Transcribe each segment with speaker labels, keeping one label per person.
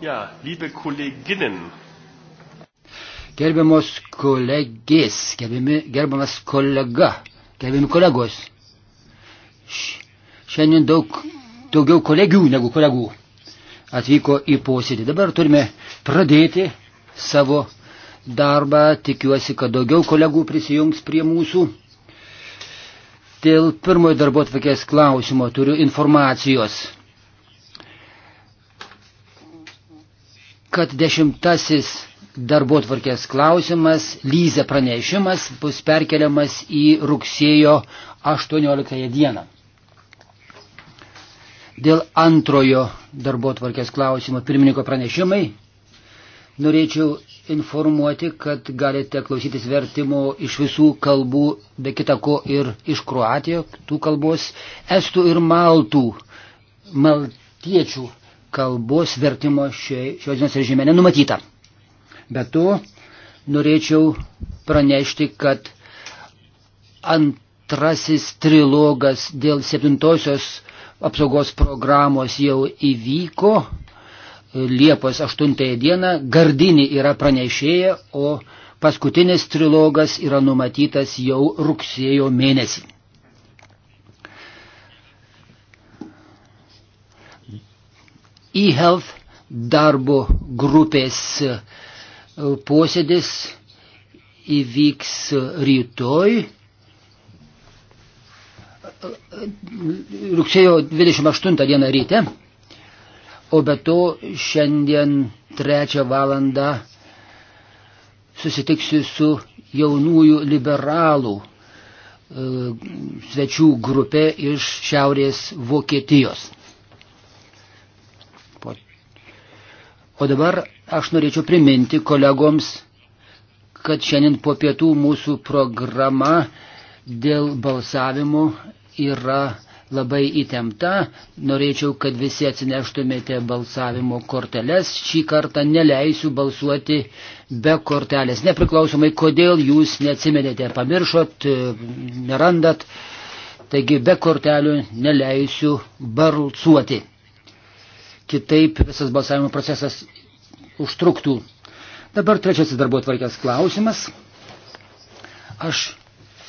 Speaker 1: Ja, liebe Kolleginnen.
Speaker 2: Gerbiamos kolegės, gerbiami, gerbiamas kolega, gerbiami kolegos. Šiandien daug daugiau kolegių negu kolegų atvyko į posėdį. Dabar turime pradėti savo darbą. Tikiuosi, kad daugiau kolegų prisijungs prie mūsų. Dėl pirmojo darbo atvakės klausimo turiu informacijos. kad dešimtasis darbo tvarkės klausimas, lyze pranešimas bus perkeliamas į rugsėjo 18 dieną. Dėl antrojo darbo tvarkės klausimo pirmininko pranešimai norėčiau informuoti, kad galite klausytis vertimo iš visų kalbų, be kitako ir iš Kroatijos, tų kalbos, estų ir maltų, maltiečių kalbos vertimo šios dienos režime nenumatyta. Be to, norėčiau pranešti, kad antrasis trilogas dėl septintosios apsaugos programos jau įvyko. Liepos 8 dieną Gardinį yra pranešėja, o paskutinis trilogas yra numatytas jau rugsėjo mėnesį. e-health darbo grupės e, posėdis įvyks rytoj. E, e, rugsėjo 28 dieną ryte, o be to šiandien 3 valandą susitiksiu su jaunųjų liberalų svečių grupė iš Šiaurės Vokietijos. O dabar aš norėčiau priminti kolegoms, kad šiandien po pietų mūsų programa dėl balsavimų yra labai įtempta. Norėčiau, kad visi atsineštumėte balsavimo korteles. Šį kartą neleisiu balsuoti be kortelės. Nepriklausomai, kodėl jūs neatsimenėte, pamiršot, nerandat. Taigi be kortelių neleisiu balsuoti kitaip visas balsavimo procesas užtruktų. Dabar trečiasis darbo tvarkės klausimas. Aš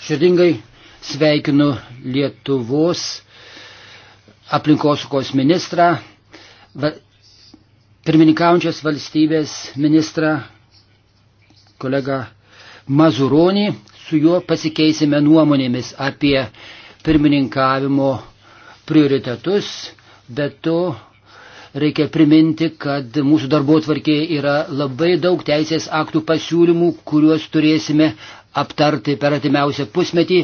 Speaker 2: širdingai sveikinu Lietuvos aplinkosaugos ministrą, va, pirmininkaujančios valstybės ministrą, kolegą Mazuronį. Su juo pasikeisime nuomonėmis apie pirmininkavimo prioritetus, bet to Reikia priminti, kad mūsų darbo tvarkėje yra labai daug teisės aktų pasiūlymų, kuriuos turėsime aptarti per atimiausią pusmetį.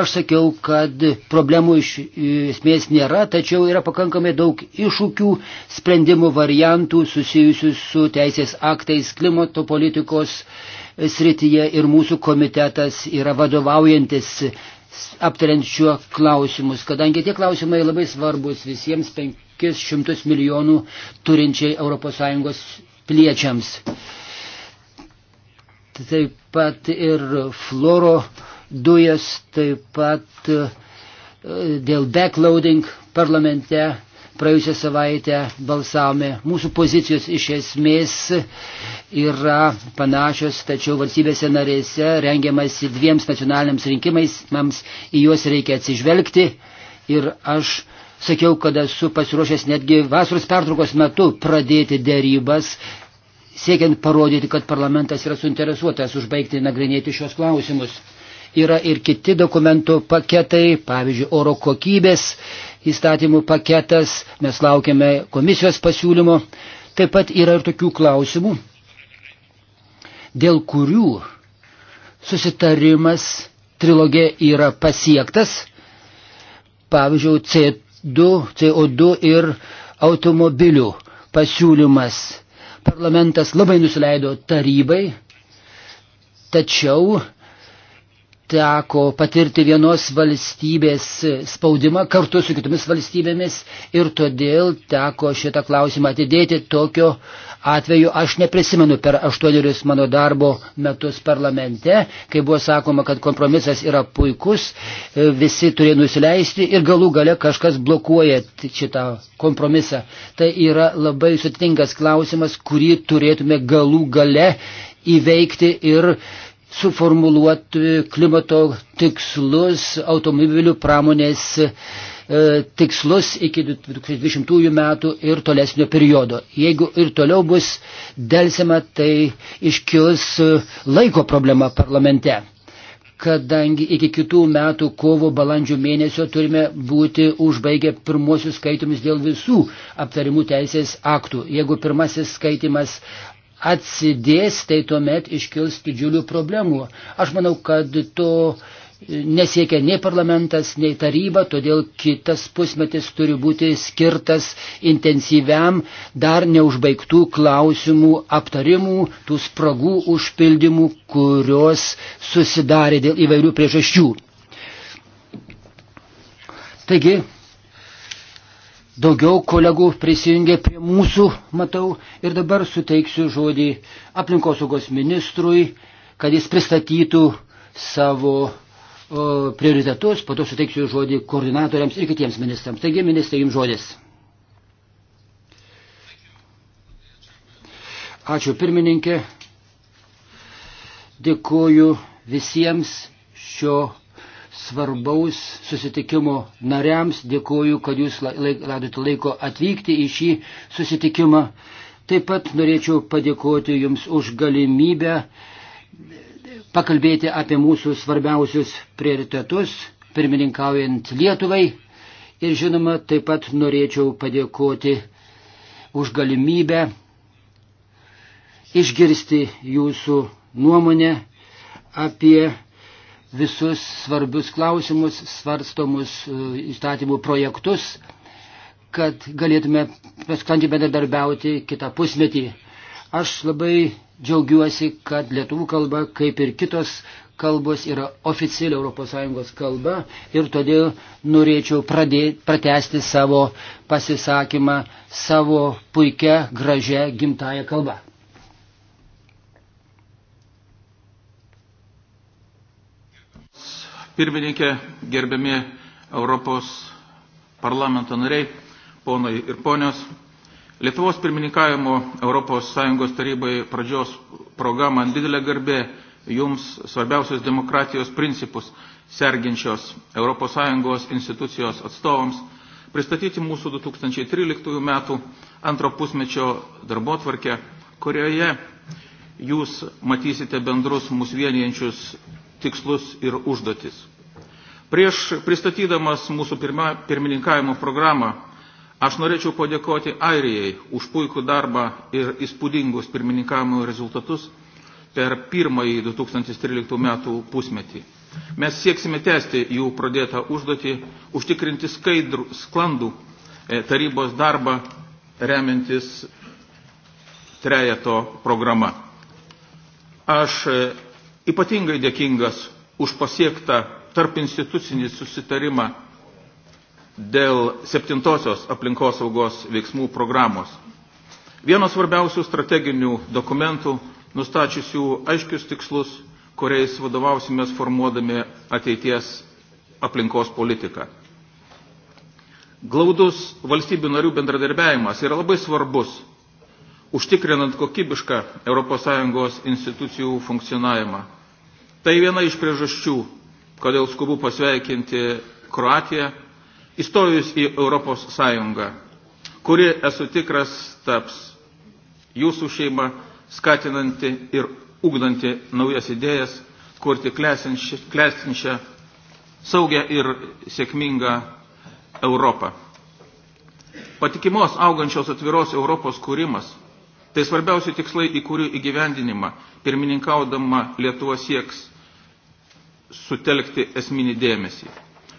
Speaker 2: Aš sakiau, kad problemų iš esmės nėra, tačiau yra pakankamai daug iššūkių, sprendimų variantų susijusių su teisės aktais klimato politikos srityje ir mūsų komitetas yra vadovaujantis aptariant šiuo klausimus, kadangi tie klausimai labai svarbus visiems penk 500 milijonų turinčiai ES piliečiams. Taip pat ir fluoro dujas, taip pat e, dėl backloading parlamente praėjusią savaitę balsavome. Mūsų pozicijos iš esmės yra panašios, tačiau valstybėse narėse rengiamasi dviems nacionaliniams rinkimais, mums į juos reikia atsižvelgti ir aš sakiau, kad esu pasiruošęs netgi vasaros pertraukos metu pradėti dėrybas, siekiant parodyti, kad parlamentas yra suinteresuotas užbaigti nagrinėti šios klausimus. Yra ir kiti dokumentų paketai, pavyzdžiui, oro kokybės įstatymų paketas, mes laukiame komisijos pasiūlymo. Taip pat yra ir tokių klausimų, dėl kurių susitarimas trilogė yra pasiektas, pavyzdžiui, CO2 ir automobilių pasiūlymas. Parlamentas labai nusileido tarybai, tačiau teko patirti vienos valstybės spaudimą kartu su kitomis valstybėmis ir todėl teko šitą klausimą atidėti tokio uh, atveju aš neprisimenu per aštuonerius mano darbo metus parlamente, kai buvo sakoma, kad kompromisas yra puikus, e, visi turėjo nusileisti ir galų gale kažkas blokuoja šitą kompromisą. Tai yra labai sutingas klausimas, kurį turėtume galų gale įveikti ir suformuluoti klimato tikslus automobilių pramonės E, tikslus iki 2020 metų ir tolesnio periodo. Jeigu ir toliau bus dėlsima, tai iškils e, laiko problema parlamente, kadangi iki kitų metų kovo balandžio mėnesio turime būti užbaigę pirmosius skaitimus dėl visų aptarimų teisės aktų. Jeigu pirmasis skaitimas atsidės, tai tuomet iškils didžiulių problemų. Aš manau, kad to nesiekia nei parlamentas, nei taryba, todėl kitas pusmetis turi būti skirtas intensyviam dar neužbaigtų klausimų aptarimų, tų spragų užpildymų, kurios susidarė dėl įvairių priežasčių. Taigi, daugiau kolegų prisijungė prie mūsų, matau, ir dabar suteiksiu žodį aplinkosaugos ministrui, kad jis pristatytų savo prioritetus, po to suteiksiu žodį koordinatoriams ir kitiems ministrams. Taigi, ministrai, jums žodis. Ačiū pirmininkė. Dėkuoju visiems šio svarbaus susitikimo nariams. Dėkuoju, kad jūs ladote laiko atvykti į šį susitikimą. Taip pat norėčiau padėkoti jums už galimybę pakalbėti apie mūsų svarbiausius prioritetus, pirmininkaujant Lietuvai. Ir žinoma, taip pat norėčiau padėkoti už galimybę išgirsti jūsų nuomonę apie visus svarbius klausimus, svarstomus e, įstatymų projektus, kad galėtume sklandžiai bendradarbiauti kitą pusmetį. Aš labai džiaugiuosi, kad lietuvų kalba, kaip ir kitos kalbos, yra oficiali ES kalba ir todėl norėčiau pradė, pratesti savo pasisakymą savo puikia, gražia gimtaja kalba.
Speaker 3: Pirmininkė, gerbiami Europos parlamento nariai, ponai ir ponios, Lietuvos pirmininkavimo ES tarybai pradžios proga man didelė garbė jums svarbiausios demokratijos principus serginčios ES institucijos atstovams pristatyti mūsų 2013 metų antro pusmečio darbotvarkę, kurioje jūs matysite bendrus mūsų vienijančius tikslus ir užduotis. Prieš pristatydamas mūsų pirma, pirmininkavimo programą Aš norėčiau padėkoti Airijai už puikų darbą ir įspūdingus pirmininkavimo rezultatus per pirmąjį 2013 metų pusmetį. Mes sieksime tęsti jų pradėtą užduotį, užtikrinti skaidrų, sklandų e, tarybos darbą remiantis trejeto programa. Aš e, ypatingai dėkingas už pasiektą tarp institucinį susitarimą dėl septintosios aplinkosaugos veiksmų programos. Vienas svarbiausių strateginių dokumentų, nustačiusių aiškius tikslus, kuriais vadovausimės formuodami ateities aplinkos politiką. Glaudus valstybių narių bendradarbiavimas yra labai svarbus, užtikrinant kokybišką ES institucijų funkcionavimą. Tai viena iš priežasčių, kodėl skubu pasveikinti Kroatiją įstojus į Europos Sąjungą, kuri, esu tikras, taps jūsų šeima skatinanti ir ugdanti naujas idėjas, kurti klestinčią, saugę ir sėkmingą Europą. Patikimos augančios atviros Europos kūrimas – tai svarbiausi tikslai, į kurių įgyvendinimą pirmininkaudama Lietuva sieks sutelkti esminį dėmesį.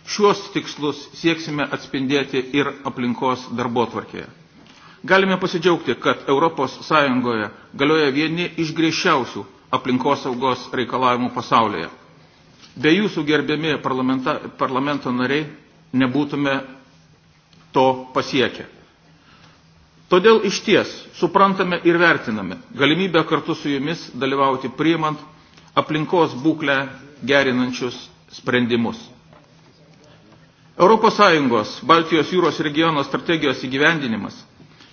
Speaker 3: Šiuos tikslus sieksime atspindėti ir aplinkos darbotvarkėje. Galime pasidžiaugti, kad ES galioja vieni iš griežčiausių aplinkosaugos reikalavimų pasaulyje. Be jūsų gerbiami parlamento nariai nebūtume to pasiekę. Todėl iš ties suprantame ir vertiname galimybę kartu su jumis dalyvauti priimant aplinkos būklę gerinančius sprendimus. ES Baltijos jūros regiono strategijos įgyvendinimas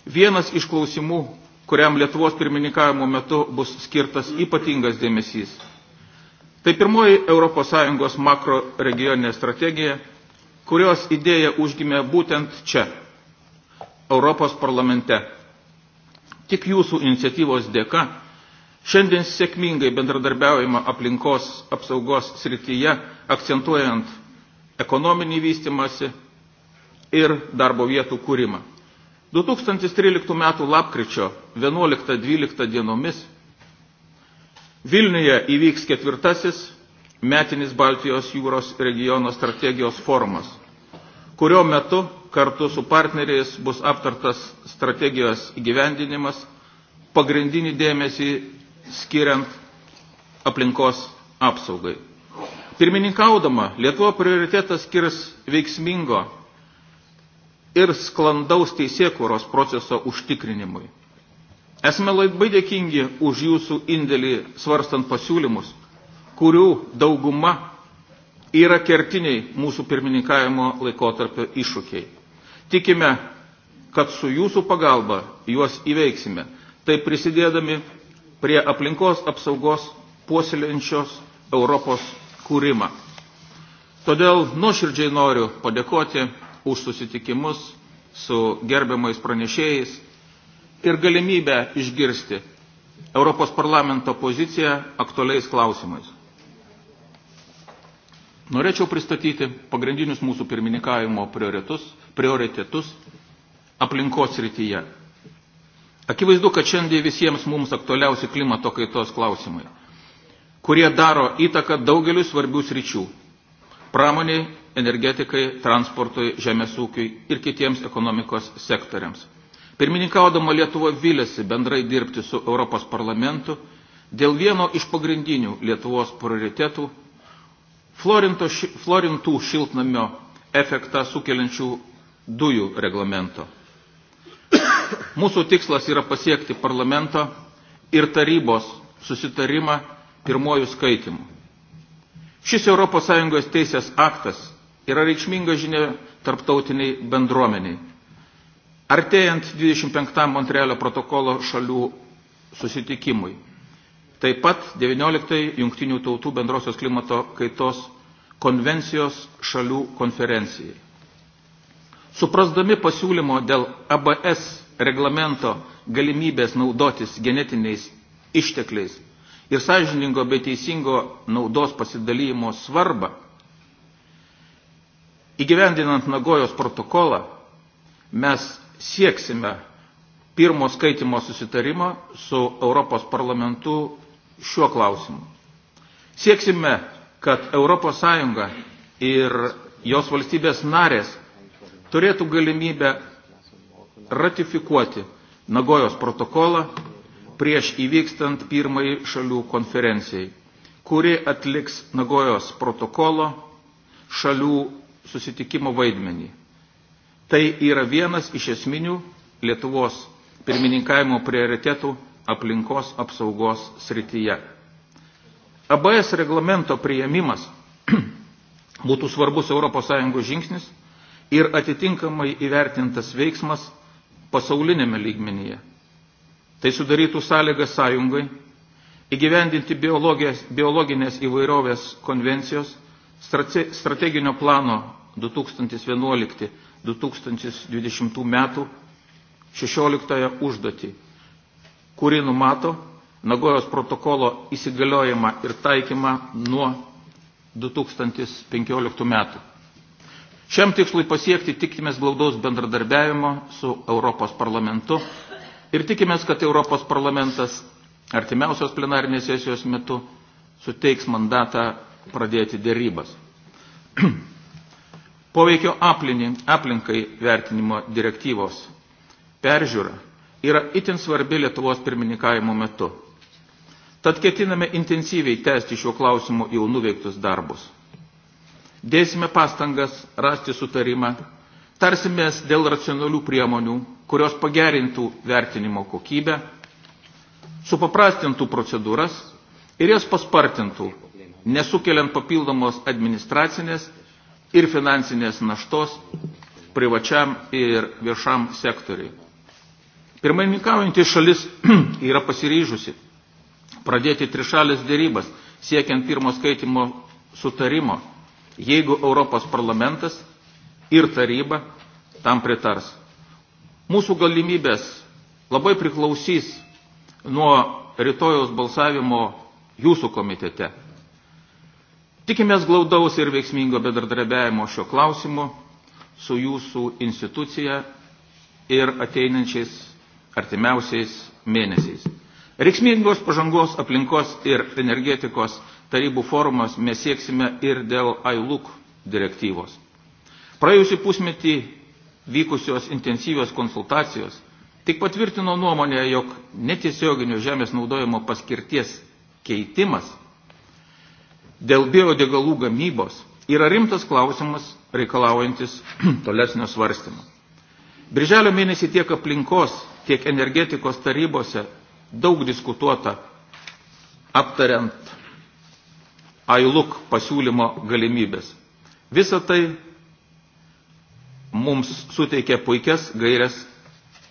Speaker 3: vienas iš klausimų, kuriam Lietuvos pirmininkavimo metu bus skirtas ypatingas dėmesys. Tai pirmoji ES makro regioninė strategija, kurios idėja užgimė būtent čia, Europos parlamente. Tik jūsų iniciatyvos dėka šiandien sėkmingai bendradarbiaujama aplinkos apsaugos srityje, akcentuojant ekonominį vystimąsi ir darbo vietų kūrimą. 2013 m. lapkričio 11-12 dienomis Vilniuje įvyks ketvirtasis metinis Baltijos jūros regiono strategijos forumas, kurio metu kartu su partneriais bus aptartas strategijos įgyvendinimas, pagrindinį dėmesį skiriant aplinkos apsaugai. Pirmininkaudama Lietuva prioritetas skirs veiksmingo ir sklandaus teisėkūros proceso užtikrinimui. Esame labai dėkingi už jūsų indėlį svarstant pasiūlymus, kurių dauguma yra kertiniai mūsų pirmininkavimo laikotarpio iššūkiai. Tikime, kad su jūsų pagalba juos įveiksime, tai prisidėdami prie aplinkos apsaugos puoselinčios Europos kūrimą. Todėl nuoširdžiai noriu padėkoti už susitikimus su gerbiamais pranešėjais ir galimybę išgirsti Europos parlamento poziciją aktualiais klausimais. Norėčiau pristatyti pagrindinius mūsų pirmininkavimo prioritetus, prioritetus aplinkos srityje. Akivaizdu, kad šiandien visiems mums aktualiausi klimato kaitos klausimai kurie daro įtaką daugeliu svarbių sričių – pramoniai, energetikai, transportui, žemės ūkiui ir kitiems ekonomikos sektoriams. Pirmininkaudama Lietuva vilėsi bendrai dirbti su Europos parlamentu dėl vieno iš pagrindinių Lietuvos prioritetų – Florintų šiltnamio efektą sukeliančių dujų reglamento. Mūsų tikslas yra pasiekti parlamento ir tarybos susitarimą pirmojų skaitimų. Šis ES teisės aktas yra reikšminga žinia tarptautiniai bendruomeniai. Artėjant 25 Montrealio protokolo šalių susitikimui, taip pat 19 Junktinių tautų bendrosios klimato kaitos konvencijos šalių konferencijai. Suprasdami pasiūlymo dėl ABS reglamento galimybės naudotis genetiniais ištekliais ir sąžiningo bei teisingo naudos pasidalymo svarbą, įgyvendinant Nagojos protokolą, mes sieksime pirmo skaitimo susitarimo su Europos parlamentu šiuo klausimu. Sieksime, kad ES ir jos valstybės narės turėtų galimybę ratifikuoti Nagojos protokolą prieš įvykstant pirmai šalių konferencijai, kuri atliks Nagojos protokolo šalių susitikimo vaidmenį. Tai yra vienas iš esminių Lietuvos pirmininkavimo prioritetų aplinkos apsaugos srityje. ABS reglamento priėmimas būtų svarbus ES žingsnis ir atitinkamai įvertintas veiksmas pasaulinėme lygmenyje. Tai sudarytų sąlygas sąjungai įgyvendinti biologinės įvairovės konvencijos strateginio plano 2011-2020 metų 16 užduotį, kuri numato Nagojos protokolo įsigaliojimą ir taikymą nuo 2015 metų. Šiam tikslui pasiekti tikimės glaudaus bendradarbiavimo su Europos parlamentu ir tikimės, kad Europos parlamentas artimiausios plenarinės sesijos metu suteiks mandatą pradėti dėrybas. Poveikio aplinkai vertinimo direktyvos peržiūra yra itin svarbi Lietuvos pirmininkavimo metu. Tad ketiname intensyviai tęsti šiuo klausimu jau nuveiktus darbus. Dėsime pastangas rasti sutarimą tarsimės dėl racionalių priemonių, kurios pagerintų vertinimo kokybę, supaprastintų procedūras ir jas paspartintų, nesukeliant papildomos administracinės ir finansinės naštos privačiam ir viešam sektoriui. Pirmininkaujantį šalis yra pasiryžusi pradėti trišalės dėrybas siekiant pirmo skaitimo sutarimo, jeigu Europos parlamentas ir taryba tam pritars. Mūsų galimybės labai priklausys nuo rytojaus balsavimo jūsų komitete. Tikimės glaudaus ir veiksmingo bedardarbiavimo šio klausimu su jūsų institucija ir ateinančiais artimiausiais mėnesiais. Reiksmingos pažangos aplinkos ir energetikos tarybų forumas mes sieksime ir dėl ILUK direktyvos. Praėjusį pusmetį vykusios intensyvios konsultacijos tik patvirtino nuomonę, jog netiesioginio žemės naudojimo paskirties keitimas dėl biodegalų gamybos yra rimtas klausimas reikalaujantis tolesnio svarstymo. Birželio mėnesį tiek aplinkos, tiek energetikos tarybose daug diskutuota aptariant AILUK pasiūlymo galimybės. Visą tai mums suteikė puikias gairias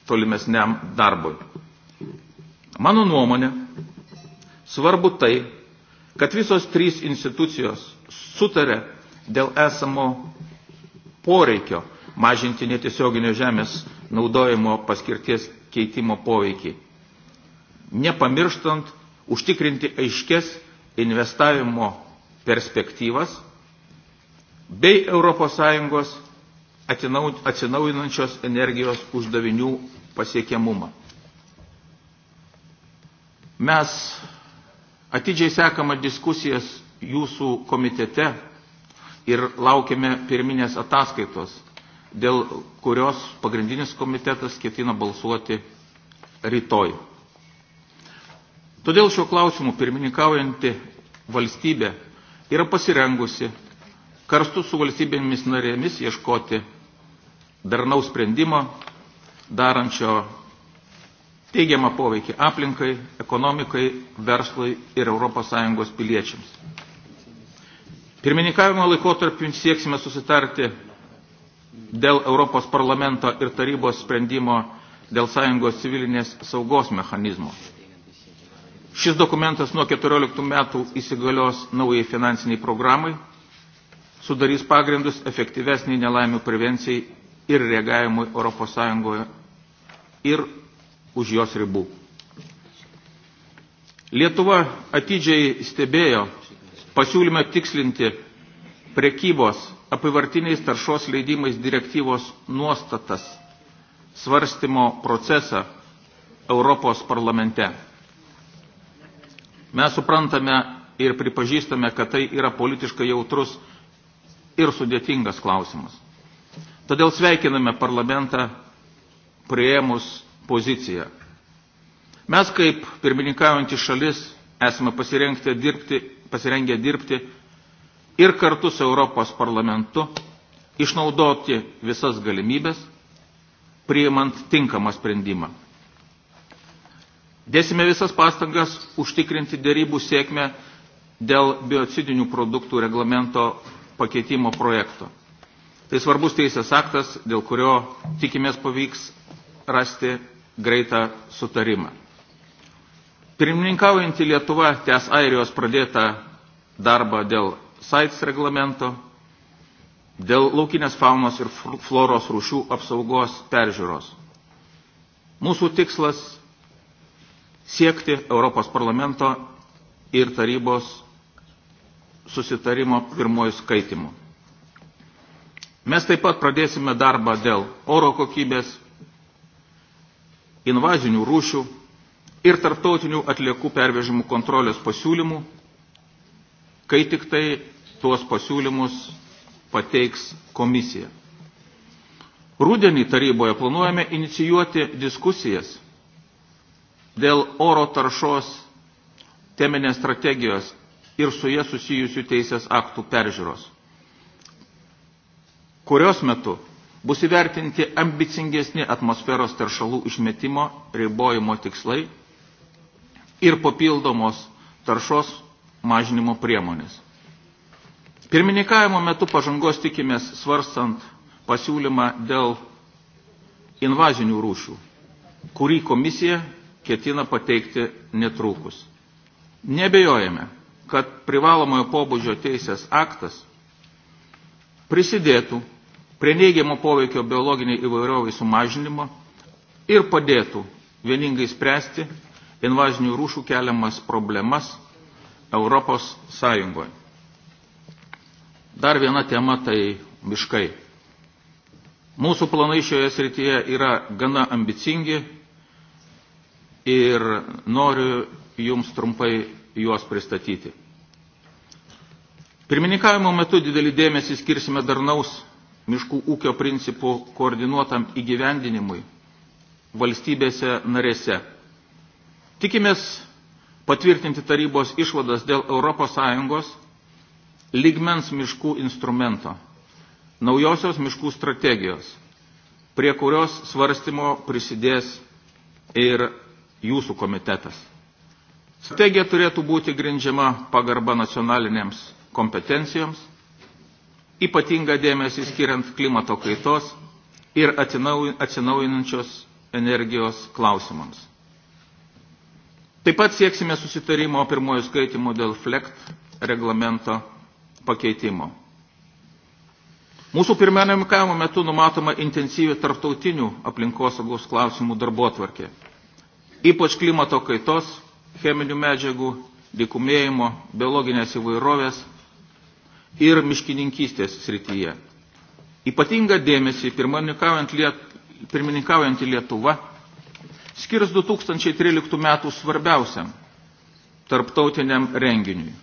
Speaker 3: tolimesniam darbui. Mano nuomonė, svarbu tai, kad visos trys institucijos sutarė dėl esamo poreikio mažinti netiesioginio žemės naudojimo paskirties keitimo poveikį, nepamirštant užtikrinti aiškes investavimo perspektyvas bei ES atsinaujinančios energijos uždavinių pasiekiamumą. Mes atidžiai sekame diskusijas jūsų komitete ir laukiame pirminės ataskaitos, dėl kurios pagrindinis komitetas ketina balsuoti rytoj. Todėl šiuo klausimu pirmininkaujanti valstybė yra pasirengusi kartu su valstybėmis narėmis ieškoti darnaus sprendimo, darančio teigiamą poveikį aplinkai, ekonomikai, verslui ir ES piliečiams. Pirmininkavimo laikotarpiu sieksime susitarti dėl Europos parlamento ir tarybos sprendimo dėl sąjungos civilinės saugos mechanizmo. Šis dokumentas nuo 14 metų įsigalios naujai finansiniai programai, sudarys pagrindus efektyvesniai nelaimių prevencijai ir reagavimui ES ir už jos ribų. Lietuva atidžiai stebėjo pasiūlymą tikslinti prekybos apivartiniais taršos leidimais direktyvos nuostatas svarstymo procesą Europos parlamente. Mes suprantame ir pripažįstame, kad tai yra politiškai jautrus ir sudėtingas klausimas. Todėl sveikiname parlamentą prieimus poziciją. Mes kaip pirmininkaujantį šalis esame pasirengę dirbti, pasirengę dirbti ir kartu su Europos parlamentu išnaudoti visas galimybės, priimant tinkamą sprendimą. Dėsime visas pastangas užtikrinti dėrybų sėkmę dėl biocidinių produktų reglamento pakeitimo projekto. Tai svarbus teisės aktas, dėl kurio tikimės pavyks rasti greitą sutarimą. Pirmininkaujantį Lietuva tęs Airijos pradėtą darbą dėl SAITS reglamento, dėl laukinės faunos ir floros rūšių apsaugos peržiūros. Mūsų tikslas siekti Europos parlamento ir tarybos susitarimo pirmojų skaitimų. Mes taip pat pradėsime darbą dėl oro kokybės, invazinių rūšių ir tarptautinių atliekų pervežimų kontrolės pasiūlymų, kai tik tai tuos pasiūlymus pateiks komisija. Rūdienį taryboje planuojame inicijuoti diskusijas dėl oro taršos teminės strategijos ir su jie susijusių teisės aktų peržiūros kurios metu bus įvertinti ambicingesni atmosferos teršalų išmetimo ribojimo tikslai ir papildomos taršos mažinimo priemonės. Pirmininkavimo metu pažangos tikimės svarstant pasiūlymą dėl invazinių rūšių, kurį komisija ketina pateikti netrukus. Nebejojame, kad privalomojo pobūdžio teisės aktas prisidėtų prie neigiamo poveikio biologiniai įvairovai sumažinimo ir padėtų vieningai spręsti invazinių rūšių keliamas problemas Europos Sąjungoje. Dar viena tema tai miškai. Mūsų planai šioje srityje yra gana ambicingi ir noriu Jums trumpai juos pristatyti. Pirmininkavimo metu didelį dėmesį skirsime darnaus miškų ūkio principų koordinuotam įgyvendinimui valstybėse narėse. Tikimės patvirtinti tarybos išvadas dėl ES lygmens miškų instrumento, naujosios miškų strategijos, prie kurios svarstymo prisidės ir jūsų komitetas. Strategija turėtų būti grindžiama pagarba nacionalinėms kompetencijoms ypatingą dėmesį skiriant klimato kaitos ir atsinaujinančios energijos klausimams. Taip pat sieksime susitarimo pirmojo skaitimo dėl FLECT reglamento pakeitimo. Mūsų pirmenamikavimo metu numatoma intensyvi tarptautinių aplinkosaugos klausimų darbotvarkė, ypač klimato kaitos, cheminių medžiagų, dikumėjimo, biologinės įvairovės ir miškininkystės srityje. Ypatingą dėmesį pirmininkaujantį Lietuvą skirs 2013 metų svarbiausiam tarptautiniam renginiui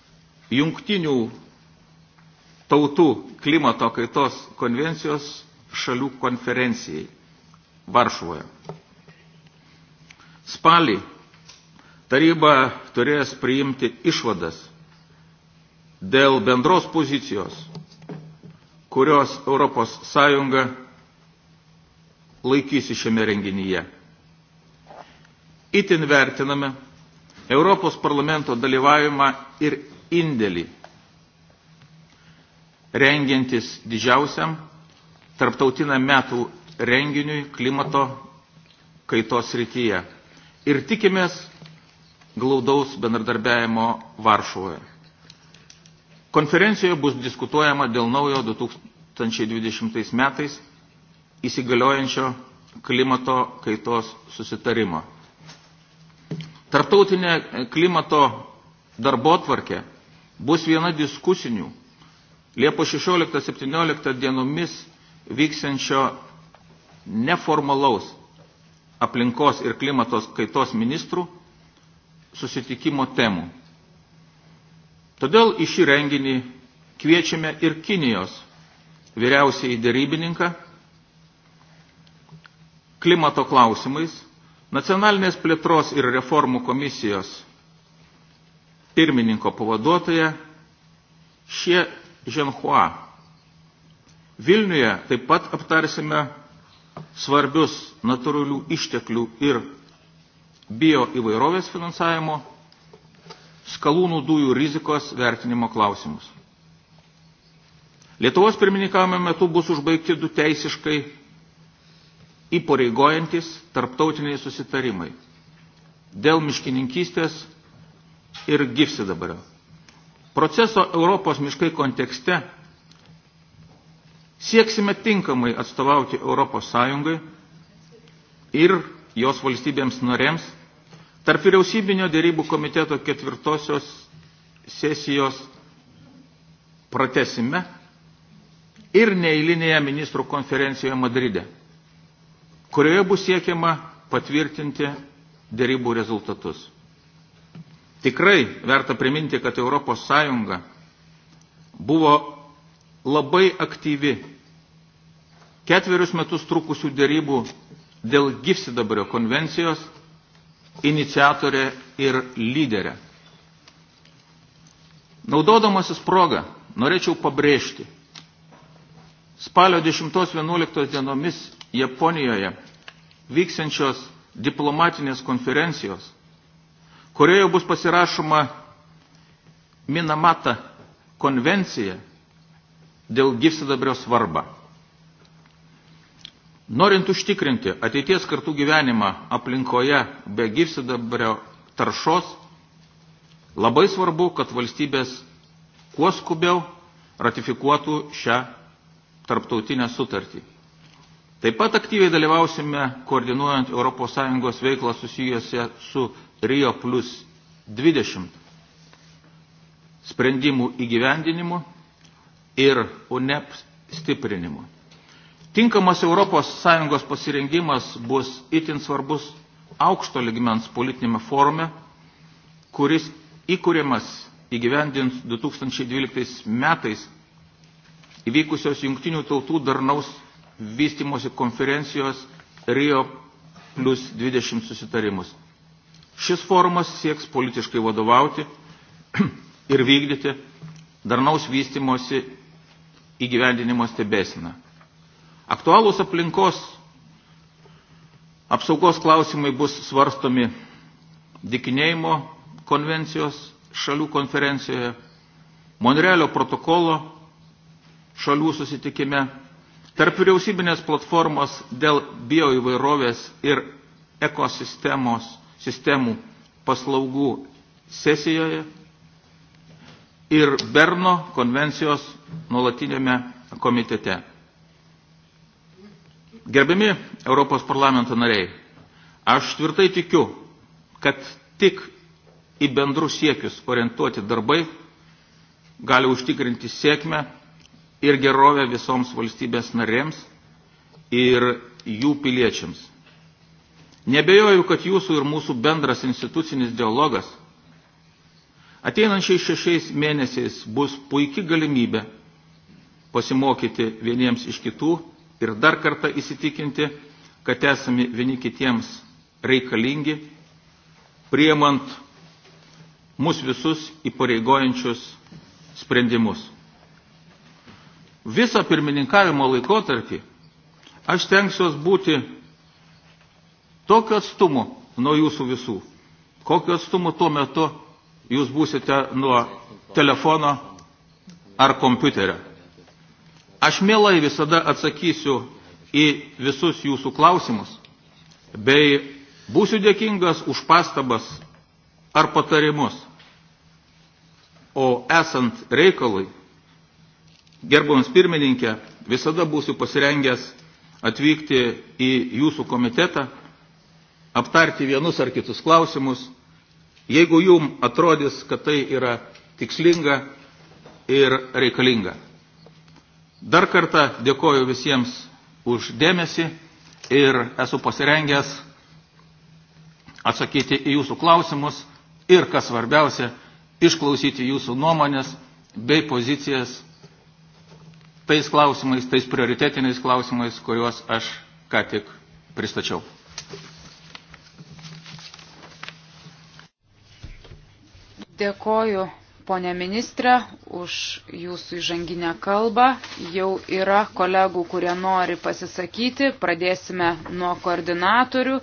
Speaker 3: – jungtinių tautų klimato kaitos konvencijos šalių konferencijai Varšuvoje. Spalį taryba turės priimti išvadas – dėl bendros pozicijos, kurios Europos Sąjunga laikysi šiame renginyje. Itin vertiname Europos parlamento dalyvavimą ir indėlį, rengiantis didžiausiam tarptautiniam metų renginiui klimato kaitos rytyje. Ir tikimės glaudaus bendradarbiajimo Varšuvoje. Konferencijoje bus diskutuojama dėl naujo 2020 metais įsigaliojančio klimato kaitos susitarimo. Tartautinė klimato darbotvarkė bus viena diskusinių Liepo 16-17 dienomis vyksiančio neformalaus aplinkos ir klimatos kaitos ministrų susitikimo temų. Todėl į šį renginį kviečiame ir Kinijos vyriausiai dėrybininką klimato klausimais, nacionalinės plėtros ir reformų komisijos pirmininko pavaduotoja Šie Ženhua. Vilniuje taip pat aptarsime svarbius natūralių išteklių ir bio įvairovės finansavimo skalūnų dujų rizikos vertinimo klausimus. Lietuvos pirmininkavimo metu bus užbaigti du teisiškai įpareigojantis tarptautiniai susitarimai dėl miškininkystės ir gyvsidabrio. Proceso Europos miškai kontekste sieksime tinkamai atstovauti Europos Sąjungai ir jos valstybėms norėms Tarp vyriausybinio dėrybų komiteto ketvirtosios sesijos pratesime ir neįlinėje ministrų konferencijoje Madride, kurioje bus siekiama patvirtinti dėrybų rezultatus. Tikrai verta priminti, kad Europos Sąjunga buvo labai aktyvi ketverius metus trukusių dėrybų dėl gyvsidabrio konvencijos iniciatorė ir lyderė. Naudodamasis progą, norėčiau pabrėžti, spalio 10-11 dienomis Japonijoje vyksiančios diplomatinės konferencijos, kurioje bus pasirašoma Minamata konvencija dėl gyvsidabrio svarbą. Norint užtikrinti ateities kartų gyvenimą aplinkoje be gyvsidabrio taršos, labai svarbu, kad valstybės kuo skubiau ratifikuotų šią tarptautinę sutartį. Taip pat aktyviai dalyvausime koordinuojant ES veiklą susijusią su Rio plus 20 sprendimų įgyvendinimu ir UNEP stiprinimu. Tinkamas ES pasirengimas bus itin svarbus aukšto ligmens politinėme forume, kuris įkūriamas įgyvendins 2012 metais įvykusios jungtinių tautų darnaus vystimosi konferencijos Rio plus 20 susitarimus. Šis forumas sieks politiškai vadovauti ir vykdyti darnaus vystimosi įgyvendinimo stebėsiną. Aktualūs aplinkos apsaugos klausimai bus svarstomi dikinėjimo konvencijos šalių konferencijoje, Monrealio protokolo šalių susitikime, tarp vyriausybinės platformos dėl bioįvairovės ir ekosistemos sistemų paslaugų sesijoje ir Berno konvencijos nuolatinėme komitete. Gerbiami Europos parlamento nariai, aš tvirtai tikiu, kad tik į bendrus siekius orientuoti darbai gali užtikrinti sėkmę ir gerovę visoms valstybės narėms ir jų piliečiams. Nebejoju, kad jūsų ir mūsų bendras institucinis dialogas ateinančiais šešiais mėnesiais bus puikia galimybė pasimokyti vieniems iš kitų ir dar kartą įsitikinti, kad esame vieni kitiems reikalingi, priemant mus visus įpareigojančius sprendimus. Visą pirmininkavimo laikotarpį aš tenksiuos būti tokio atstumo nuo jūsų visų, kokio atstumo tuo metu jūs būsite nuo telefono ar kompiuterio. Aš mielai visada atsakysiu į visus jūsų klausimus, bei būsiu dėkingas už pastabas ar patarimus. O esant reikalui, gerbomis pirmininkė, visada būsiu pasirengęs atvykti į jūsų komitetą, aptarti vienus ar kitus klausimus, jeigu jum atrodys, kad tai yra tikslinga ir reikalinga. Dar kartą dėkoju visiems už dėmesį ir esu pasirengęs atsakyti į jūsų klausimus ir, kas svarbiausia, išklausyti jūsų nuomonės bei pozicijas tais klausimais, tais prioritetiniais klausimais, kuriuos aš ką tik pristačiau.
Speaker 4: Dėkoju ponė ministrė, už jūsų įžanginę kalbą. Jau yra kolegų, kurie nori pasisakyti. Pradėsime nuo koordinatorių.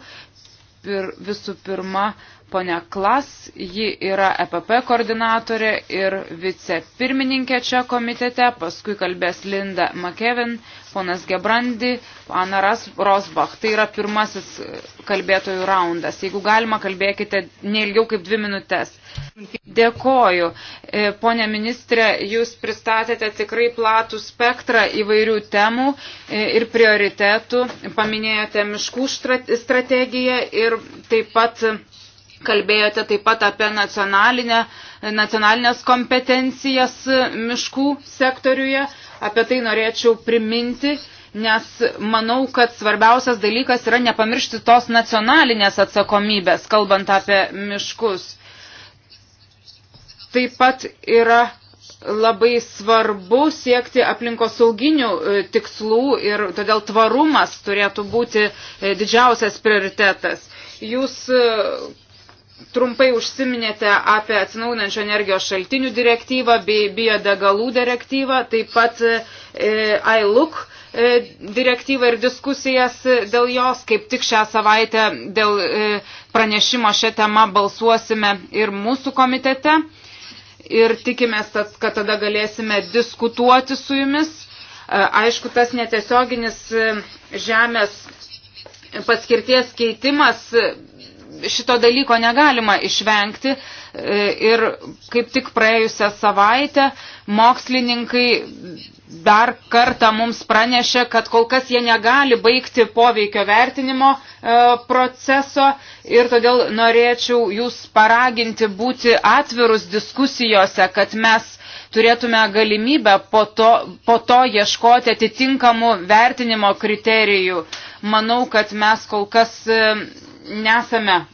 Speaker 4: Pir, visų pirma, ponia Klas, ji yra EPP koordinatorė ir vicepirmininkė čia komitete, paskui kalbės Linda Makevin, ponas Gebrandi, Anaras Rosbach. Tai yra pirmasis e, kalbėtojų raundas. Jeigu galima, kalbėkite neilgiau kaip dvi minutės. Dėkoju. E, pone ministrė, jūs pristatėte tikrai platų spektrą įvairių temų e, ir prioritetų. Paminėjote miškų strategiją ir taip pat Kalbėjote taip pat apie nacionalinę, nacionalinės kompetencijas miškų sektoriuje. Apie tai norėčiau priminti, nes manau, kad svarbiausias dalykas yra nepamiršti tos nacionalinės atsakomybės, kalbant apie miškus. Taip pat yra labai svarbu siekti aplinkosauginių e, tikslų ir todėl tvarumas turėtų būti e, didžiausias prioritetas. Jūs e, trumpai užsiminėte apie atsinaujinančio energijos šaltinių direktyvą bei biodegalų direktyvą, taip pat e, iLook e, direktyvą ir diskusijas dėl jos, kaip tik šią savaitę dėl e, pranešimo šią temą balsuosime ir mūsų komitete ir tikimės, kad tada galėsime diskutuoti su jumis. E, aišku, tas netiesioginis žemės paskirties keitimas šito dalyko negalima išvengti e, ir kaip tik praėjusią savaitę mokslininkai dar kartą mums pranešė, kad kol kas jie negali baigti poveikio vertinimo e, proceso ir todėl norėčiau jūs paraginti būti atvirus diskusijose, kad mes turėtume galimybę po to, po to ieškoti atitinkamų vertinimo kriterijų. Manau, kad mes kol kas e, nesame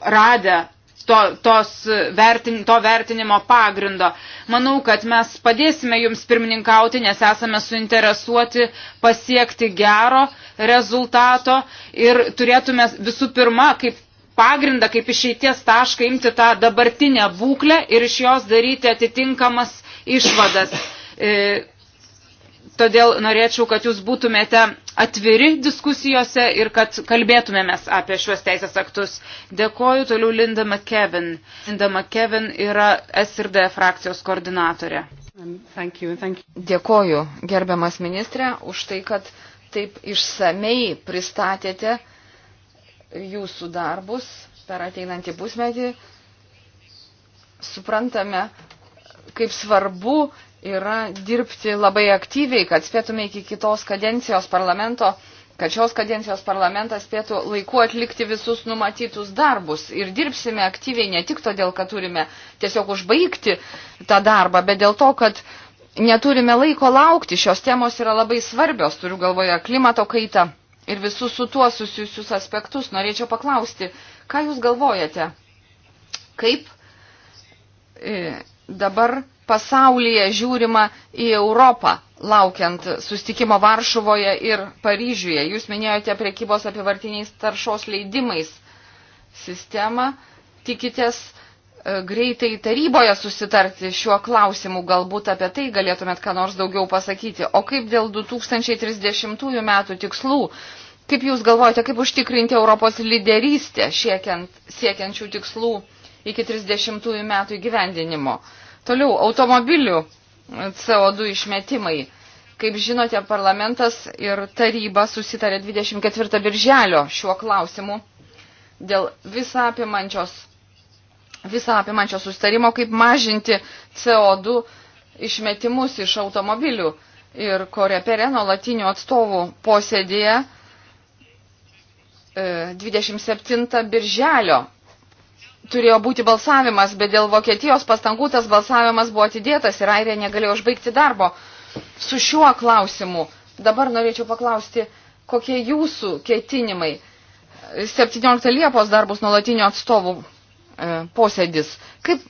Speaker 4: radę to, tos vertin, to vertinimo pagrindo. Manau, kad mes padėsime jums pirmininkauti, nes esame suinteresuoti pasiekti gero rezultato ir turėtume visų pirma, kaip pagrindą, kaip išeities tašką imti tą dabartinę būklę ir iš jos daryti atitinkamas išvadas. E, todėl norėčiau, kad jūs būtumėte atviri diskusijose ir kad kalbėtumėmės apie šiuos teisės aktus. Dėkoju toliau Linda McKevin. Linda McKevin yra SRD frakcijos
Speaker 5: koordinatorė. Um, thank you, thank you. Dėkoju, gerbiamas ministrė, už tai, kad taip išsamei pristatėte jūsų darbus per ateinantį pusmetį. Suprantame, kaip svarbu yra dirbti labai aktyviai, kad spėtume iki kitos kadencijos parlamento, kad šios kadencijos parlamentas spėtų laiku atlikti visus numatytus darbus. Ir dirbsime aktyviai ne tik todėl, kad turime tiesiog užbaigti tą darbą, bet dėl to, kad neturime laiko laukti. Šios temos yra labai svarbios, turiu galvoje klimato kaitą ir visus su tuo susijusius aspektus. Norėčiau paklausti, ką Jūs galvojate, kaip e, dabar pasaulyje žiūrima į Europą, laukiant sustikimo Varšuvoje ir Paryžiuje. Jūs minėjote priekybos apivartiniais taršos leidimais sistemą. Tikitės e, greitai taryboje susitarti šiuo klausimu, galbūt apie tai galėtumėt ką nors daugiau pasakyti. O kaip dėl 2030 metų tikslų? Kaip Jūs galvojate, kaip užtikrinti Europos lyderystę siekiant, siekiančių tikslų iki 30 metų įgyvendinimo? Uh, Toliau, automobilių CO2 išmetimai. Kaip žinote, parlamentas ir taryba susitarė 24 birželio šiuo klausimu dėl visą apimančios, visą apimančios sustarimo, kaip mažinti CO2 išmetimus iš automobilių. Ir Korepereno latinių atstovų posėdėje 27 e, birželio turėjo būti balsavimas, bet dėl Vokietijos pastangų tas balsavimas buvo atidėtas ir Airija negalėjo užbaigti darbo su šiuo klausimu. Dabar norėčiau paklausti, kokie jūsų ketinimai 17 Liepos dar bus nuolatinio atstovų e, posėdis. Kaip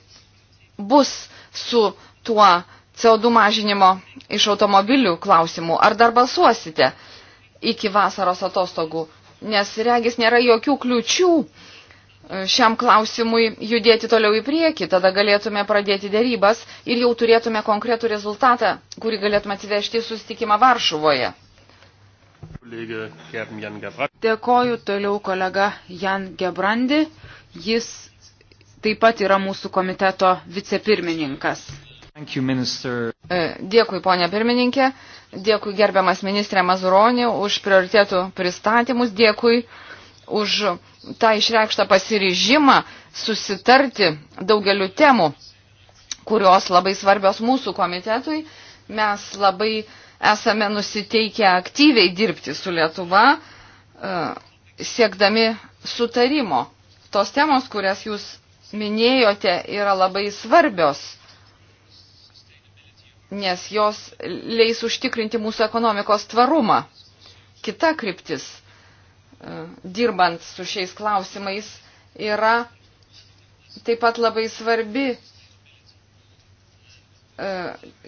Speaker 5: bus su tuo CO2 mažinimo iš automobilių klausimu? Ar dar balsuosite iki vasaros atostogų? Nes regis nėra jokių kliučių šiam klausimui judėti toliau į priekį, tada galėtume pradėti dėrybas ir jau turėtume konkretų rezultatą, kurį galėtume atsivežti į sustikimą Varšuvoje. Dėkoju toliau kolega Jan Gebrandi, jis taip pat yra mūsų komiteto vicepirmininkas.
Speaker 3: You, e,
Speaker 5: dėkui, ponė pirmininkė, dėkui gerbiamas ministrė Mazuronė už prioritėtų pristatymus, dėkui už tą išreikštą pasiryžimą susitarti daugeliu temų, kurios labai svarbios mūsų komitetui. Mes labai esame nusiteikę aktyviai dirbti su Lietuva, e, siekdami sutarimo. Tos temos, kurias jūs minėjote, yra labai svarbios, nes jos leis užtikrinti mūsų ekonomikos tvarumą. Kita kryptis E, dirbant su šiais klausimais yra taip pat labai svarbi. E,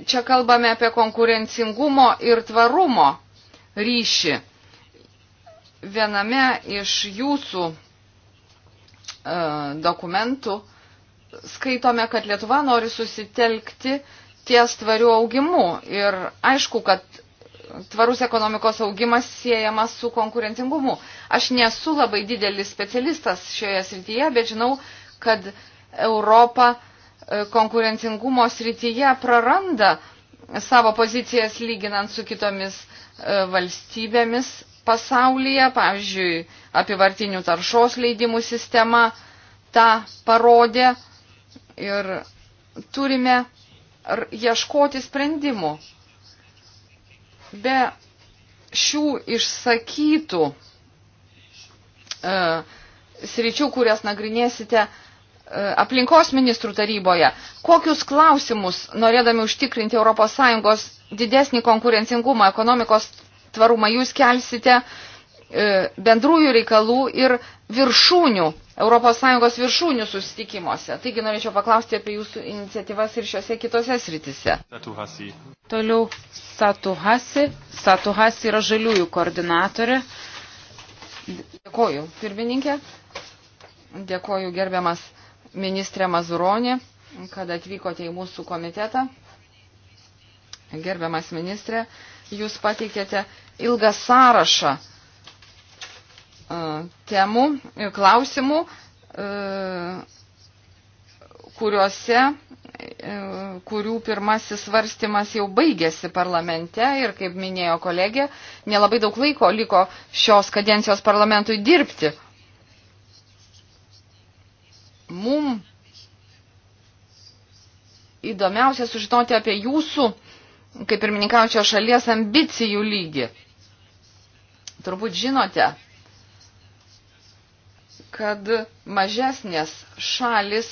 Speaker 5: čia kalbame apie konkurencingumo ir tvarumo ryšį. Viename iš jūsų e, dokumentų skaitome, kad Lietuva nori susitelkti ties tvariu augimu. Ir aišku, kad tvarus ekonomikos augimas siejamas su konkurencingumu. Aš nesu labai didelis specialistas šioje srityje, bet žinau, kad Europa e, konkurencingumo srityje praranda savo pozicijas lyginant su kitomis e, valstybėmis pasaulyje, pavyzdžiui, apivartinių taršos leidimų sistema tą parodė ir turime ieškoti sprendimų Be šių išsakytų e, sričių, kurias nagrinėsite e, aplinkos ministrų taryboje, kokius klausimus, norėdami užtikrinti ES didesnį konkurencingumą, ekonomikos tvarumą, jūs kelsite e, E, bendrųjų reikalų ir viršūnių, ES viršūnių susitikimuose. Taigi norėčiau paklausti apie jūsų iniciatyvas ir šiuose kitose
Speaker 4: sritise. Satuhasi. Toliau Satuhasi. Satuhasi yra
Speaker 5: žaliųjų koordinatorė. Dėkoju, pirmininkė. Dėkoju, gerbiamas ministrė Mazuronė, kad atvykote į mūsų komitetą. Gerbiamas ministrė, jūs pateikėte ilgą sąrašą E, temų, klausimų, e, kuriuose, e, kurių pirmasis svarstymas jau baigėsi parlamente ir, kaip minėjo kolegė, nelabai daug laiko liko šios kadencijos parlamentui dirbti. Mum įdomiausia sužinoti apie jūsų, kaip ir mininkaujančio šalies, ambicijų lygį. Turbūt žinote, kad mažesnės šalis,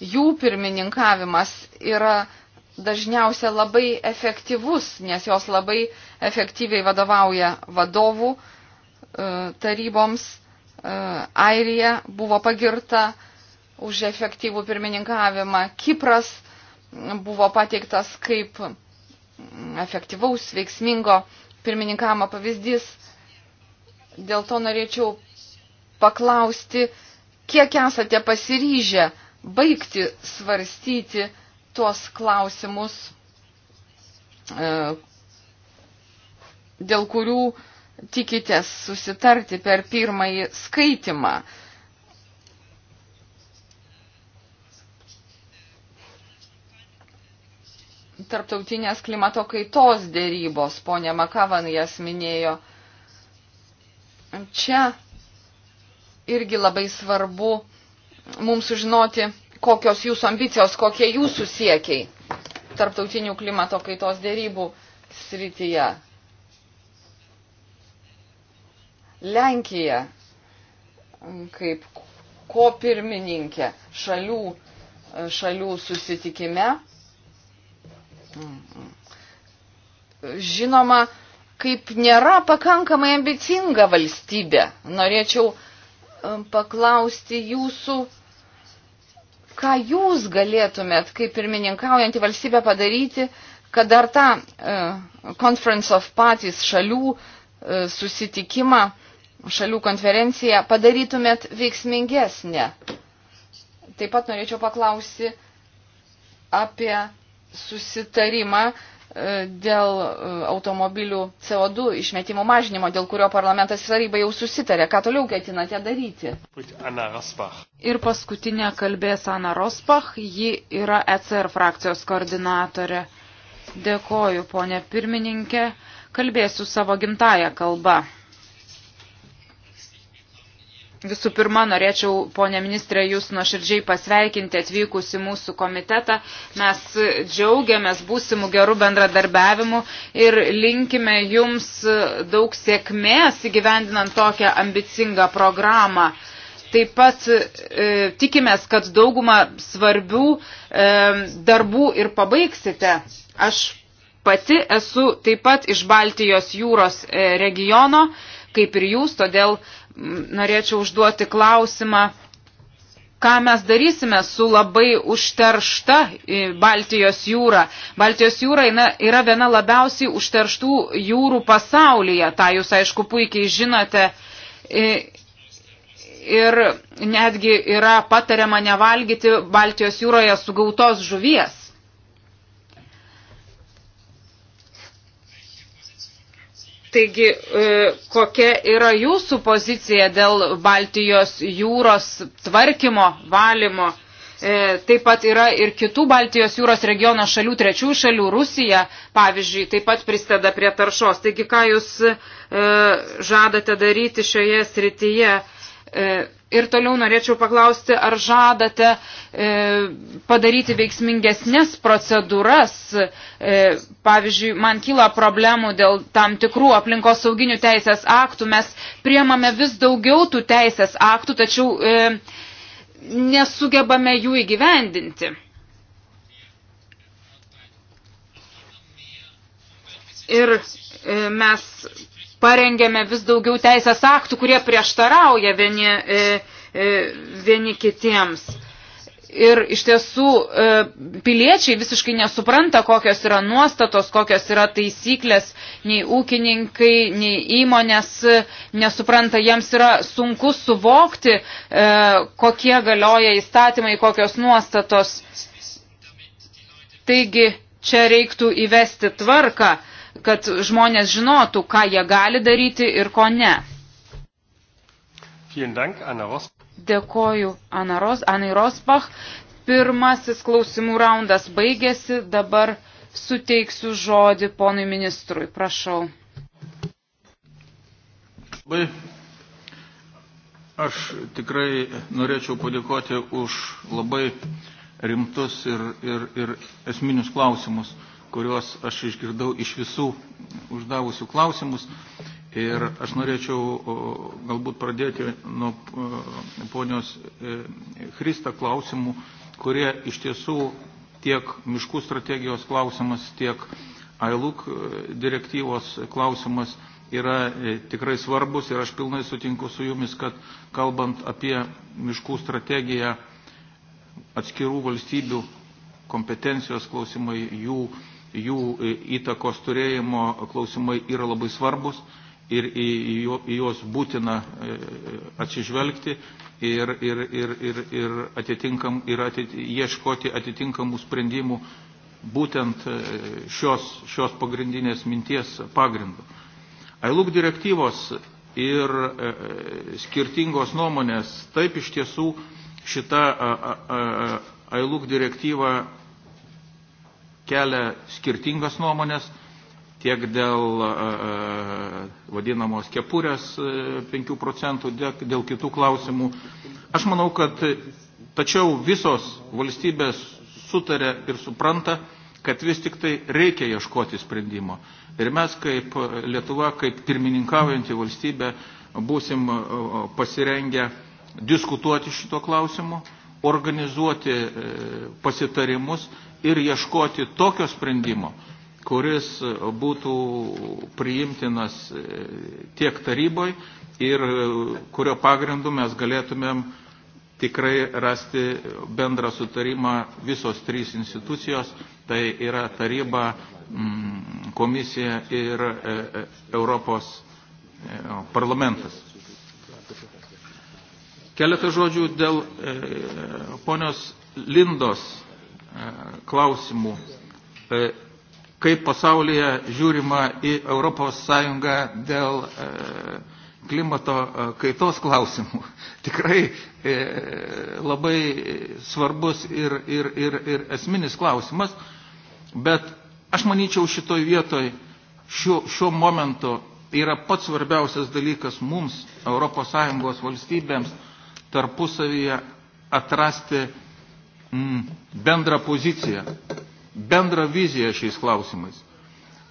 Speaker 5: jų pirmininkavimas yra dažniausia labai efektyvus, nes jos labai efektyviai vadovauja vadovų e, taryboms. E, Airija buvo pagirta už efektyvų pirmininkavimą, Kipras buvo pateiktas kaip efektyvaus, veiksmingo pirmininkavimo pavyzdys. Dėl to norėčiau paklausti, kiek esate pasiryžę baigti svarstyti tuos klausimus, e, dėl kurių tikitės susitarti per pirmąjį skaitimą. Tarptautinės klimato kaitos dėrybos, ponė Makavan jas minėjo. Čia irgi labai svarbu mums sužinoti, kokios jūsų ambicijos, kokie jūsų siekiai tarptautinių klimato kaitos dėrybų srityje. Lenkija kaip ko pirmininkė šalių, šalių susitikime. Žinoma, kaip nėra pakankamai ambicinga valstybė. Norėčiau paklausti jūsų, ką jūs galėtumėt, kaip pirmininkaujantį valstybę, padaryti, kad dar tą e, Conference of Parties šalių e, susitikimą, šalių konferenciją padarytumėt veiksmingesnė. Taip pat norėčiau paklausti apie susitarimą E, dėl e, automobilių CO2 išmetimo mažinimo, dėl kurio parlamentas ir taryba jau susitarė. Ką toliau ketinate daryti? Ir paskutinė kalbės Ana Rospach, ji yra ECR frakcijos
Speaker 4: koordinatorė. Dėkoju, ponė pirmininkė, kalbėsiu savo gimtają kalbą. Visų pirma, norėčiau, ponė ministrė, jūs nuoširdžiai pasveikinti atvykus į mūsų komitetą. Mes džiaugiamės būsimų gerų bendradarbiavimų ir linkime jums daug sėkmės įgyvendinant tokią ambicingą programą. Taip pat e, tikimės, kad daugumą svarbių e, darbų ir pabaigsite. Aš pati esu taip pat iš Baltijos jūros e, regiono, kaip ir jūs, todėl norėčiau užduoti klausimą, ką mes darysime su labai užteršta e, Baltijos jūra. Baltijos jūra yra viena labiausiai užterštų jūrų pasaulyje, tą jūs aišku puikiai žinote. E, ir netgi yra patariama nevalgyti Baltijos jūroje sugautos žuvies. Taigi, e, kokia yra jūsų pozicija dėl Baltijos jūros tvarkymo, valymo? E, taip pat yra ir kitų Baltijos jūros regiono šalių, trečių šalių, Rusija, pavyzdžiui, taip pat pristeda prie taršos. Taigi, ką jūs e, žadate daryti šioje srityje? Ir toliau norėčiau paklausti, ar žadate e, padaryti veiksmingesnės procedūras. E, pavyzdžiui, man kyla problemų dėl tam tikrų aplinkos sauginių teisės aktų. Mes priemame vis daugiau tų teisės aktų, tačiau e, nesugebame jų įgyvendinti. Ir e, mes parengėme vis daugiau teisės aktų, kurie prieštarauja vieni, e, e, vieni kitiems. Ir iš tiesų e, piliečiai visiškai nesupranta, kokios yra nuostatos, kokios yra taisyklės, nei ūkininkai, nei įmonės nesupranta, jiems yra sunku suvokti, kokie galioja įstatymai, kokios nuostatos. Taigi čia reiktų įvesti tvarką kad žmonės žinotų, ką jie gali daryti ir ko ne.
Speaker 1: Dank, Anna
Speaker 4: Dėkoju Anai Ros, Rosbach. Pirmasis klausimų raundas baigėsi, dabar suteiksiu žodį ponui ministrui. Prašau.
Speaker 3: Labai. Aš tikrai norėčiau padėkoti už labai rimtus ir, ir, ir esminius klausimus kuriuos aš išgirdau iš visų uždavusių klausimus. Ir aš norėčiau galbūt pradėti nuo e, ponios Krista e, klausimų, kurie iš tiesų tiek miškų strategijos klausimas, tiek AILUK direktyvos klausimas yra e, tikrai svarbus ir aš pilnai sutinku su jumis, kad kalbant apie miškų strategiją atskirų valstybių kompetencijos klausimai, jų jų e, įtakos turėjimo klausimai yra labai svarbus ir į juos būtina e, atsižvelgti ir, ir, ir, ir, ir, atitinkam, ir atit, ieškoti atitinkamų sprendimų būtent e, šios, šios pagrindinės minties pagrindu. ILUK direktyvos ir skirtingos nuomonės taip iš tiesų šita ILUK direktyva kelia skirtingas nuomonės tiek dėl e, e, vadinamos kepurės 5 e, procentų, tiek dėl kitų klausimų. Aš manau, kad tačiau visos valstybės sutarė ir supranta, kad vis tik tai reikia ieškoti sprendimo. Ir mes kaip Lietuva, kaip pirmininkaujanti valstybė, būsim pasirengę diskutuoti šito klausimu, organizuoti pasitarimus ir ieškoti tokio sprendimo, kuris e, būtų priimtinas e, tiek taryboj ir e, kurio pagrindu mes galėtumėm tikrai rasti bendrą sutarimą visos trys institucijos, tai yra taryba, komisija ir Europos parlamentas. Keletą žodžių dėl ponios Lindos klausimų, e, kaip pasaulyje žiūrima į Europos Sąjungą dėl e, klimato e, kaitos klausimų. Tikrai labai svarbus ir, ir, ir, ir esminis klausimas, bet aš manyčiau šitoj vietoj šiuo, šiuo momentu yra pats svarbiausias dalykas mums, ES valstybėms, tarpusavyje atrasti mm, bendrą poziciją, bendrą viziją šiais klausimais.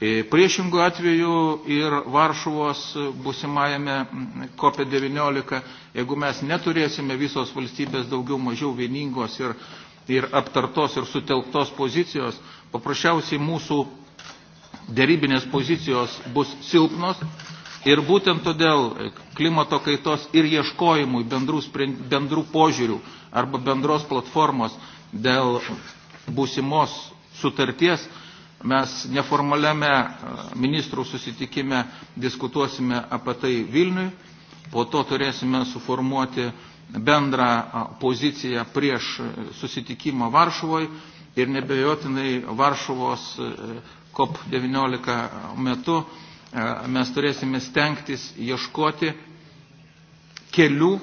Speaker 3: E, priešingų atveju ir Varšuvos busimajame mm, COP19, jeigu mes neturėsime visos valstybės daugiau mažiau vieningos ir, ir aptartos ir sutelktos pozicijos, paprasčiausiai mūsų dėrybinės pozicijos bus silpnos Ir būtent todėl e, klimato kaitos ir ieškojimui bendrų, bendrų požiūrių arba bendros platformos dėl būsimos sutarties mes neformaliame e, ministrų susitikime diskutuosime apie tai Vilniui, po to turėsime suformuoti bendrą poziciją prieš e, susitikimą Varšuvoje ir nebejotinai Varšuvos COP19 metu mes turėsime stengtis ieškoti kelių,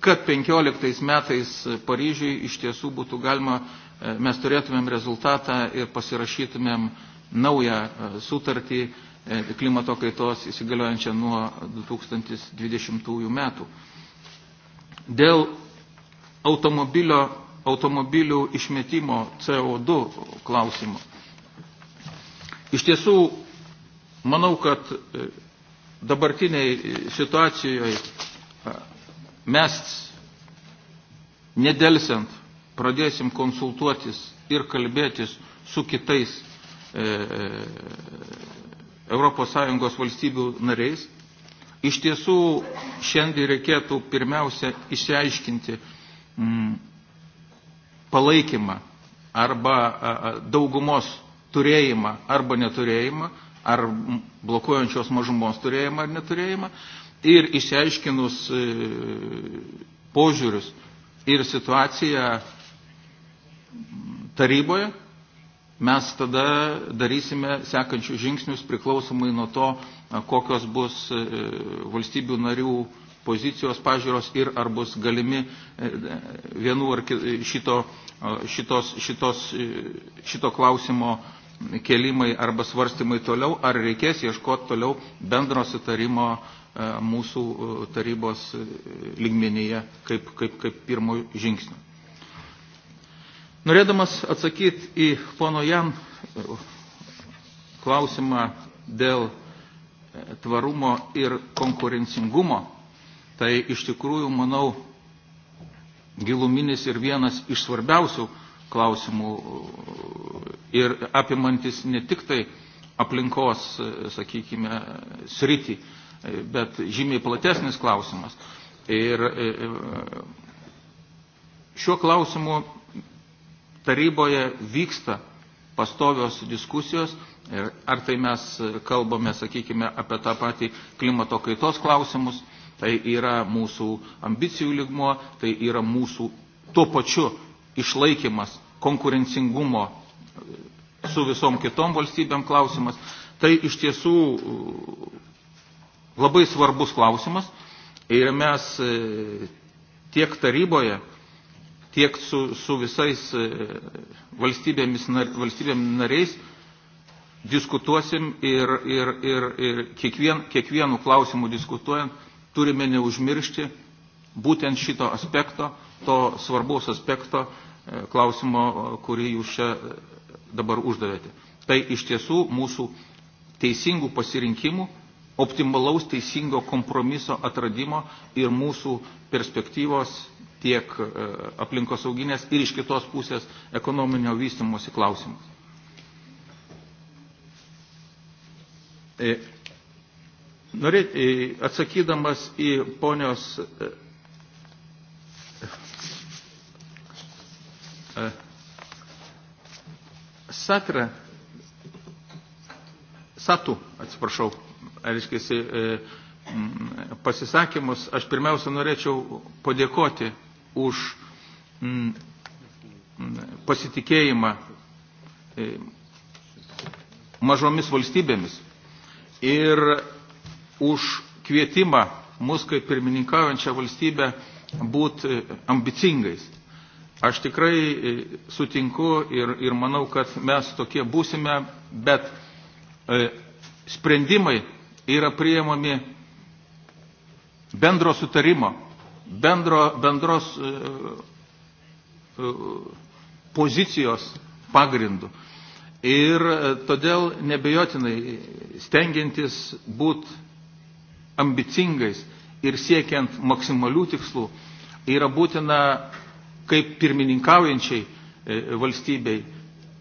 Speaker 3: kad 15 metais Paryžiui iš tiesų būtų galima, e, mes turėtumėm rezultatą ir pasirašytumėm naują e, sutartį e, klimato kaitos įsigaliojančią nuo 2020 metų. Dėl automobilio, automobilių išmetimo CO2 klausimo. Iš tiesų, Manau, kad e, dabartiniai e, situacijoje mes nedelsiant pradėsim konsultuotis ir kalbėtis su kitais ES e, valstybių nariais. Iš tiesų, šiandien reikėtų pirmiausia išsiaiškinti mm, palaikymą arba daugumos turėjimą arba neturėjimą ar blokuojančios mažumos turėjimą ar neturėjimą. Ir išsiaiškinus e, požiūrius ir situaciją taryboje, mes tada darysime sekančius žingsnius priklausomai nuo to, e, kokios bus e, valstybių narių pozicijos pažiūros ir ar bus galimi vienų ar šito, šitos, šitos, šito klausimo kelimai arba svarstymai toliau, ar reikės ieškoti toliau bendro sutarimo e, mūsų e, tarybos e, lygmenyje kaip, kaip, kaip pirmo žingsnio. Norėdamas atsakyti į pono Jan klausimą dėl tvarumo ir konkurencingumo, tai iš tikrųjų, manau, giluminis ir vienas iš svarbiausių klausimų ir apimantis ne tik tai aplinkos, sakykime, sritį, bet žymiai platesnis klausimas. Ir šiuo klausimu taryboje vyksta pastovios diskusijos, ar tai mes kalbame, sakykime, apie tą patį klimato kaitos klausimus, tai yra mūsų ambicijų ligmuo, tai yra mūsų tuo pačiu išlaikymas, konkurencingumo e, su visom kitom valstybėm klausimas, tai iš tiesų e, labai svarbus klausimas ir mes e, tiek taryboje, tiek su, su visais valstybėmis, valstybėm nariais diskutuosim ir, ir, ir, ir kiekvien, kiekvienų klausimų diskutuojant turime neužmiršti būtent šito aspekto, to svarbos aspekto e, klausimo, e, kurį jūs čia e, dabar uždavėte. Tai iš tiesų mūsų teisingų pasirinkimų, optimalaus teisingo kompromiso atradimo ir mūsų perspektyvos tiek aplinkosauginės ir iš kitos pusės ekonominio vystimosi klausimas. Norėt, atsakydamas į ponios Satra, satų, atsiprašau, reiškia, e, pasisakymus, aš pirmiausia norėčiau padėkoti už pasitikėjimą e, mažomis valstybėmis ir už kvietimą mus kaip pirmininkaujančią valstybę būti e, ambicingais. Aš tikrai e, sutinku ir, ir manau, kad mes tokie būsime, bet e, sprendimai yra priemami bendro sutarimo, bendro, bendros e, e, pozicijos pagrindu. Ir e, todėl nebejotinai stengiantis būti ambicingais ir siekiant maksimalių tikslų yra būtina kaip pirmininkaujančiai e, valstybei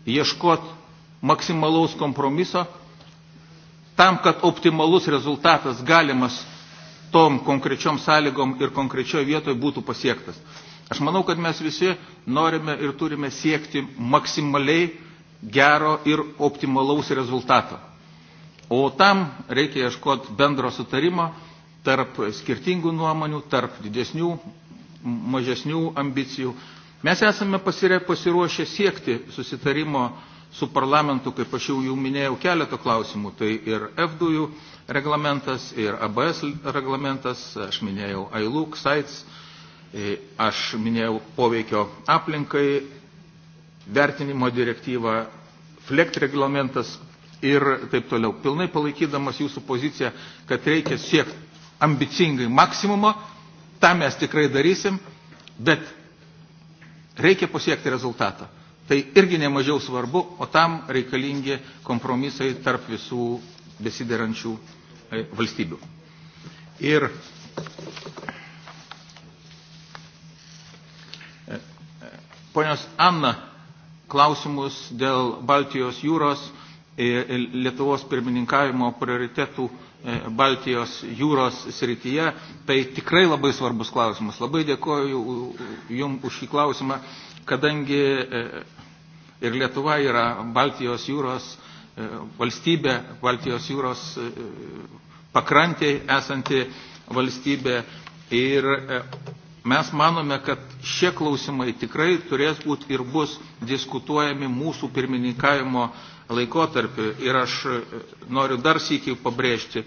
Speaker 3: ieškoti maksimalaus kompromiso, tam, kad optimalus rezultatas galimas tom konkrečiom sąlygom ir konkrečioje vietoje būtų pasiektas. Aš manau, kad mes visi norime ir turime siekti maksimaliai gero ir optimalaus rezultato. O tam reikia ieškoti bendro sutarimo tarp skirtingų nuomonių, tarp didesnių mažesnių ambicijų. Mes esame pasiruošę siekti susitarimo su parlamentu, kaip aš jau jau minėjau, keletą klausimų. Tai ir F2 reglamentas, ir ABS reglamentas, aš minėjau ILUK, SAITS, e, aš minėjau poveikio aplinkai, vertinimo direktyvą, FLECT reglamentas ir taip toliau. Pilnai palaikydamas jūsų poziciją, kad reikia siekti ambicingai maksimumą, tą mes tikrai darysim, bet reikia pasiekti rezultatą. Tai irgi nemažiau svarbu, o tam reikalingi kompromisai tarp visų besiderančių e, valstybių. Ir e, e, ponios Anna klausimus dėl Baltijos jūros Lietuvos pirmininkavimo prioritetų E, Baltijos jūros srityje. Tai tikrai labai svarbus klausimas. Labai dėkoju Jums už šį klausimą, kadangi e, ir Lietuva yra Baltijos jūros e, valstybė, Baltijos jūros pakrantėje esanti valstybė. Ir mes manome, kad šie klausimai tikrai turės būti ir bus diskutuojami mūsų pirmininkavimo laikotarpiu. Ir aš e, noriu dar sėkiai pabrėžti,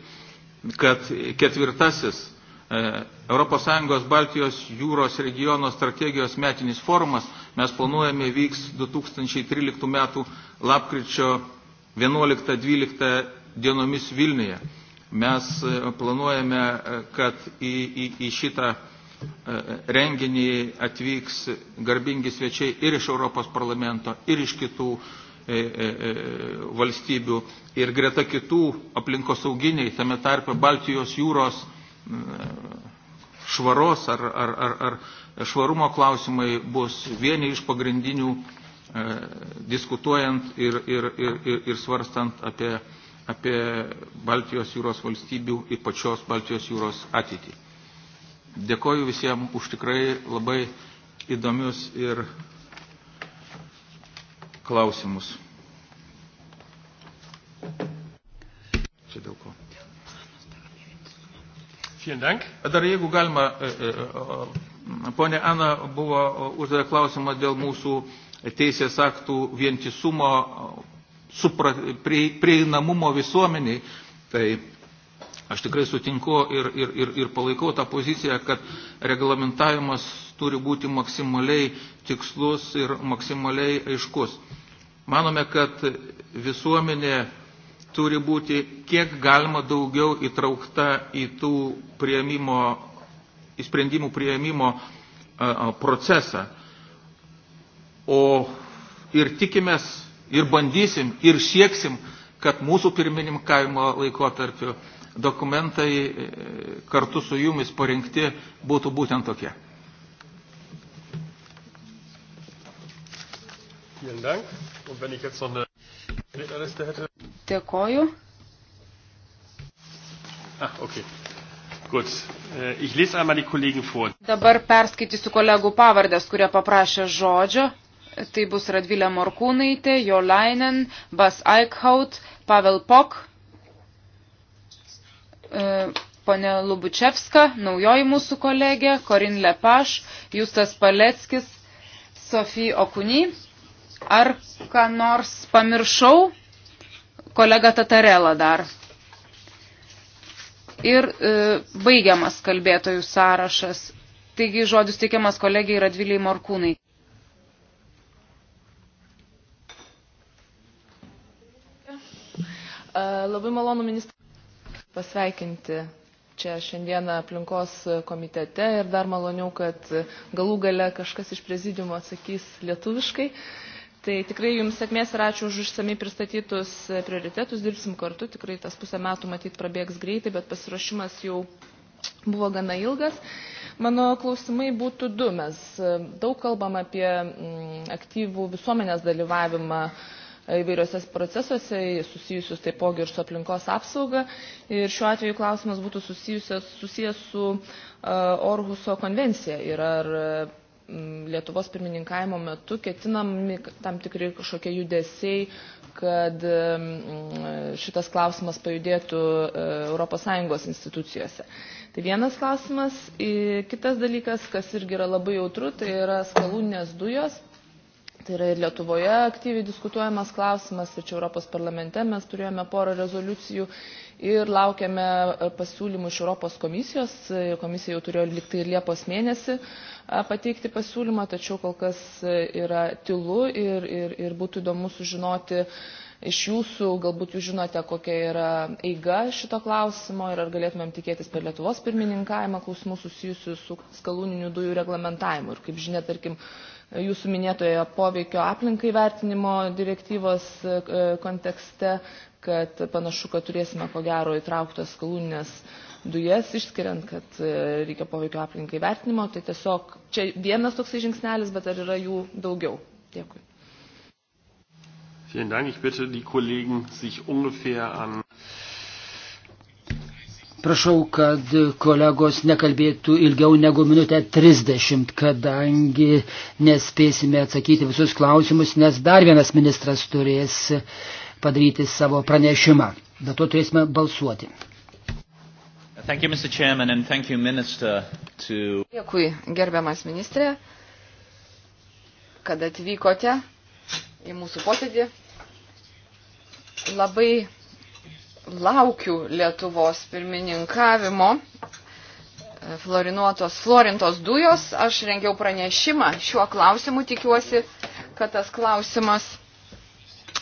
Speaker 3: kad ketvirtasis ES Baltijos jūros regiono strategijos metinis forumas mes planuojame vyks 2013 m. lapkričio 11-12 dienomis Vilniuje. Mes e, planuojame, e, kad į, į, į šitą renginį atvyks garbingi svečiai ir iš Europos parlamento, ir iš kitų E, e, e, valstybių ir greta kitų aplinkosauginiai, tame tarpe Baltijos jūros mm, švaros ar, ar, ar, ar švarumo klausimai bus vieni iš pagrindinių diskutuojant ir, ir, ir, ir svarstant apie, apie Baltijos jūros valstybių ir pačios Baltijos jūros ateitį. Dėkoju visiems už tikrai labai įdomius ir klausimus. Čia dėl ko. Dar jeigu galima, e, e, e, ponė Ana buvo uždavę klausimą dėl mūsų teisės aktų vientisumo, supra, prie, prieinamumo visuomeniai, tai aš tikrai sutinku ir, ir, ir, ir palaikau tą poziciją, kad reglamentavimas turi būti maksimaliai tikslus ir maksimaliai aiškus. Manome, kad visuomenė turi būti kiek galima daugiau įtraukta į tų prieimimo, į sprendimų prieimimo procesą. O ir tikimės, ir bandysim, ir sieksim, kad mūsų pirmininkavimo laikotarpiu dokumentai e, kartu su jumis parengti būtų būtent tokie.
Speaker 4: Dėkoju.
Speaker 1: Ah, okay. Gut. Äh, ich lese einmal die Kollegen vor.
Speaker 4: Dabar perskaitysiu kolegų pavardės, kurie paprašė žodžio. Tai bus Radvilė Morkūnaitė, Jolainen, Bas Eichhaut, Pavel Pok, e, ponė Lubučevska, naujoji mūsų kolegė, Korin Lepaš, Justas Paleckis, Sofija Okuniai. Ar ką nors pamiršau? Kolega Tatarela dar. Ir e, baigiamas kalbėtojų sąrašas. Taigi žodis teikiamas kolegijai Radviliai Morkūnai.
Speaker 6: E, labai malonu ministrą pasveikinti čia šiandieną aplinkos komitete ir dar maloniau, kad galų gale kažkas iš prezidiumo atsakys lietuviškai. Uh, Tai tikrai jums sėkmės ir ačiū už išsamei pristatytus prioritetus, dirbsim kartu, tikrai tas pusę metų matyt prabėgs greitai, bet pasiruošimas jau buvo gana ilgas. Mano klausimai būtų du. Mes e, daug kalbam apie mm, aktyvų visuomenės dalyvavimą e, įvairiose procesuose, susijusius taipogi ir su aplinkos apsauga. Ir šiuo atveju klausimas būtų susijęs su e, Orhuso konvencija ir ar Mm, Lietuvos pirmininkavimo metu ketinami tam tikri kažkokie judesiai, kad mm, šitas klausimas pajudėtų ES institucijose. Tai vienas klausimas. Kitas dalykas, kas irgi yra labai jautru, tai yra skalūnės dujos. Tai yra ir Lietuvoje aktyviai diskutuojamas klausimas, ir čia Europos parlamente mes turėjome porą rezoliucijų ir laukiame e, pasiūlymų iš Europos komisijos. E, komisija jau turėjo likti ir Liepos mėnesį e, pateikti pasiūlymą, tačiau kol kas yra tylu ir, ir, ir būtų įdomu sužinoti iš jūsų, galbūt jūs žinote, kokia yra eiga šito klausimo ir ar galėtumėm tikėtis per Lietuvos pirmininkavimą klausimų susijusių su skalūninių dujų reglamentavimu. Ir kaip žinia, tarkim, jūsų minėtoje poveikio aplinkai vertinimo direktyvos kontekste kad panašu, kad turėsime ko gero įtrauktas kalūninės dujas, išskiriant, kad e, reikia poveikio aplinkai vertinimo. Tai tiesiog čia vienas toksai žingsnelis, bet ar yra jų daugiau?
Speaker 7: Dėkui. Vielen Dank. Ich bitte die Kollegen, sich ungefähr an.
Speaker 2: Prašau, kad kolegos nekalbėtų ilgiau negu minutę 30, kadangi nespėsime atsakyti visus klausimus, nes dar vienas ministras turės uh, padaryti savo pranešimą. Bet to turėsime balsuoti.
Speaker 8: Thank you, Mr. Chairman, and thank you, Minister, to...
Speaker 5: Dėkui, gerbiamas ministrė, kad atvykote į mūsų posėdį. Labai laukiu Lietuvos pirmininkavimo e, florinuotos florintos dujos. Aš rengiau pranešimą šiuo klausimu, tikiuosi, kad tas klausimas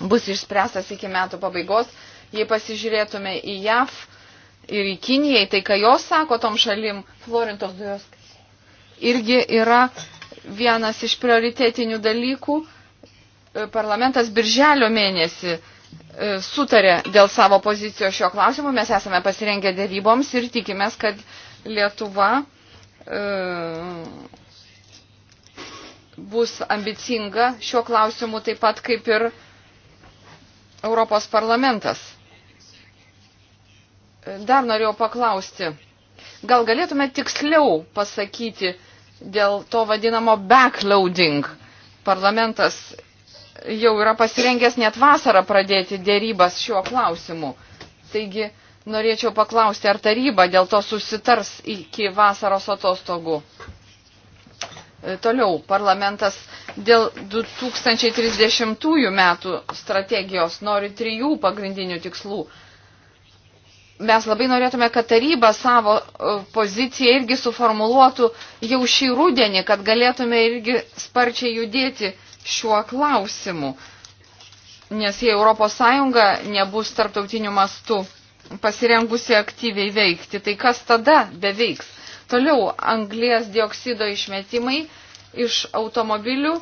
Speaker 5: bus išspręstas iki metų pabaigos. Jei pasižiūrėtume į JAV ir į Kiniją, tai ką jos sako tom šalim, Florintos dujos irgi yra vienas iš prioritetinių dalykų. E, parlamentas birželio mėnesį e, sutarė dėl savo pozicijos šio klausimu. Mes esame pasirengę dėryboms ir tikimės, kad Lietuva e, bus ambicinga šiuo klausimu taip pat kaip ir uh, Europos parlamentas. Dar norėjau paklausti, gal galėtume tiksliau pasakyti dėl to vadinamo backloading. Parlamentas jau yra pasirengęs net vasarą pradėti dėrybas šiuo klausimu. Taigi norėčiau paklausti, ar taryba dėl to susitars iki vasaros atostogų. E, toliau parlamentas dėl 2030 metų strategijos nori trijų pagrindinių tikslų. Mes labai norėtume, kad taryba savo e, poziciją irgi suformuluotų jau šį rudenį, kad galėtume irgi sparčiai judėti šiuo klausimu. Nes jei Europos Sąjunga nebus tarptautiniu mastu pasirengusi aktyviai veikti, tai kas tada beveiks? Toliau, anglės dioksido išmetimai iš automobilių,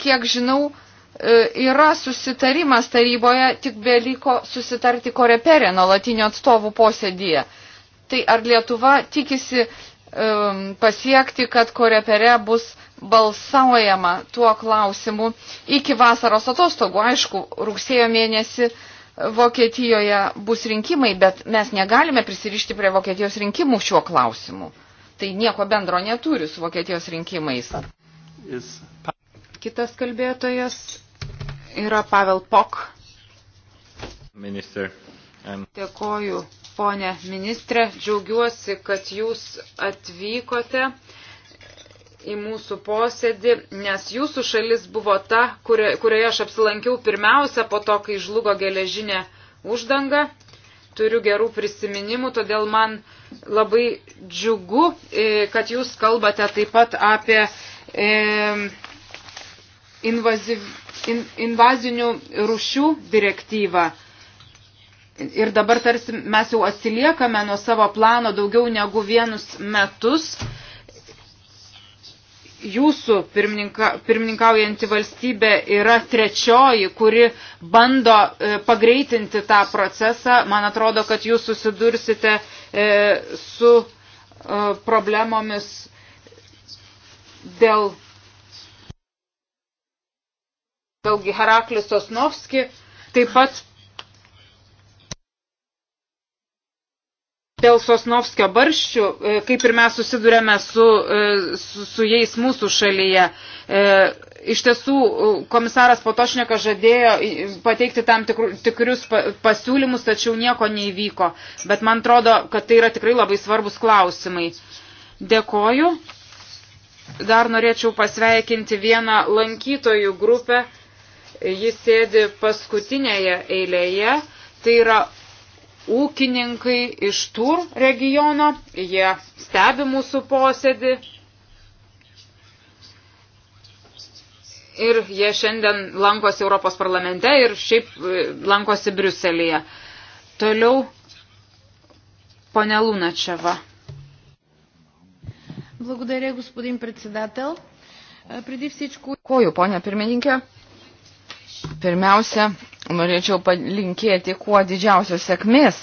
Speaker 5: kiek žinau, e, yra susitarimas taryboje, tik beliko susitarti koreperė nuolatinio atstovų posėdyje. Tai ar Lietuva tikisi um, pasiekti, kad korepere bus balsaujama tuo klausimu iki vasaros atostogų. Aišku, rugsėjo mėnesį Vokietijoje bus rinkimai, bet mes negalime prisirišti prie Vokietijos rinkimų šiuo klausimu tai nieko bendro neturi su Vokietijos rinkimais. Kitas kalbėtojas yra Pavel Pok.
Speaker 1: Minister. And... Um,
Speaker 4: Dėkoju, ponė ministrė. Džiaugiuosi, kad jūs atvykote į mūsų posėdį, nes jūsų šalis buvo ta, kurioje aš apsilankiau pirmiausia po to, kai žlugo geležinė uždanga turiu gerų prisiminimų, todėl man labai džiugu, e, kad jūs kalbate taip pat apie e, invaziv, in, invazinių rušių direktyvą. Ir dabar tarsi mes jau atsiliekame nuo savo plano daugiau negu vienus metus jūsų pirmininkaujanti valstybė yra trečioji, kuri bando e, pagreitinti tą procesą. Man atrodo, kad jūs susidursite e, su e, problemomis dėl, dėl Heraklis Osnovski. Taip pat dėl Sosnovskio barščių, e, kaip ir mes susidurėme su, e, su, su jais mūsų šalyje. E, iš tiesų, komisaras Potošnekas žadėjo pateikti tam tikrus pasiūlymus, tačiau nieko neįvyko. Bet man atrodo, kad tai yra tikrai labai svarbus klausimai. Dėkoju. Dar norėčiau pasveikinti vieną lankytojų grupę. Jis sėdi paskutinėje eilėje. Tai yra ūkininkai iš tur regiono, jie stebi mūsų posėdį. Ir jie šiandien lankosi Europos parlamente ir šiaip e, lankosi Briuselėje. Toliau Поня Луначева.
Speaker 5: Благодаря, господин председател. Преди всичко... Кою, поня пирмininkė? Pirmiausia, norėčiau palinkėti kuo didžiausios sėkmės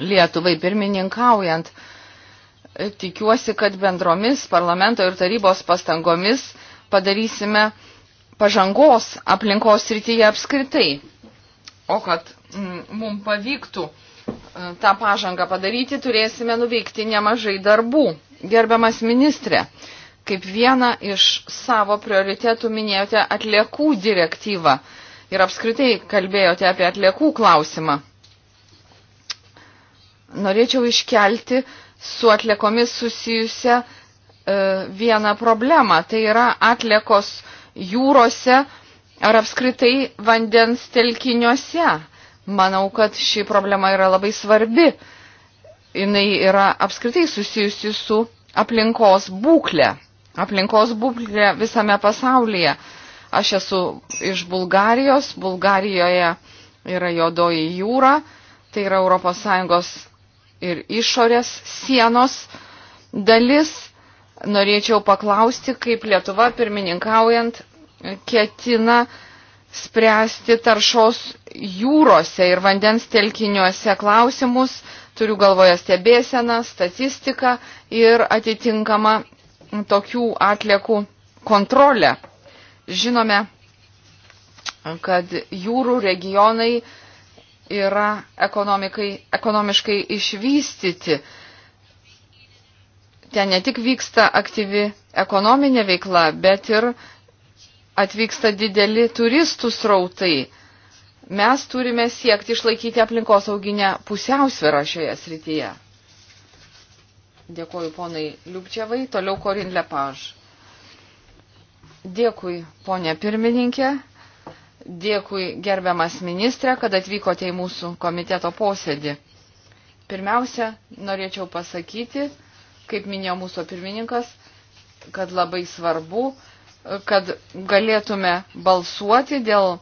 Speaker 5: Lietuvai pirmininkaujant. Tikiuosi, kad bendromis parlamento ir tarybos pastangomis padarysime pažangos aplinkos srityje apskritai. O kad mm, mums pavyktų e, tą pažangą padaryti, turėsime nuveikti nemažai darbų. Gerbiamas ministrė, kaip vieną iš savo prioritetų minėjote atliekų direktyvą ir apskritai kalbėjote apie atliekų klausimą. Norėčiau iškelti su atliekomis susijusią e, vieną problemą. Tai yra atliekos jūrose ar apskritai vandens telkiniuose. Manau, kad ši problema yra labai svarbi. Jinai yra apskritai susijusi su aplinkos būklė. Aplinkos būklė visame pasaulyje. E, Aš esu iš Bulgarijos, Bulgarijoje yra Jodoji jūra, tai yra ES ir išorės sienos dalis. Norėčiau paklausti, kaip Lietuva pirmininkaujant ketina spręsti taršos jūrose ir vandens telkiniuose klausimus, turiu galvoje stebėseną, statistiką ir atitinkamą tokių atliekų kontrolę. Žinome, kad jūrų regionai yra ekonomiškai išvystyti. Ten ne tik vyksta aktyvi ekonominė veikla, bet ir atvyksta dideli turistų srautai. Mes turime siekti išlaikyti aplinkosauginę pusiausvyrą šioje srityje. Dėkuoju ponai Liupčiavai, toliau Korin Lepaž. Dėkui, ponė pirmininkė. Dėkui, gerbiamas ministrė, kad atvykote į mūsų komiteto posėdį. Pirmiausia, norėčiau pasakyti, kaip minėjo mūsų pirmininkas, kad labai svarbu, kad galėtume balsuoti dėl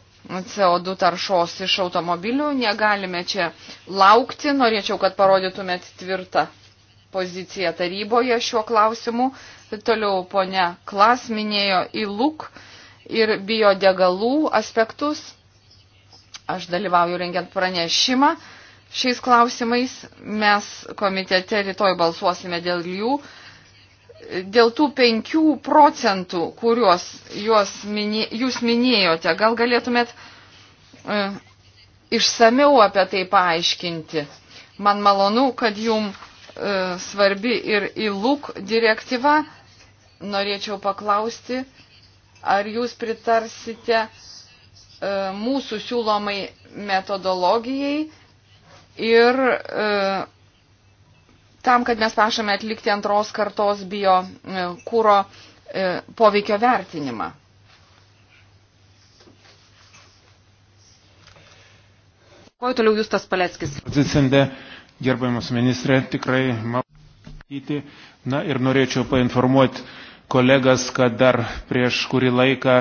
Speaker 5: CO2 taršos iš automobilių. Negalime čia laukti. Norėčiau, kad parodytumėt tvirtą poziciją taryboje šiuo klausimu. Toliau ponia Klas minėjo įlūk ir biodegalų aspektus. Aš dalyvauju rengiant pranešimą. Šiais klausimais mes komitete rytoj balsuosime dėl jų. Dėl tų penkių procentų, kuriuos minė, jūs minėjote, gal galėtumėt e, išsameu apie tai paaiškinti. Man malonu, kad jums e, svarbi ir įlūk direktyva, norėčiau paklausti, ar jūs pritarsite e, mūsų siūlomai metodologijai ir e, tam, kad mes prašome atlikti antros kartos bio e, kūro poveikio vertinimą.
Speaker 4: Kuo toliau jūs tas Paleckis?
Speaker 7: Atsisendė, gerbiamas ministrė, tikrai matyti. Na ir norėčiau painformuoti kolegas, kad dar prieš kurį laiką,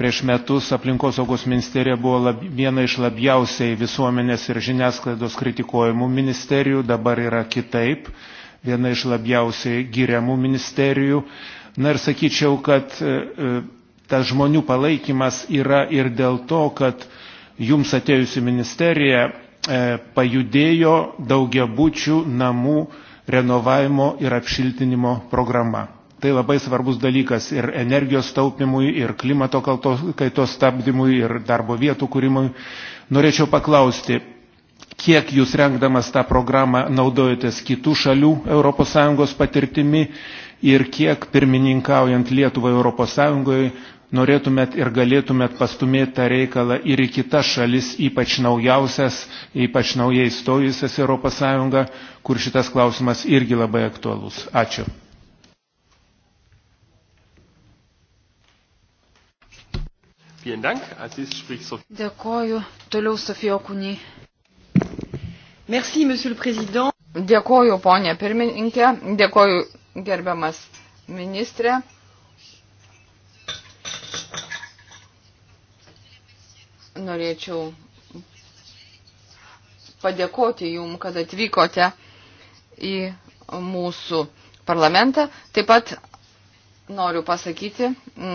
Speaker 7: prieš metus aplinkosaugos ministerija buvo lab, viena iš labiausiai visuomenės ir žiniasklaidos kritikuojamų ministerijų, dabar yra kitaip, viena iš labiausiai giriamų ministerijų. Na ir sakyčiau, kad e, e, tas žmonių palaikymas yra ir dėl to, kad jums atėjusi ministerija e, pajudėjo daugiabučių namų renovavimo ir apšiltinimo programa. Tai labai svarbus dalykas ir energijos taupimui, ir klimato kaitos stabdymui, ir darbo vietų kūrimui. Norėčiau paklausti, kiek jūs rengdamas tą programą naudojatės kitų šalių ES patirtimi ir kiek pirmininkaujant Lietuvai ES norėtumėt ir galėtumėt pastumėti tą reikalą ir į kitas šalis, ypač naujausias, ypač naujai stojusias ES, kur šitas klausimas irgi labai aktualus. Ačiū.
Speaker 1: Dėkoju.
Speaker 5: Toliau Sofijo Kūny. Merci, monsieur le président. Dėkoju, ponė pirmininkė. Dėkoju, gerbiamas ministrė. Norėčiau padėkoti jum, kad atvykote į mūsų parlamentą. Taip pat noriu pasakyti,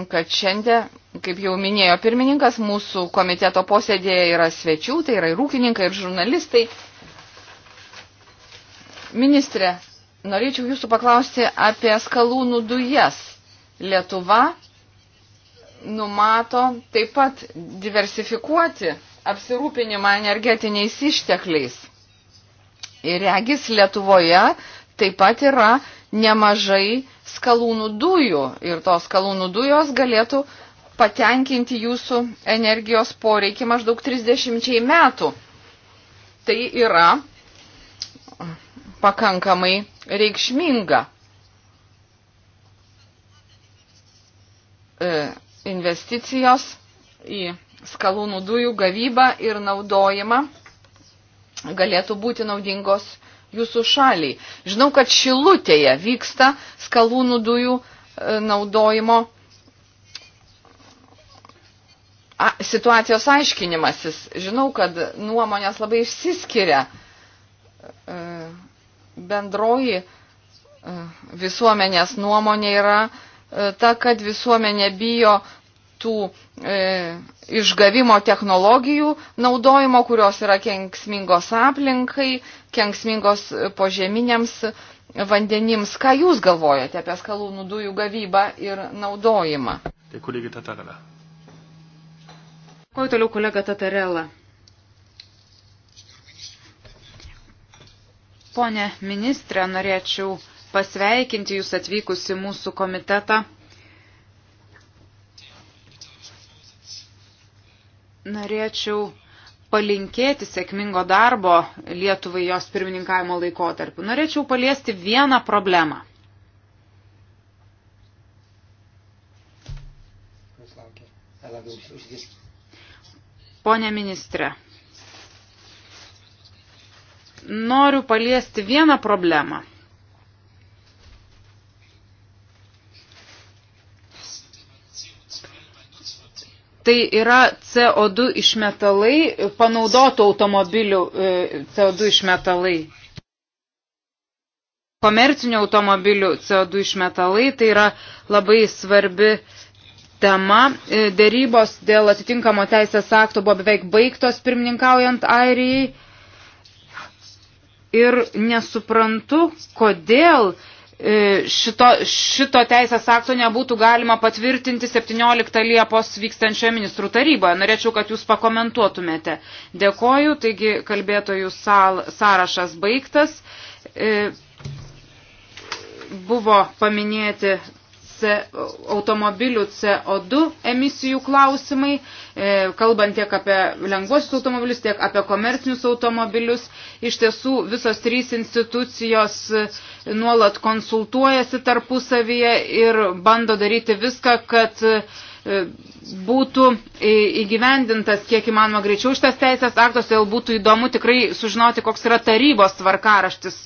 Speaker 5: kad šiandien, kaip jau minėjo pirmininkas, mūsų komiteto posėdėje yra svečių, tai yra ir ūkininkai, ir žurnalistai. Ministrė, norėčiau jūsų paklausti apie skalūnų dujas. Lietuva numato taip pat diversifikuoti apsirūpinimą energetiniais ištekliais. Ir regis Lietuvoje taip pat yra nemažai skalūnų dujų ir tos skalūnų dujos galėtų patenkinti jūsų energijos poreikį maždaug 30 metų. Tai yra pakankamai reikšminga e, investicijos į skalūnų dujų gavybą ir naudojimą galėtų būti naudingos jūsų šaliai. Žinau, kad Šilutėje vyksta skalūnų dujų e, naudojimo situacijos aiškinimasis. Žinau, kad nuomonės labai išsiskiria e, bendroji e, visuomenės nuomonė yra ta, kad visuomenė bijo tų e, išgavimo technologijų naudojimo, kurios yra kenksmingos aplinkai, kenksmingos e, požeminiams vandenims. Ką Jūs galvojate apie skalūnų dujų gavybą ir naudojimą? Tai kolegė Tatarela. Kuo toliau kolega Tatarela?
Speaker 4: Pone ministrė, norėčiau pasveikinti Jūs atvykus į mūsų komitetą. norėčiau palinkėti sėkmingo darbo Lietuvai jos pirmininkavimo laikotarpiu. Norėčiau paliesti vieną problemą. Pone ministre, noriu paliesti vieną problemą. tai yra CO2 išmetalai, panaudotų automobilių e, CO2 išmetalai. Komercinių automobilių CO2 išmetalai tai yra labai svarbi tema. E, Dėrybos dėl atitinkamo teisės akto buvo beveik baigtos pirmininkaujant Airijai. Ir nesuprantu, kodėl E, šito, šito teisės akto nebūtų galima patvirtinti 17 Liepos vykstančioje ministrų taryboje. Norėčiau, kad jūs pakomentuotumėte. Dėkoju, taigi kalbėtojų sal, sąrašas baigtas. E, buvo paminėti automobilių CO2 emisijų klausimai, e, kalbant tiek apie lengvosius automobilius, tiek apie komercinius automobilius. Iš tiesų visos trys institucijos e, nuolat konsultuojasi tarpusavyje ir bando daryti viską, kad e, būtų įgyvendintas kiek įmanoma greičiau šitas teisės aktos, tai būtų įdomu tikrai sužinoti, koks yra tarybos tvarkaraštis.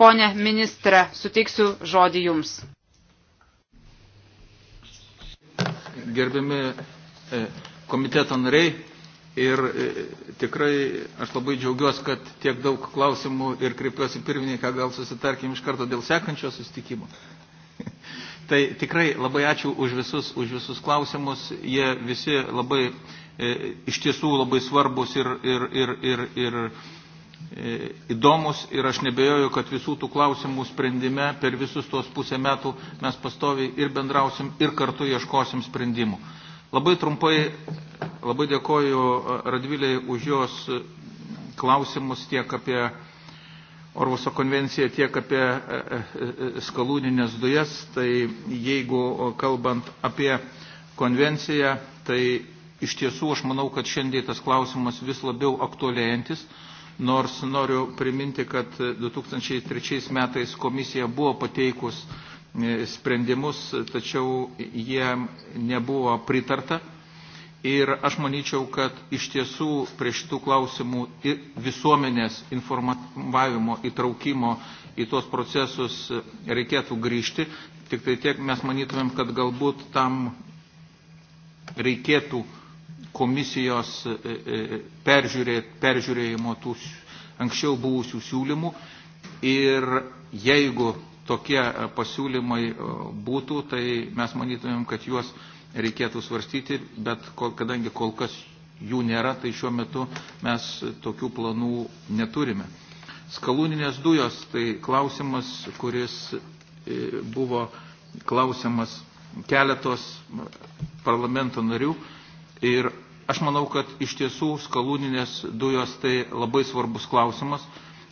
Speaker 4: Pone ministre, suteiksiu žodį Jums.
Speaker 3: gerbiami e, komiteto nariai. Ir e, tikrai aš labai džiaugiuosi, kad tiek daug klausimų ir kreipiuosi pirmininką, gal susitarkim iš karto dėl sekančio sustikimo. tai tikrai labai ačiū už visus, už visus klausimus. Jie visi labai, e, iš tiesų labai svarbus ir, ir, ir, ir, ir E, įdomus ir aš nebejoju, kad visų tų klausimų sprendime per visus tuos pusę metų mes pastoviai ir bendrausim, ir kartu ieškosim sprendimų. Labai trumpai, labai dėkoju Radviliai už jos klausimus tiek apie Orvoso konvenciją, tiek apie e, e, skalūninės dujas. Tai jeigu kalbant apie konvenciją, tai iš tiesų aš manau, kad šiandien tas klausimas vis labiau aktualėjantis nors noriu priminti, kad 2003 metais komisija buvo pateikus e, sprendimus, tačiau jie nebuvo pritarta. Ir aš manyčiau, kad iš tiesų prie šitų klausimų visuomenės informavimo įtraukimo į tuos procesus e, reikėtų grįžti. Tik tai tiek mes manytumėm, kad galbūt tam reikėtų komisijos e, e, peržiūrė, peržiūrėjimo tų anksčiau buvusių siūlymų ir jeigu tokie e, pasiūlymai būtų, tai mes manytumėm, kad juos reikėtų svarstyti, bet kol, kadangi kol kas jų nėra, tai šiuo metu mes tokių planų neturime. Skalūninės dujos tai klausimas, kuris buvo klausimas keletos parlamento narių Ir aš manau, kad iš tiesų skalūninės dujos tai labai svarbus klausimas.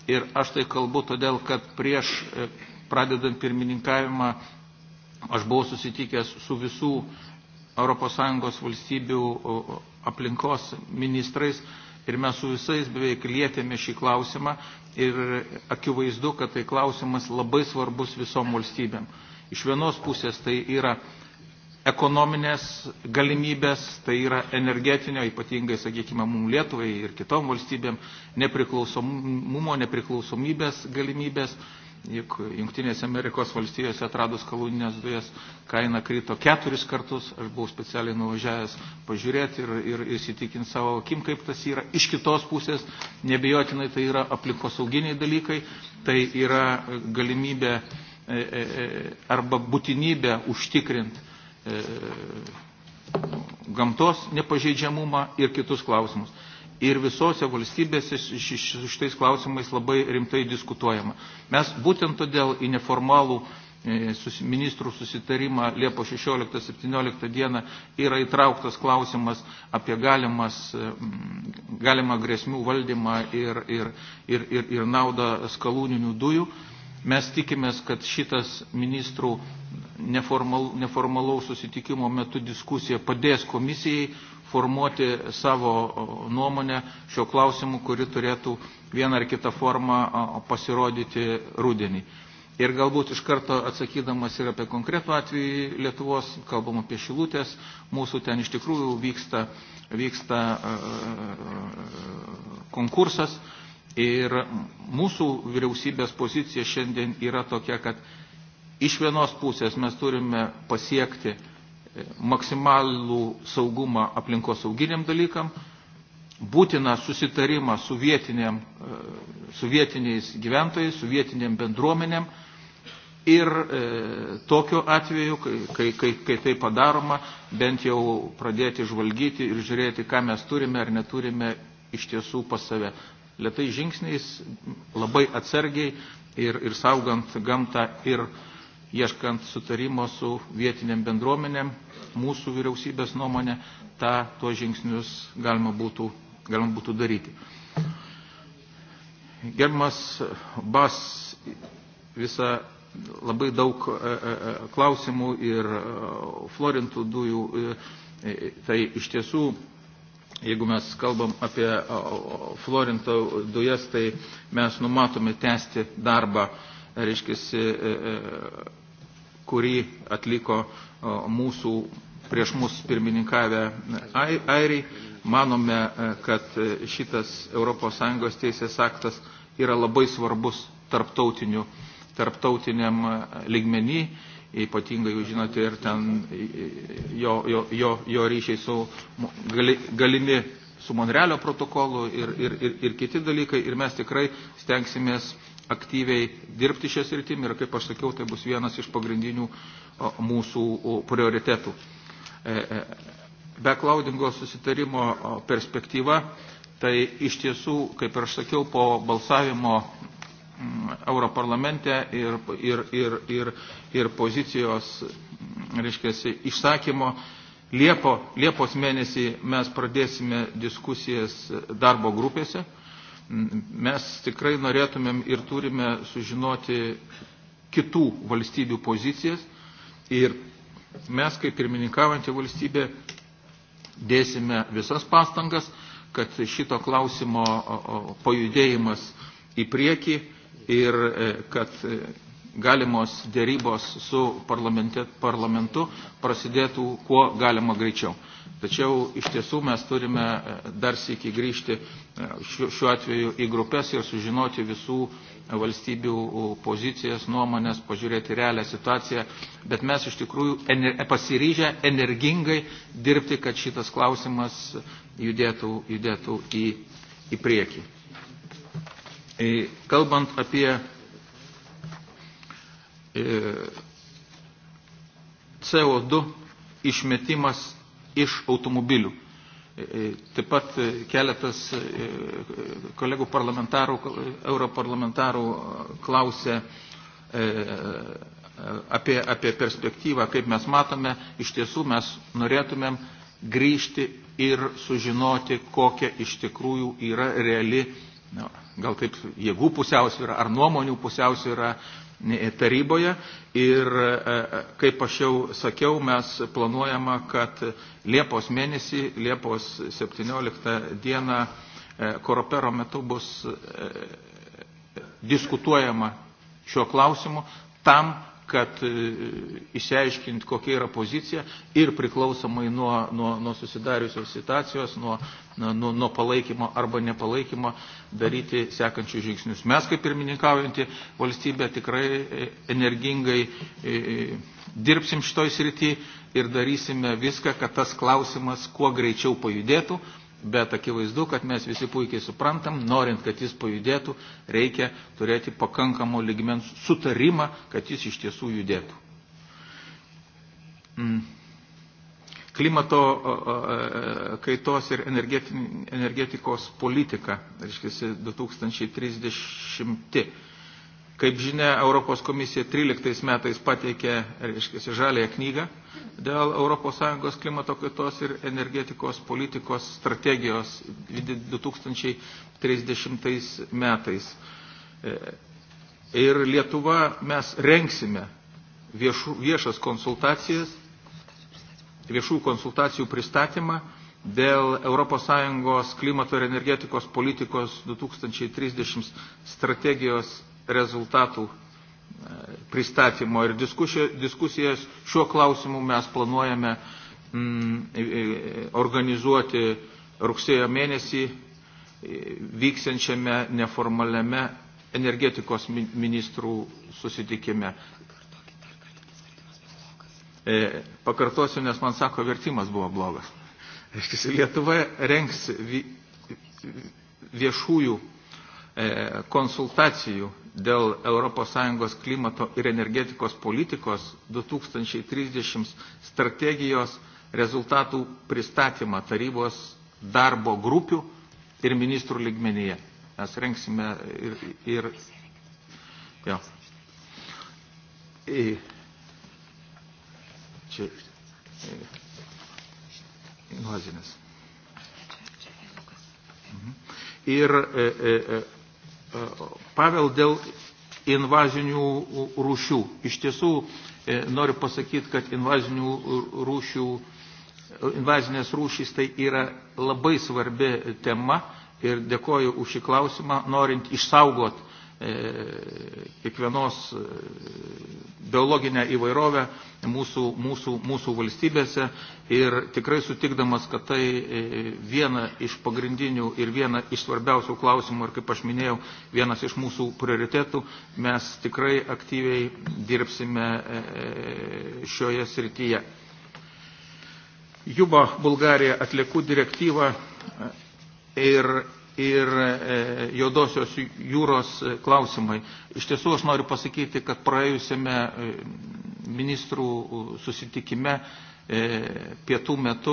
Speaker 3: Ir aš tai kalbu todėl, kad prieš e, pradedant pirmininkavimą aš buvau susitikęs su visų ES valstybių aplinkos ministrais ir mes su visais beveik lietėme šį klausimą ir akivaizdu, kad tai klausimas labai svarbus visom valstybėm. Iš vienos pusės tai yra ekonominės galimybės, tai yra energetinio, ypatingai, sakykime, mums Lietuvai ir kitom valstybėm, nepriklausomumo, nepriklausomybės galimybės. Juk Junktinėse Amerikos valstijose atradus kaluninės dujas kaina krito keturis kartus, aš buvau specialiai nuvažiavęs pažiūrėti ir, ir įsitikinti savo akim, kaip tas yra. Iš kitos pusės, nebejotinai, tai yra aplinkosauginiai dalykai, tai yra galimybė e, e, e, arba būtinybė užtikrinti E, gamtos nepažeidžiamumą ir kitus klausimus. Ir visose valstybėse su šitais klausimais labai rimtai diskutuojama. Mes būtent todėl į neformalų e, ministrų susitarimą Liepo 16-17 dieną yra įtrauktas klausimas apie galimas, e, galimą grėsmių valdymą ir, ir, ir, ir, ir naudą skalūninių dujų. Mes tikimės, kad šitas ministrų neformal, neformalaus susitikimo metu diskusija padės komisijai formuoti savo nuomonę šio klausimu, kuri turėtų vieną ar kitą formą pasirodyti rudenį. Ir galbūt iš karto atsakydamas ir apie konkretų atvejį Lietuvos, kalbam apie šilutės, mūsų ten iš tikrųjų vyksta, vyksta e, e, konkursas ir mūsų vyriausybės pozicija šiandien yra tokia, kad Iš vienos pusės mes turime pasiekti e, maksimalų saugumą aplinkos sauginiam dalykam, būtina susitarimą su, vietiniam, e, su vietiniais gyventojais, su vietiniam bendruomenėm ir e, tokiu atveju, kai, kai, kai tai padaroma, bent jau pradėti žvalgyti ir žiūrėti, ką mes turime ar neturime iš tiesų pas save. Lietai žingsniais, labai atsargiai ir, ir saugant gamtą ir e, ieškant sutarimo su vietiniam bendruomenėm, mūsų vyriausybės nuomonė, tą, tuos žingsnius galima būtų, galima būtų daryti. Gerbimas Bas visą labai daug e, e, e, klausimų ir florintų dujų, tai iš tiesų Jeigu mes kalbam apie Florinto dujas, tai mes numatome tęsti darbą reiškiasi, e, e, kurį atliko mūsų prieš mus pirmininkavę airiai. Manome, e, kad šitas ES teisės aktas yra labai svarbus tarptautiniu, tarptautiniam ligmenį, ypatingai jūs žinote ir ten jo, jo, jo, jo ryšiai su gali, galimi su Monrealio protokolu ir, ir, ir, ir kiti dalykai. Ir mes tikrai stengsimės aktyviai dirbti šią sritimį ir, kaip aš sakiau, tai bus vienas iš pagrindinių mūsų prioritetų. E, e, Beklaudingo susitarimo perspektyva, tai iš tiesų, kaip ir aš sakiau, po balsavimo mm, Europarlamente ir, ir, ir, ir, ir pozicijos mm, reiškia, išsakymo Liepo, Liepos mėnesį mes pradėsime diskusijas darbo grupėse Mes tikrai norėtumėm ir turime sužinoti kitų valstybių pozicijas ir mes kaip pirmininkaujantį valstybę dėsime visas pastangas, kad šito klausimo pajudėjimas į priekį ir e, kad e, galimos dėrybos su parlamentu prasidėtų kuo galima greičiau. Tačiau iš tiesų mes turime e, dar sėki grįžti e, šiuo atveju į grupės ir sužinoti visų valstybių pozicijas, nuomonės, pažiūrėti realią situaciją, bet mes iš tikrųjų ener pasiryžę energingai dirbti, kad šitas klausimas judėtų, judėtų į, į priekį. E, kalbant apie E, CO2 išmetimas iš automobilių. E, e, taip pat keletas kolegų parlamentarų, europarlamentarų klausė apie, apie perspektyvą, kaip mes matome, iš tiesų mes norėtumėm grįžti ir sužinoti, kokia iš tikrųjų yra reali, gal taip, jėgų pusiausvyrą ar nuomonių pusiausvyrą taryboje ir, e, e, kaip aš jau sakiau, mes planuojama, kad Liepos mėnesį, Liepos 17 dieną e, Koropero metu bus diskutuojama šiuo klausimu tam, kad e, išsiaiškinti, kokia yra pozicija ir priklausomai nuo, nuo, nuo susidariusios situacijos, nuo, nuo, nuo palaikymo arba nepalaikymo daryti sekančius žingsnius. Mes kaip pirmininkaujantį valstybę tikrai e, energingai e, dirbsim šitoj srity ir darysime viską, kad tas klausimas kuo greičiau pajudėtų, Bet akivaizdu, kad mes visi puikiai suprantam, norint, kad jis pajudėtų, reikia turėti pakankamo ligmens sutarimą, kad jis iš tiesų judėtų. Mm. Klimato e, kaitos ir energetikos politika, reiškia 2030 Kaip žinia, Europos komisija 13 metais pateikė, reiškia, žalėją knygą dėl ES klimato kaitos ir energetikos politikos strategijos 2030 metais. E, ir Lietuva mes renksime viešų, viešas konsultacijas, viešų konsultacijų pristatymą dėl ES klimato ir energetikos politikos 2030 strategijos rezultatų e, pristatymo ir diskusijas šiuo klausimu mes planuojame mm, e, e, organizuoti rugsėjo mėnesį vyksiančiame neformaliame energetikos ministrų susitikime. Pakartosiu, nes man sako, vertimas buvo blogas. Lietuva renks viešųjų E, konsultacijų dėl ES klimato ir energetikos politikos 2030 strategijos rezultatų pristatymą tarybos darbo grupių ir ministrų ligmenyje. Mes renksime ir... ir jo. Čia... Nuozinės. Mhm. Ir e, e, e E, Pavel dėl invazinių rūšių. Iš tiesų e, noriu pasakyti, kad invazinių rūšių, invazinės rūšys tai yra labai svarbi tema ir dėkoju už šį klausimą, norint išsaugoti E, kiekvienos e, biologinę įvairovę mūsų, mūsų, mūsų valstybėse ir tikrai sutikdamas, kad tai e, viena iš pagrindinių ir viena iš svarbiausių klausimų ir, kaip aš minėjau, vienas iš mūsų prioritetų, mes tikrai aktyviai dirbsime šioje srityje. Juba Bulgarija atliekų direktyva ir ir e, juodosios jūros e, klausimai. Iš tiesų aš noriu pasakyti, kad praėjusiame e, ministrų susitikime pietų metu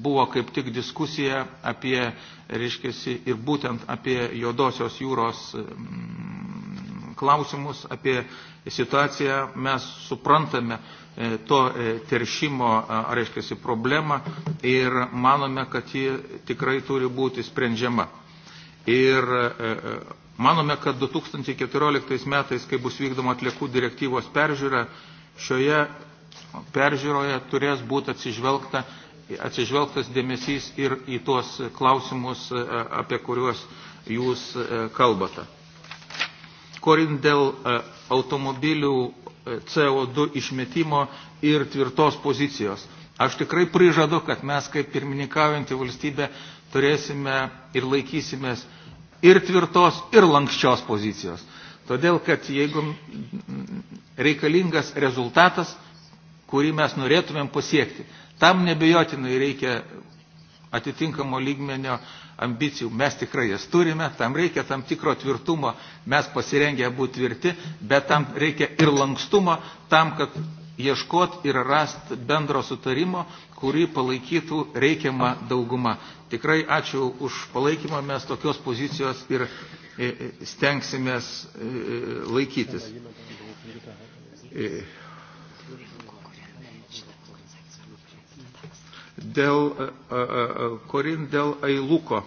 Speaker 3: buvo kaip tik diskusija apie, reiškiasi, ir būtent apie juodosios jūros klausimus, apie situaciją mes suprantame, E, to e, teršimo, e, reiškia, problemą ir manome, kad ji tikrai turi būti sprendžiama. Ir manome, kad 2014 metais, kai bus vykdoma atliekų direktyvos peržiūra, šioje peržiūroje turės būti atsižvelgta, atsižvelgtas dėmesys ir į tuos klausimus, apie kuriuos jūs kalbate. Korin dėl automobilių CO2 išmetimo ir tvirtos pozicijos. Aš tikrai prižadu, kad mes kaip pirmininkaujantį valstybę turėsime ir laikysimės ir tvirtos, ir lankščios pozicijos. Todėl, kad jeigu reikalingas rezultatas, kurį mes norėtumėm pasiekti, tam nebejotinai reikia atitinkamo lygmenio ambicijų mes tikrai jas turime, tam reikia tam tikro tvirtumo, mes pasirengę būti tvirti, bet tam reikia ir lankstumo, tam, kad ieškot ir rast bendro sutarimo, kurį palaikytų reikiamą daugumą. Tikrai ačiū už palaikymą, mes tokios pozicijos ir e, e, stengsimės e, laikytis. dėl, e, e, e, Korin dėl Ailuko,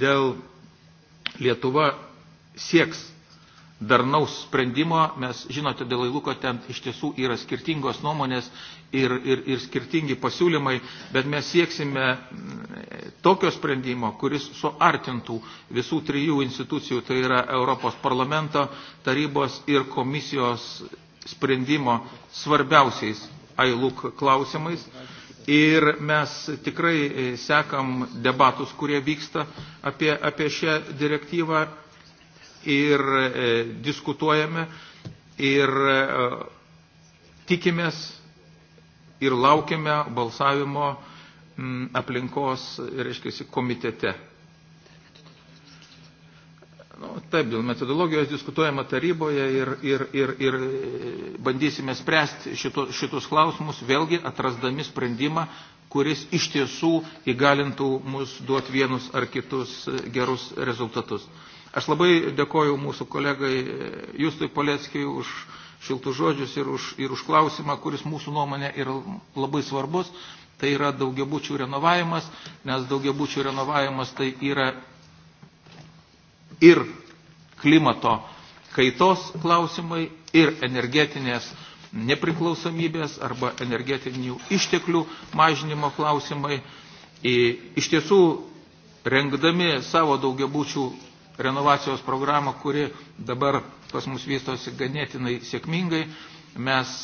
Speaker 3: dėl Lietuva sieks darnaus sprendimo, mes žinote, dėl Ailuko ten iš tiesų yra skirtingos nuomonės ir, ir, ir skirtingi pasiūlymai, bet mes sieksime mm, tokio sprendimo, kuris suartintų visų trijų institucijų, tai yra Europos parlamento, tarybos ir komisijos sprendimo svarbiausiais AILUK klausimais. Ir mes tikrai e, sekam debatus, kurie vyksta apie, apie šią direktyvą ir e, diskutuojame ir e, tikimės ir laukiame balsavimo m, mm, aplinkos, reiškia, komitete. Nu, taip, dėl metodologijos diskutuojama taryboje ir, ir, ir, ir e, bandysime spręsti šito, šitus klausimus, vėlgi atrasdami sprendimą, kuris iš tiesų įgalintų mus duoti vienus ar kitus e, gerus rezultatus. Aš labai dėkoju mūsų kolegai e, Justui Poleckiui už šiltus žodžius ir už, ir už klausimą, kuris mūsų nuomonė yra labai svarbus. Tai yra daugiabučių renovavimas, nes daugiabučių renovavimas tai yra ir klimato kaitos klausimai, ir energetinės nepriklausomybės arba energetinių išteklių mažinimo klausimai. E, iš tiesų, rengdami savo daugiabučių renovacijos programą, kuri dabar pas mus vystosi ganėtinai sėkmingai, mes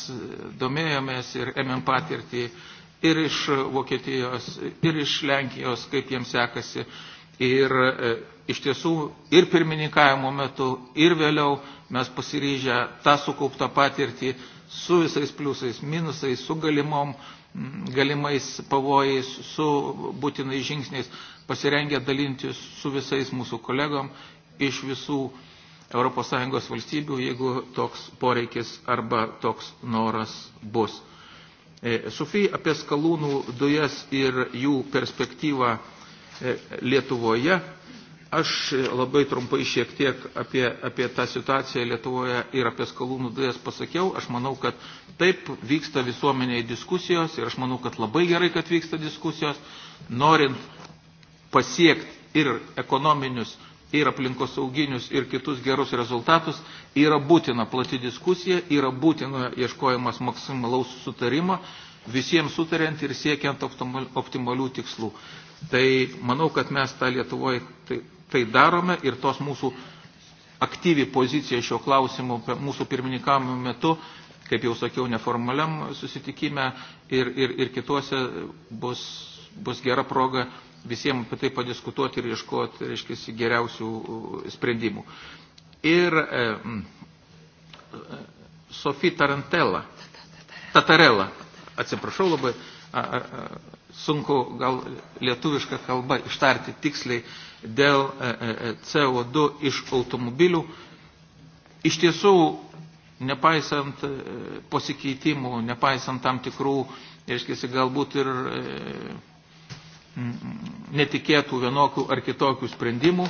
Speaker 3: domėjomės ir ėmėm patirtį ir iš Vokietijos, ir iš Lenkijos, kaip jiems sekasi. Ir e, iš tiesų ir pirmininkavimo metu, ir vėliau mes pasiryžę tą sukauptą patirtį su visais pliusais, minusais, su galimom, mm, galimais pavojais, su būtinais žingsniais pasirengę dalinti su visais mūsų kolegom iš visų ES valstybių, jeigu toks poreikis arba toks noras bus. E, Sofija apie skalūnų dujas ir jų perspektyvą e, Lietuvoje Aš labai trumpai šiek tiek apie, apie tą situaciją Lietuvoje ir apie skalūnų dujas pasakiau. Aš manau, kad taip vyksta visuomeniai diskusijos ir aš manau, kad labai gerai, kad vyksta diskusijos, norint pasiekti ir ekonominius, ir aplinkosauginius, ir kitus gerus rezultatus, yra būtina plati diskusija, yra būtina ieškojimas maksimalaus sutarimo, visiems sutariant ir siekiant optimalių tikslų. Tai manau, kad mes tą Lietuvoje tai tai darome ir tos mūsų aktyvi pozicija šio klausimu mūsų pirmininkavimo metu, kaip jau sakiau, neformaliam susitikime ir, ir, ir kituose bus, bus gera proga visiems apie tai padiskutuoti ir ieškoti, reiškia, geriausių uh, sprendimų. Ir e, Sofija Tarantela, Tatarela, atsiprašau labai, a, a, sunku gal lietuvišką kalbą ištarti tiksliai dėl e, e, e, CO2 iš automobilių. Iš tiesų, nepaisant pasikeitimų, nepaisant tam tikrų, reiškia, galbūt ir netikėtų vienokių ar kitokių sprendimų,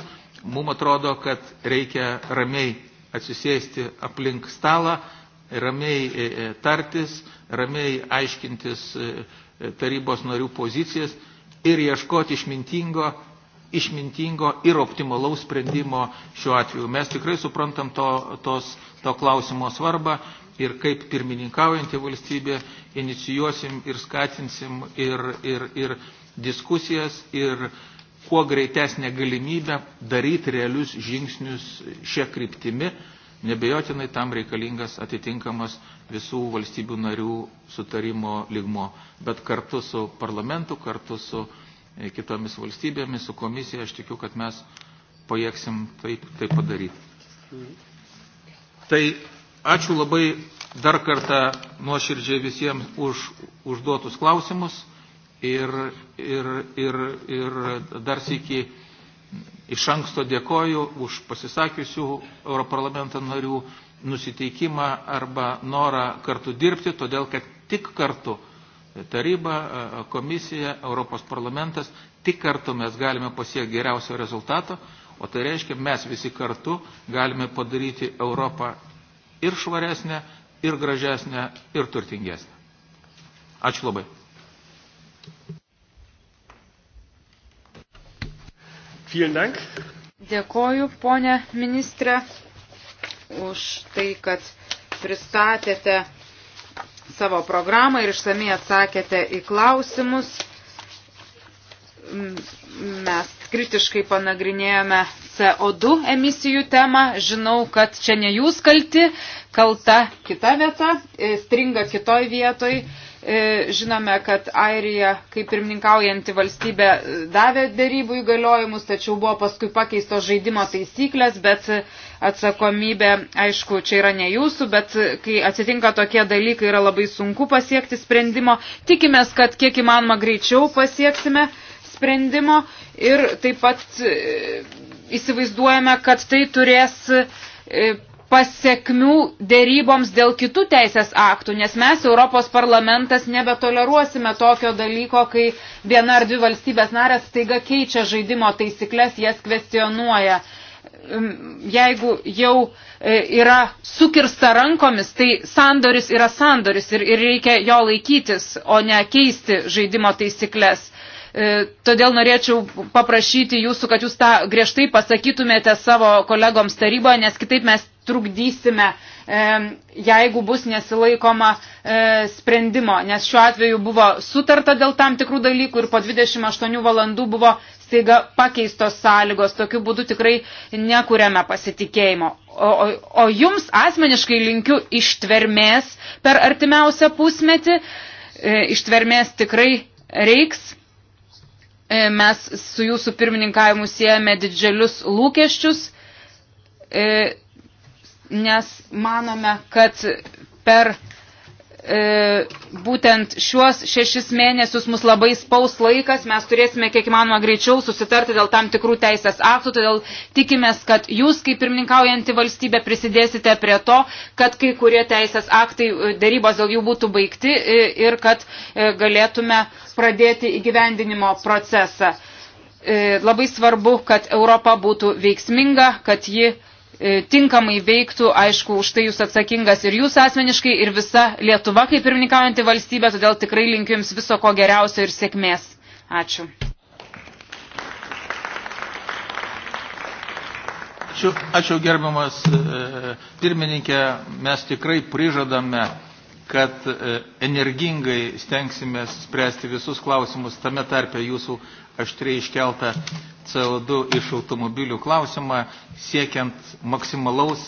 Speaker 3: mums atrodo, kad reikia ramiai atsisėsti aplink stalą, ramiai tartis, ramiai aiškintis tarybos narių pozicijas ir ieškoti išmintingo, išmintingo ir optimalaus sprendimo šiuo atveju. Mes tikrai suprantam to, tos, to klausimo svarbą ir kaip pirmininkaujantį valstybę inicijuosim ir skatinsim ir, ir, ir diskusijas ir kuo greitesnė galimybė daryti realius žingsnius šią kryptimį Nebejotinai tam reikalingas atitinkamas visų valstybių narių sutarimo ligmo, bet kartu su parlamentu, kartu su e, kitomis valstybėmis, su komisija, aš tikiu, kad mes pajėgsim tai, tai padaryti. Tai ačiū labai dar kartą nuoširdžiai visiems už užduotus klausimus ir, ir, ir, ir dar sėkiai Iš anksto dėkoju už pasisakiusių Europarlamento narių nusiteikimą arba norą kartu dirbti, todėl kad tik kartu taryba, komisija, Europos parlamentas, tik kartu mes galime pasiekti geriausio rezultato, o tai reiškia, mes visi kartu galime padaryti Europą ir švaresnę, ir gražesnę, ir turtingesnę. Ačiū labai.
Speaker 4: Dėkoju, ponė ministrė, už tai, kad pristatėte savo programą ir išsamei atsakėte į klausimus. Mes kritiškai panagrinėjome CO2 emisijų temą. Žinau, kad čia ne jūs kalti, kalta kita vieta, stringa kitoj vietoj. Mm. E, žinome, kad Airija, kaip pirmininkaujanti valstybė, davė dėrybų įgaliojimus, tačiau buvo paskui pakeisto žaidimo taisyklės, bet atsakomybė, aišku, čia yra ne jūsų, bet kai atsitinka tokie dalykai, yra labai sunku pasiekti sprendimo. Tikimės, kad kiek įmanoma greičiau pasieksime sprendimo ir taip pat e, įsivaizduojame, kad tai turės e, pasiekmių dėryboms dėl kitų teisės aktų, nes mes, Europos parlamentas, nebetoleruosime tokio dalyko, kai viena ar dvi valstybės narės staiga keičia žaidimo taisyklės, jas kvestionuoja. Jeigu jau e, yra sukirsta rankomis, tai sandoris yra sandoris ir, ir reikia jo laikytis, o ne keisti žaidimo taisyklės. E, todėl norėčiau paprašyti jūsų, kad jūs tą griežtai pasakytumėte savo kolegoms taryboje, nes kitaip mes trukdysime, e, jeigu bus nesilaikoma e, sprendimo. Nes šiuo atveju buvo sutarta dėl tam tikrų dalykų ir po 28 valandų buvo staiga pakeistos sąlygos. Tokiu būdu tikrai nekuriame pasitikėjimo. O, o, o jums asmeniškai linkiu ištvermės per artimiausią pusmetį. Ištvermės tikrai reiks E, mes su jūsų pirmininkavimu siejame didžiulius lūkesčius, e, nes manome, kad per E, būtent šiuos šešis mėnesius mus labai spaus laikas, mes turėsime kiek įmanoma greičiau susitarti dėl tam tikrų teisės aktų, todėl tikimės, kad jūs kaip pirmininkaujanti valstybė prisidėsite prie to, kad kai kurie teisės aktai e, darybos dėl jų būtų baigti e, ir kad galėtume pradėti įgyvendinimo procesą. Labai svarbu, kad Europa būtų veiksminga, kad ji E, tinkamai veiktų, aišku, už tai jūs atsakingas ir jūs asmeniškai, ir visa Lietuva kaip pirmininkaujanti valstybė, todėl tikrai linkiu jums viso ko geriausio ir sėkmės. Ačiū.
Speaker 3: Ačiū, ačiū gerbiamas e, pirmininkė, mes tikrai prižadame kad e, energingai stengsime spręsti visus klausimus, tame tarpe jūsų aštriai iškeltą CO2 iš automobilių klausimą, siekiant maksimalaus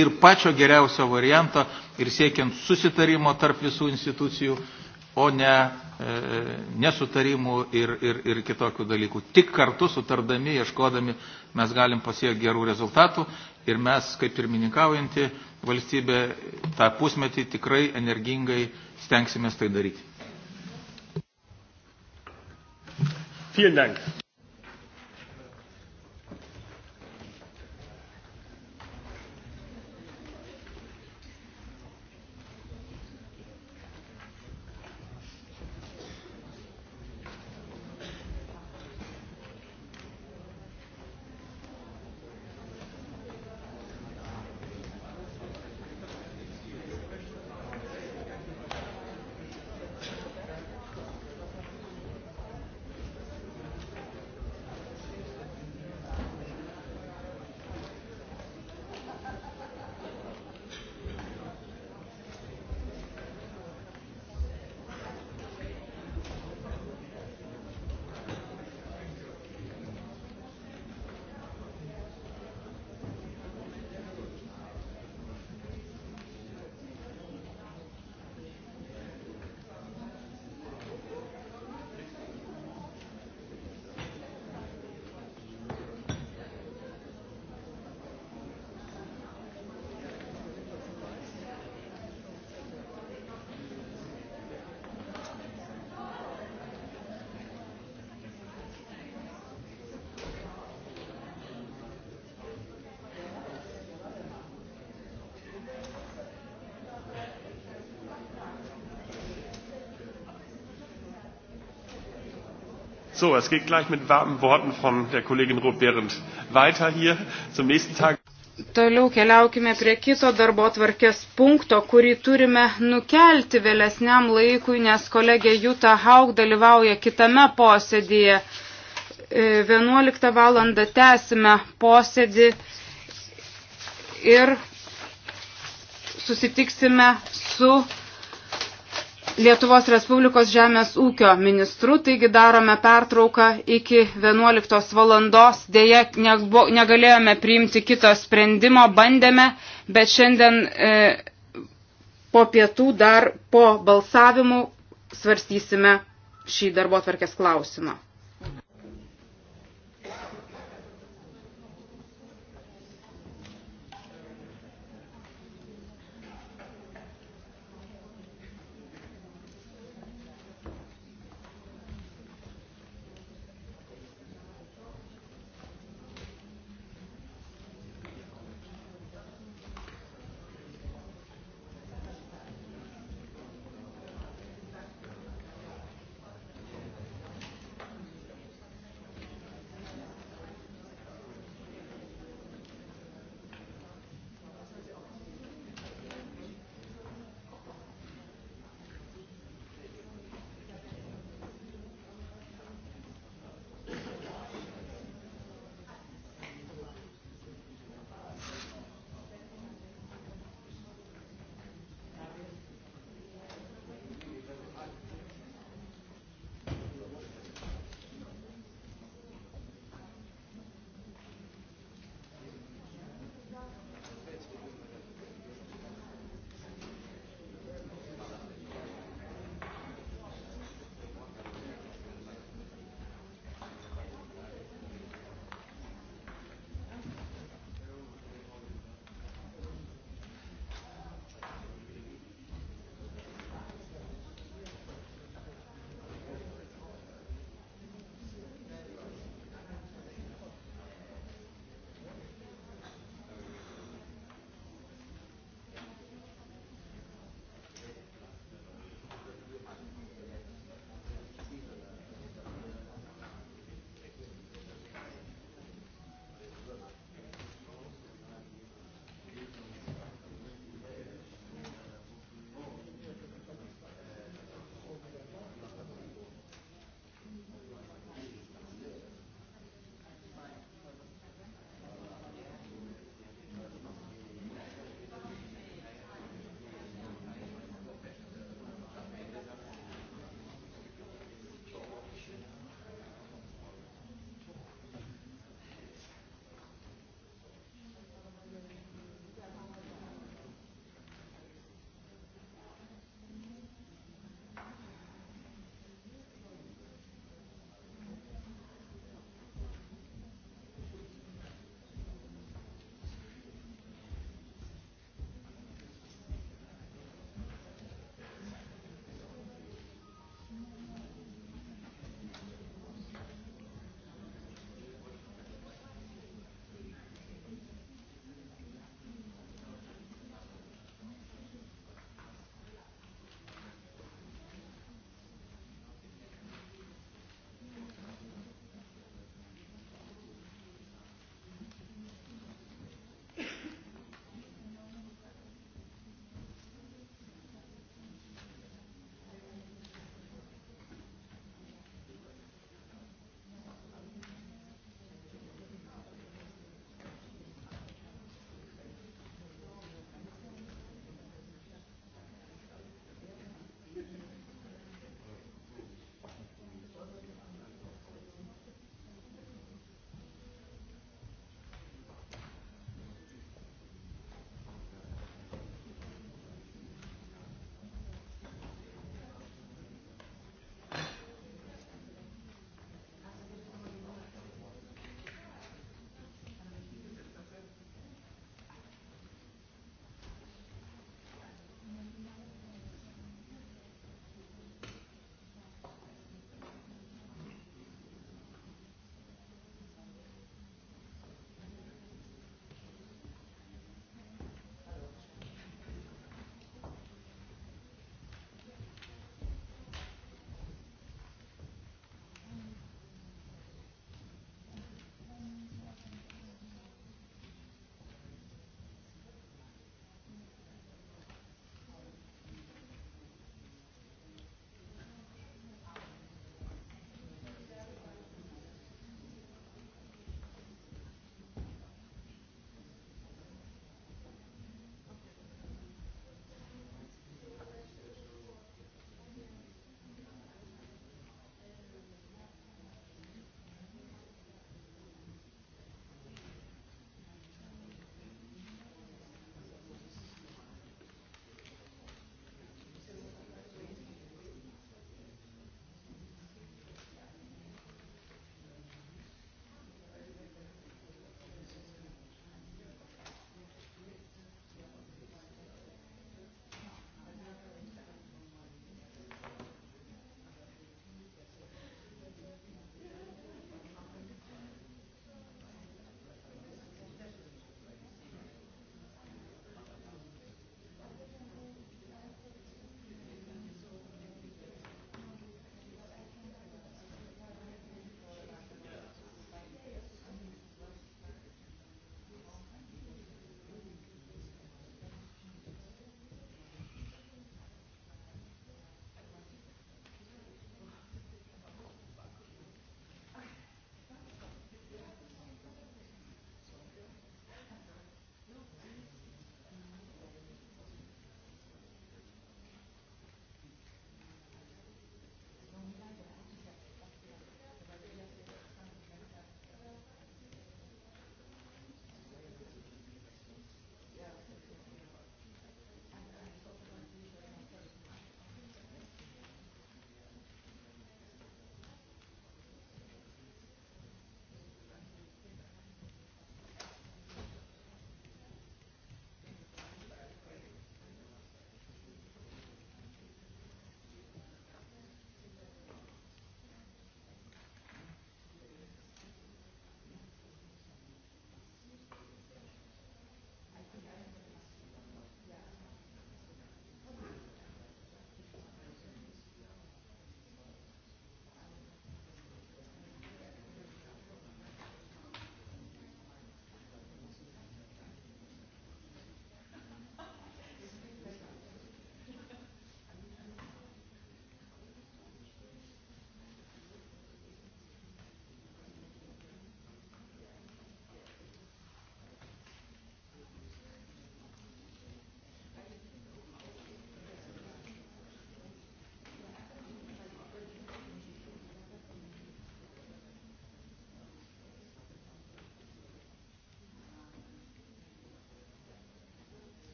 Speaker 3: ir pačio geriausio varianto ir siekiant susitarimo tarp visų institucijų, o ne e, nesutarimų ir, ir, ir kitokių dalykų. Tik kartu sutardami, ieškodami mes galim pasiekti gerų rezultatų ir mes, kaip pirmininkaujanti, valstybė tą pusmetį tikrai energingai stengsimės tai daryti. Vielen Dank.
Speaker 7: So, es geht gleich mit warmen Worten von der Kollegin Ruth Behrendt weiter hier zum nächsten Tag.
Speaker 4: Toliau keliaukime prie kito darbo tvarkės punkto, kurį turime nukelti vėlesniam laikui, nes kolegė Juta Haug dalyvauja kitame posėdėje. 11 e, valandą tęsime posėdį ir susitiksime su Lietuvos Respublikos žemės ūkio ministru, taigi darome pertrauką iki 11 valandos. Deja, negalėjome priimti kito sprendimo, bandėme, bet šiandien e, po pietų dar po balsavimų svarstysime šį darbo tvarkės klausimą.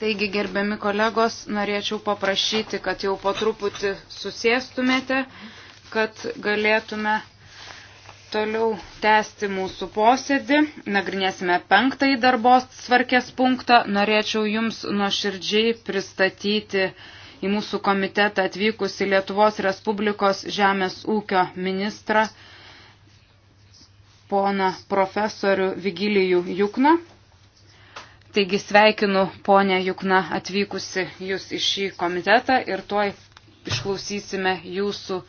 Speaker 4: Taigi, gerbiami kolegos, norėčiau paprašyti, kad jau po truputį susėstumėte, kad galėtume toliau tęsti mūsų posėdį. Nagrinėsime penktąjį darbos svarkės punktą. Norėčiau Jums nuoširdžiai pristatyti į mūsų komitetą atvykusi Lietuvos Respublikos žemės ūkio ministrą pona profesorių Vigilijų Jukną. Taigi sveikinu ponę Jukną atvykusi jūs į šį komitetą ir tuoj išklausysime jūsų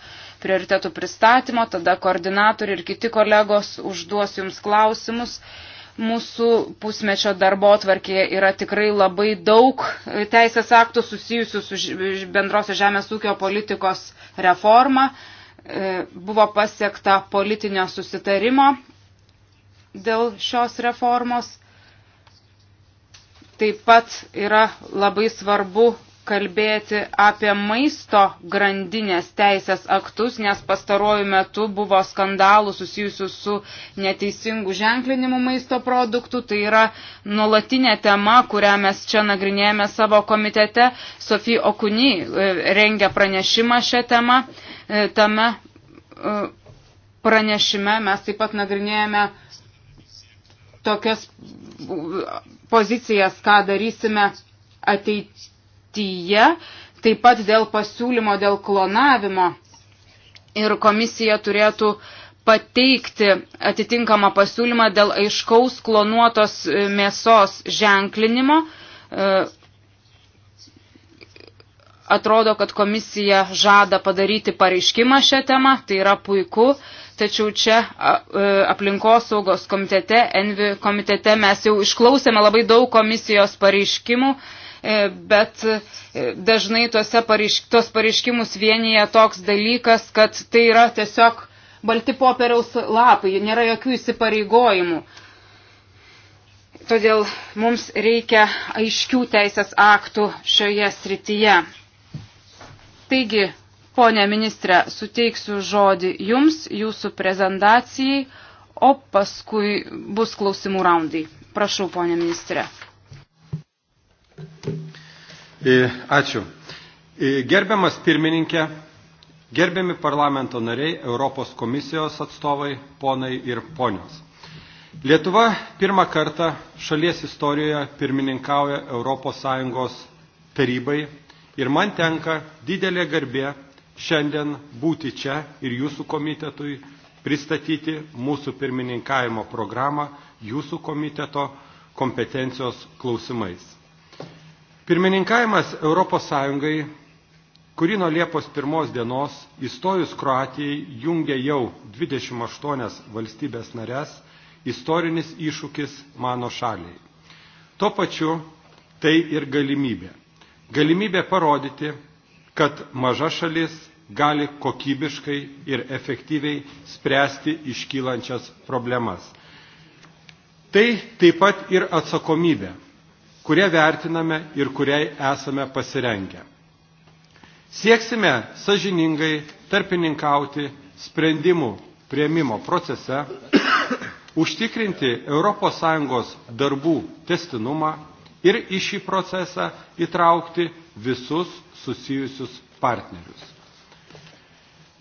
Speaker 4: prioritetų pristatymo, tada koordinatoriai ir kiti kolegos užduos jums klausimus. Mūsų pusmečio darbo tvarkėje yra tikrai labai daug e, teisės aktų susijusių su bendrosios žemės ūkio politikos reforma. E, buvo pasiekta politinio susitarimo dėl šios reformos. Taip pat yra labai svarbu kalbėti apie maisto grandinės teisės aktus, nes pastaruoju metu buvo skandalų susijusių su neteisingu ženklinimu maisto produktų. Tai yra nuolatinė tema, kurią mes čia nagrinėjame savo komitete. Sofija Okuni e, rengia pranešimą šią temą. E, tame e, pranešime mes taip pat nagrinėjame tokias pozicijas, ką darysime ateityje, taip pat dėl pasiūlymo dėl klonavimo. Ir komisija turėtų pateikti atitinkamą pasiūlymą dėl aiškaus klonuotos mėsos ženklinimo, e, Atrodo, kad komisija žada padaryti pareiškimą šią temą, tai yra puiku, tačiau čia e, aplinkosaugos komitete, Envi komitete mes jau išklausėme labai daug komisijos pareiškimų, e, bet e, dažnai tuose pareišk, tos pareiškimus vienyje toks dalykas, kad tai yra tiesiog balti popieriaus lapai, nėra jokių įsipareigojimų. Todėl mums reikia aiškių teisės aktų šioje srityje. Taigi, ponė ministrė, suteiksiu žodį jums, jūsų prezentacijai, o paskui bus klausimų raundai. Prašau, ponė ministrė.
Speaker 1: E, ačiū. E, gerbiamas pirmininkė, gerbiami parlamento nariai, Europos komisijos atstovai, ponai ir ponios. Lietuva pirmą kartą šalies istorijoje pirmininkauja ES tarybai ir man tenka didelė garbė šiandien būti čia ir jūsų komitetui pristatyti mūsų pirmininkavimo programą jūsų komiteto kompetencijos klausimais. Pirmininkavimas ES, kuri nuo Liepos pirmos dienos įstojus Kroatijai jungia jau 28 valstybės narės, istorinis iššūkis mano šaliai. Tuo pačiu tai ir galimybė galimybė parodyti, kad maža šalis gali kokybiškai ir efektyviai spręsti iškylančias problemas. Tai taip pat ir atsakomybė, kurią vertiname ir kuriai esame pasirengę. Sieksime sažiningai tarpininkauti sprendimų prieimimo procese, užtikrinti ES darbų testinumą ir į šį procesą įtraukti visus susijusius partnerius.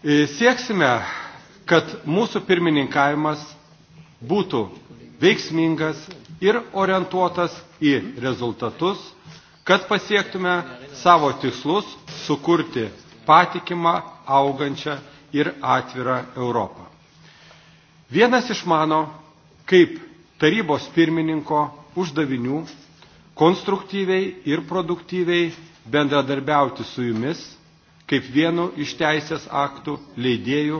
Speaker 1: E, sieksime, kad mūsų pirmininkavimas būtų veiksmingas ir orientuotas į rezultatus, kad pasiektume savo tikslus sukurti patikimą, augančią ir atvirą Europą. Vienas iš mano, kaip tarybos pirmininko uždavinių konstruktyviai ir produktyviai bendradarbiauti su jumis kaip vienu iš teisės aktų leidėjų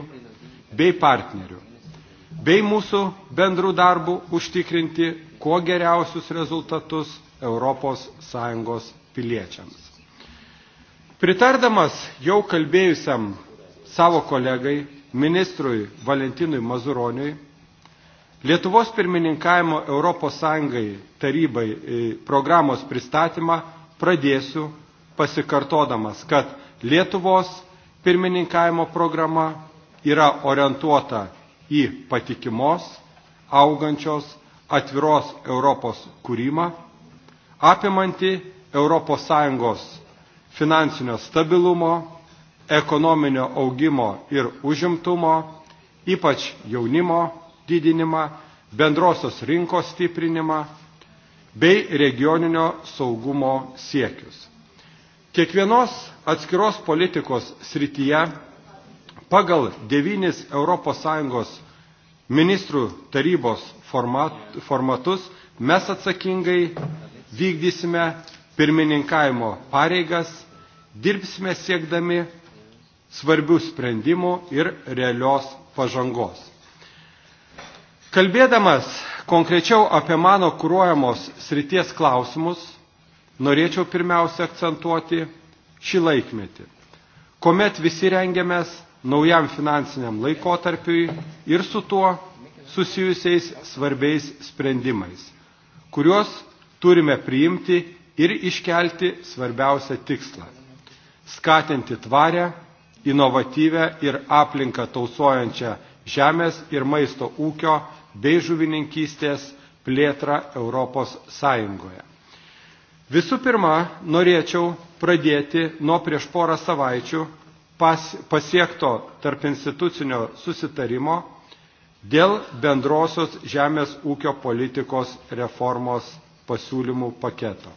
Speaker 1: bei partnerių, bei mūsų bendrų darbų užtikrinti kuo geriausius rezultatus ES piliečiams. Pritardamas jau kalbėjusiam savo kolegai, ministrui Valentinui Mazuroniui, Lietuvos pirmininkavimo ES tarybai e, programos pristatymą pradėsiu pasikartodamas, kad Lietuvos pirmininkavimo programa yra orientuota į patikimos, augančios, atviros Europos kūrimą, apimanti ES finansinio stabilumo, ekonominio augimo ir užimtumo, ypač jaunimo didinimą, bendrosios rinkos stiprinimą bei regioninio saugumo siekius. Kiekvienos atskiros politikos srityje pagal devynis ES ministrų tarybos formatus mes atsakingai vykdysime pirmininkavimo pareigas, dirbsime siekdami svarbių sprendimų ir realios pažangos. Kalbėdamas konkrečiau apie mano kūruojamos srities klausimus, norėčiau pirmiausia akcentuoti šį laikmetį, kuomet visi rengiamės naujam finansiniam laikotarpiui ir su tuo susijusiais svarbiais sprendimais, kuriuos turime priimti ir iškelti svarbiausią tikslą – skatinti tvarę, inovatyvę ir aplinką tausojančią žemės ir maisto ūkio bei žuvininkystės plėtrą Europos Sąjungoje. Visų pirma, norėčiau pradėti nuo prieš porą savaičių pas, pasiekto tarp institucinio susitarimo dėl bendrosios žemės ūkio politikos reformos pasiūlymų paketo.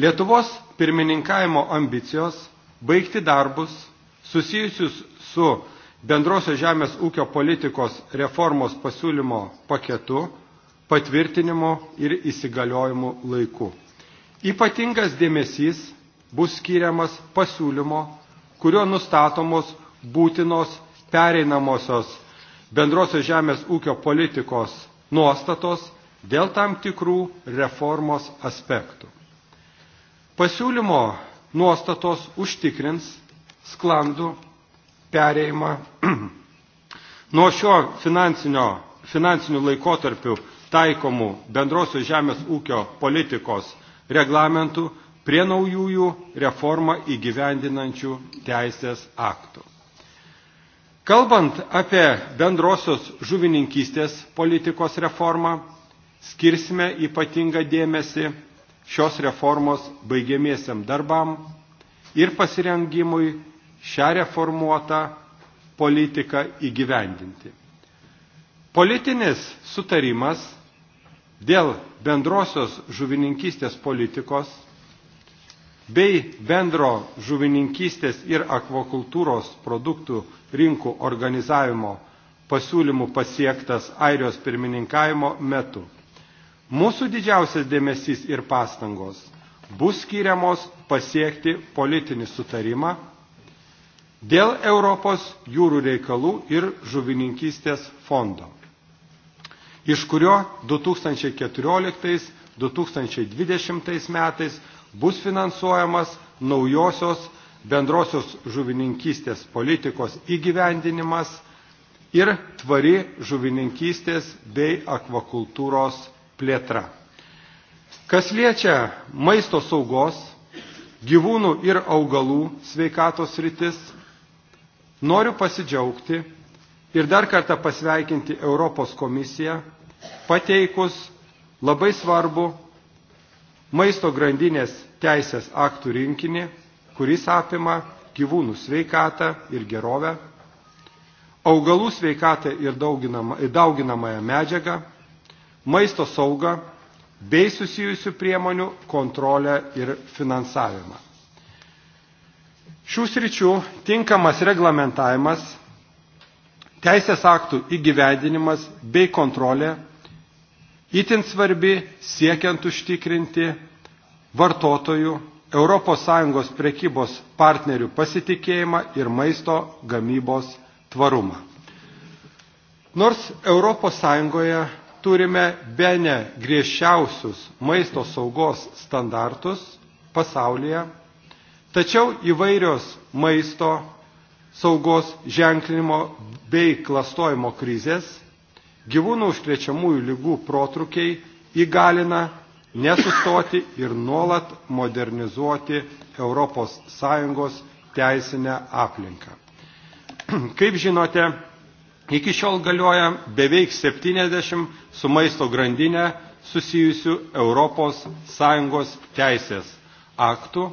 Speaker 1: Lietuvos pirmininkavimo ambicijos baigti darbus susijusius su bendrosios žemės ūkio politikos reformos pasiūlymo paketu, patvirtinimo ir įsigaliojimų laiku. Ypatingas dėmesys bus skiriamas pasiūlymo, kurio nustatomos būtinos pereinamosios bendrosios žemės ūkio politikos nuostatos dėl tam tikrų reformos aspektų. Pasiūlymo nuostatos užtikrins sklandų pereimą. Nuo šio finansinių laikotarpių taikomų bendrosios žemės ūkio politikos reglamentų prie naujųjų reformą įgyvendinančių teisės aktų. Kalbant apie bendrosios žuvininkystės politikos reformą, skirsime ypatingą dėmesį šios reformos baigiamiesiam darbam ir pasirengimui šią reformuotą politiką įgyvendinti. Politinis sutarimas dėl bendrosios žuvininkystės politikos bei bendro žuvininkystės ir akvakultūros produktų rinkų organizavimo pasiūlymų pasiektas Airijos pirmininkavimo metu. Mūsų didžiausias dėmesys ir pastangos bus skiriamos pasiekti politinį sutarimą dėl Europos jūrų reikalų ir žuvininkystės fondo, iš kurio 2014-2020 metais bus finansuojamas naujosios bendrosios žuvininkystės politikos įgyvendinimas ir tvari žuvininkystės bei akvakultūros plėtra. Kas liečia maisto saugos, gyvūnų ir augalų sveikatos rytis, Noriu pasidžiaugti ir dar kartą pasveikinti Europos komisiją, pateikus labai svarbu maisto grandinės teisės aktų rinkinį, kuris apima gyvūnų sveikatą ir gerovę, augalų sveikatą ir dauginamąją medžiagą, maisto saugą bei susijusių priemonių kontrolę ir finansavimą. Šių sričių tinkamas reglamentavimas, teisės aktų įgyvedinimas bei kontrolė itin svarbi siekiant užtikrinti vartotojų ES prekybos partnerių pasitikėjimą ir maisto gamybos tvarumą. Nors ES turime bene griežčiausius maisto saugos standartus pasaulyje, Tačiau įvairios maisto saugos ženklinimo bei klastojimo krizės, gyvūnų užkrečiamųjų lygų protrukiai įgalina nesustoti ir nuolat modernizuoti ES teisinę aplinką. Kaip žinote, iki šiol galioja beveik 70 su maisto grandinė susijusių ES teisės aktų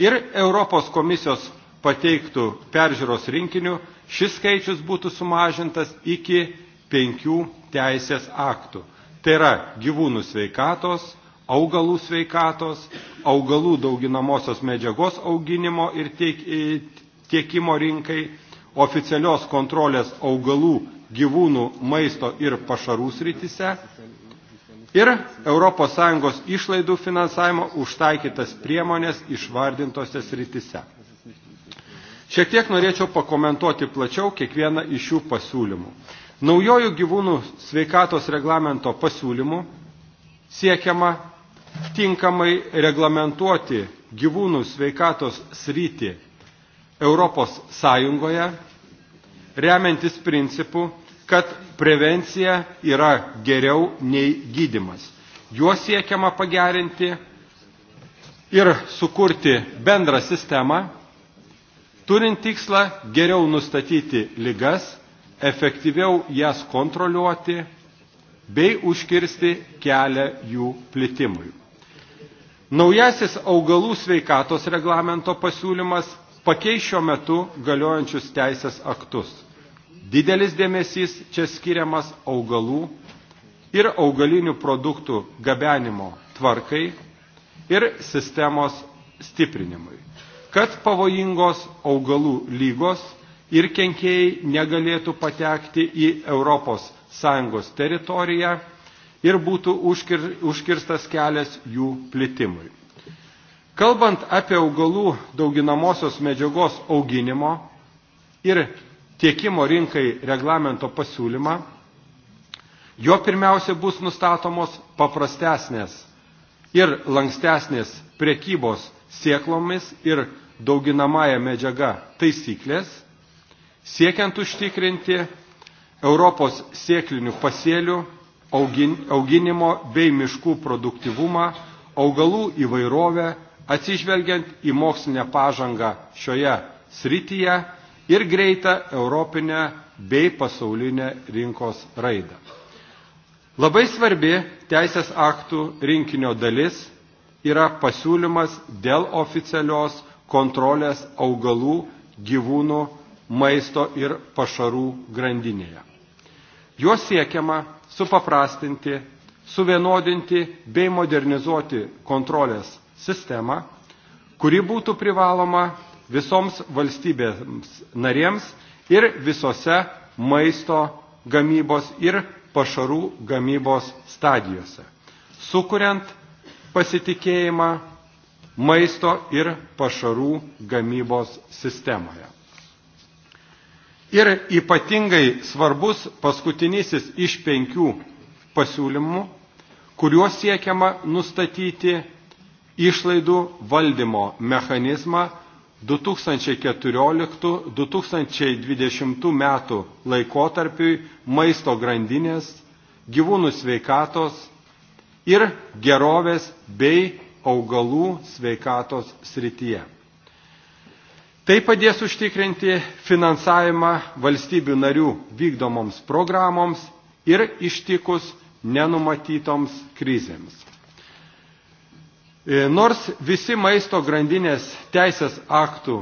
Speaker 1: ir Europos komisijos pateiktų peržiūros rinkinių, šis skaičius būtų sumažintas iki penkių teisės aktų. Tai yra gyvūnų sveikatos, augalų sveikatos, augalų dauginamosios medžiagos auginimo ir e, tiekimo rinkai, oficialios kontrolės augalų gyvūnų maisto ir pašarų srityse, ir ES išlaidų finansavimo užtaikytas priemonės išvardintose sritise. Šiek tiek norėčiau pakomentuoti plačiau kiekvieną iš šių pasiūlymų. Naujojų gyvūnų sveikatos reglamento pasiūlymų siekiama tinkamai reglamentuoti gyvūnų sveikatos sritį Europos Sąjungoje, remiantis principu, kad prevencija yra geriau nei gydimas. Juos siekiama pagerinti ir sukurti bendrą sistemą, turint tikslą geriau nustatyti lygas, efektyviau jas kontroliuoti bei užkirsti kelią jų plitimui. Naujasis augalų sveikatos reglamento pasiūlymas pakeiš šiuo metu galiojančius teisės aktus. Didelis dėmesys čia skiriamas augalų ir augalinių produktų gabenimo tvarkai ir sistemos stiprinimui, kad pavojingos augalų lygos ir kenkėjai negalėtų patekti į ES teritoriją ir būtų užkirstas kelias jų plitimui. Kalbant apie augalų dauginamosios medžiagos auginimo ir tiekimo rinkai reglamento pasiūlymą. Jo pirmiausia bus nustatomos paprastesnės ir lankstesnės priekybos sieklomis ir dauginamąją medžiagą taisyklės, siekiant užtikrinti Europos sėklinių pasėlių auginimo bei miškų produktivumą, augalų įvairovę, atsižvelgiant į mokslinę pažangą šioje srityje ir greitą europinę bei pasaulinę rinkos raidą. Labai svarbi teisės aktų rinkinio dalis yra pasiūlymas dėl oficialios kontrolės augalų, gyvūnų, maisto ir pašarų grandinėje. Juo siekiama supaprastinti, suvienodinti bei modernizuoti kontrolės sistemą, kuri būtų privaloma visoms valstybėms narėms ir visose maisto gamybos ir pašarų gamybos stadijose, sukuriant pasitikėjimą maisto ir pašarų gamybos sistemoje. Ir ypatingai svarbus paskutinisis iš penkių pasiūlymų, kuriuo siekiama nustatyti išlaidų valdymo mechanizmą 2014-2020 metų laikotarpiui maisto grandinės, gyvūnų sveikatos ir gerovės bei augalų sveikatos srityje. Tai padės užtikrinti finansavimą valstybių narių vykdomoms programoms ir ištikus nenumatytoms krizėms. E, nors visi maisto grandinės teisės aktų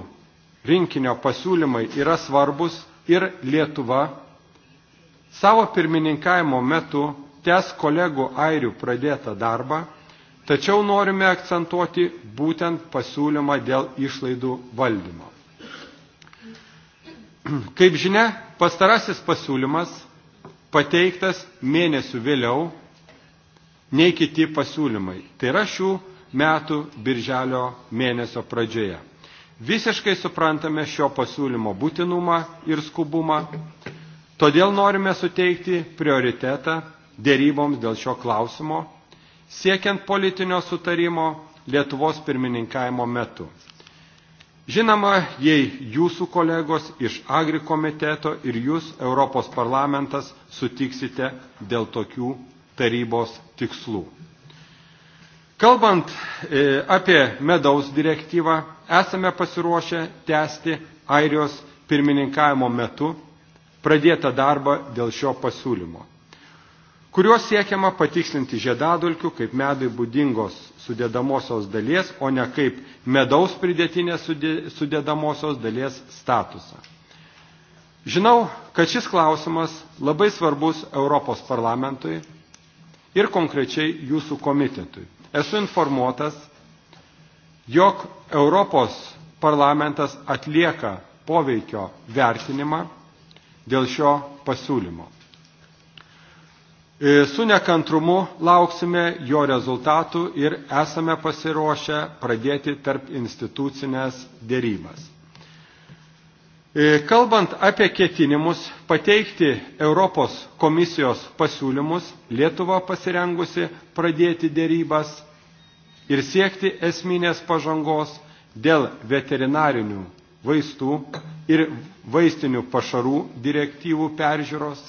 Speaker 1: rinkinio pasiūlymai yra svarbus ir Lietuva savo pirmininkavimo metu tęs kolegų airių pradėtą darbą, tačiau norime akcentuoti būtent pasiūlymą dėl išlaidų valdymo. Kaip žinia, pastarasis pasiūlymas pateiktas mėnesių vėliau nei kiti pasiūlymai. Tai yra šių metų birželio mėnesio pradžioje. Visiškai suprantame šio pasiūlymo būtinumą ir skubumą, todėl norime suteikti prioritetą dėryboms dėl šio klausimo, siekiant politinio sutarimo Lietuvos pirmininkavimo metu. Žinoma, jei jūsų kolegos iš Agri komiteto ir jūs Europos parlamentas sutiksite dėl tokių tarybos tikslų. Kalbant e, apie medaus direktyvą, esame pasiruošę tęsti Airijos pirmininkavimo metu pradėtą darbą dėl šio pasiūlymo, kuriuo siekiama patikslinti žiedadulkių kaip medui būdingos sudėdamosios dalies, o ne kaip medaus pridėtinės sudėdamosios dalies statusą. Žinau, kad šis klausimas labai svarbus Europos parlamentui ir konkrečiai jūsų komitetui esu informuotas, jog Europos parlamentas atlieka poveikio vertinimą dėl šio pasiūlymo. E, su nekantrumu lauksime jo rezultatų ir esame pasiruošę pradėti tarp institucinės dėrybas. E, kalbant apie ketinimus pateikti Europos komisijos pasiūlymus, Lietuva pasirengusi pradėti dėrybas ir siekti esminės pažangos dėl veterinarinių vaistų ir vaistinių pašarų direktyvų peržiūros,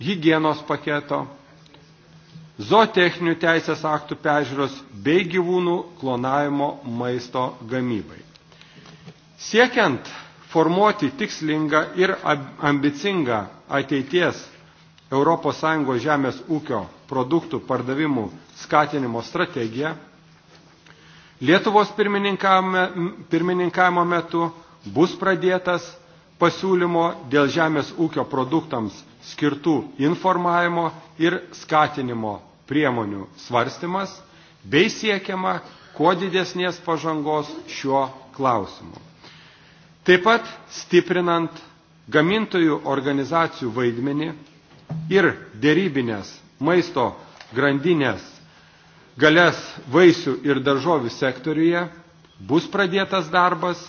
Speaker 1: hygienos paketo, zootechninių teisės aktų peržiūros bei gyvūnų klonavimo maisto gamybai. Siekiant formuoti tikslingą ir ambicingą ateities ES žemės ūkio produktų pardavimų skatinimo strategiją. Lietuvos pirmininkavimo metu bus pradėtas pasiūlymo dėl žemės ūkio produktams skirtų informavimo ir skatinimo priemonių svarstymas bei siekiama kuo didesnės pažangos šiuo klausimu. Taip pat stiprinant gamintojų organizacijų vaidmenį ir dėrybinės maisto grandinės galės vaisių ir daržovių sektoriuje bus pradėtas darbas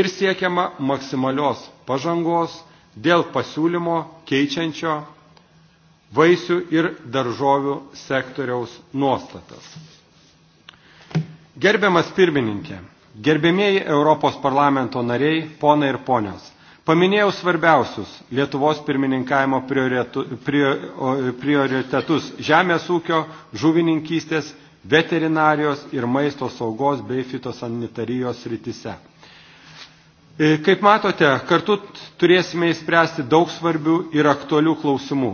Speaker 1: ir siekiama maksimalios pažangos dėl pasiūlymo keičiančio vaisių ir daržovių sektoriaus nuostatas. Gerbiamas pirmininkė, Gerbėmieji Europos parlamento nariai, ponai ir ponios, paminėjau svarbiausius Lietuvos pirmininkavimo prioritetus žemės ūkio, žuvininkystės, veterinarijos ir maisto saugos bei fitosanitarijos rytise. E, kaip matote, kartu turėsime įspręsti daug svarbių ir aktualių klausimų.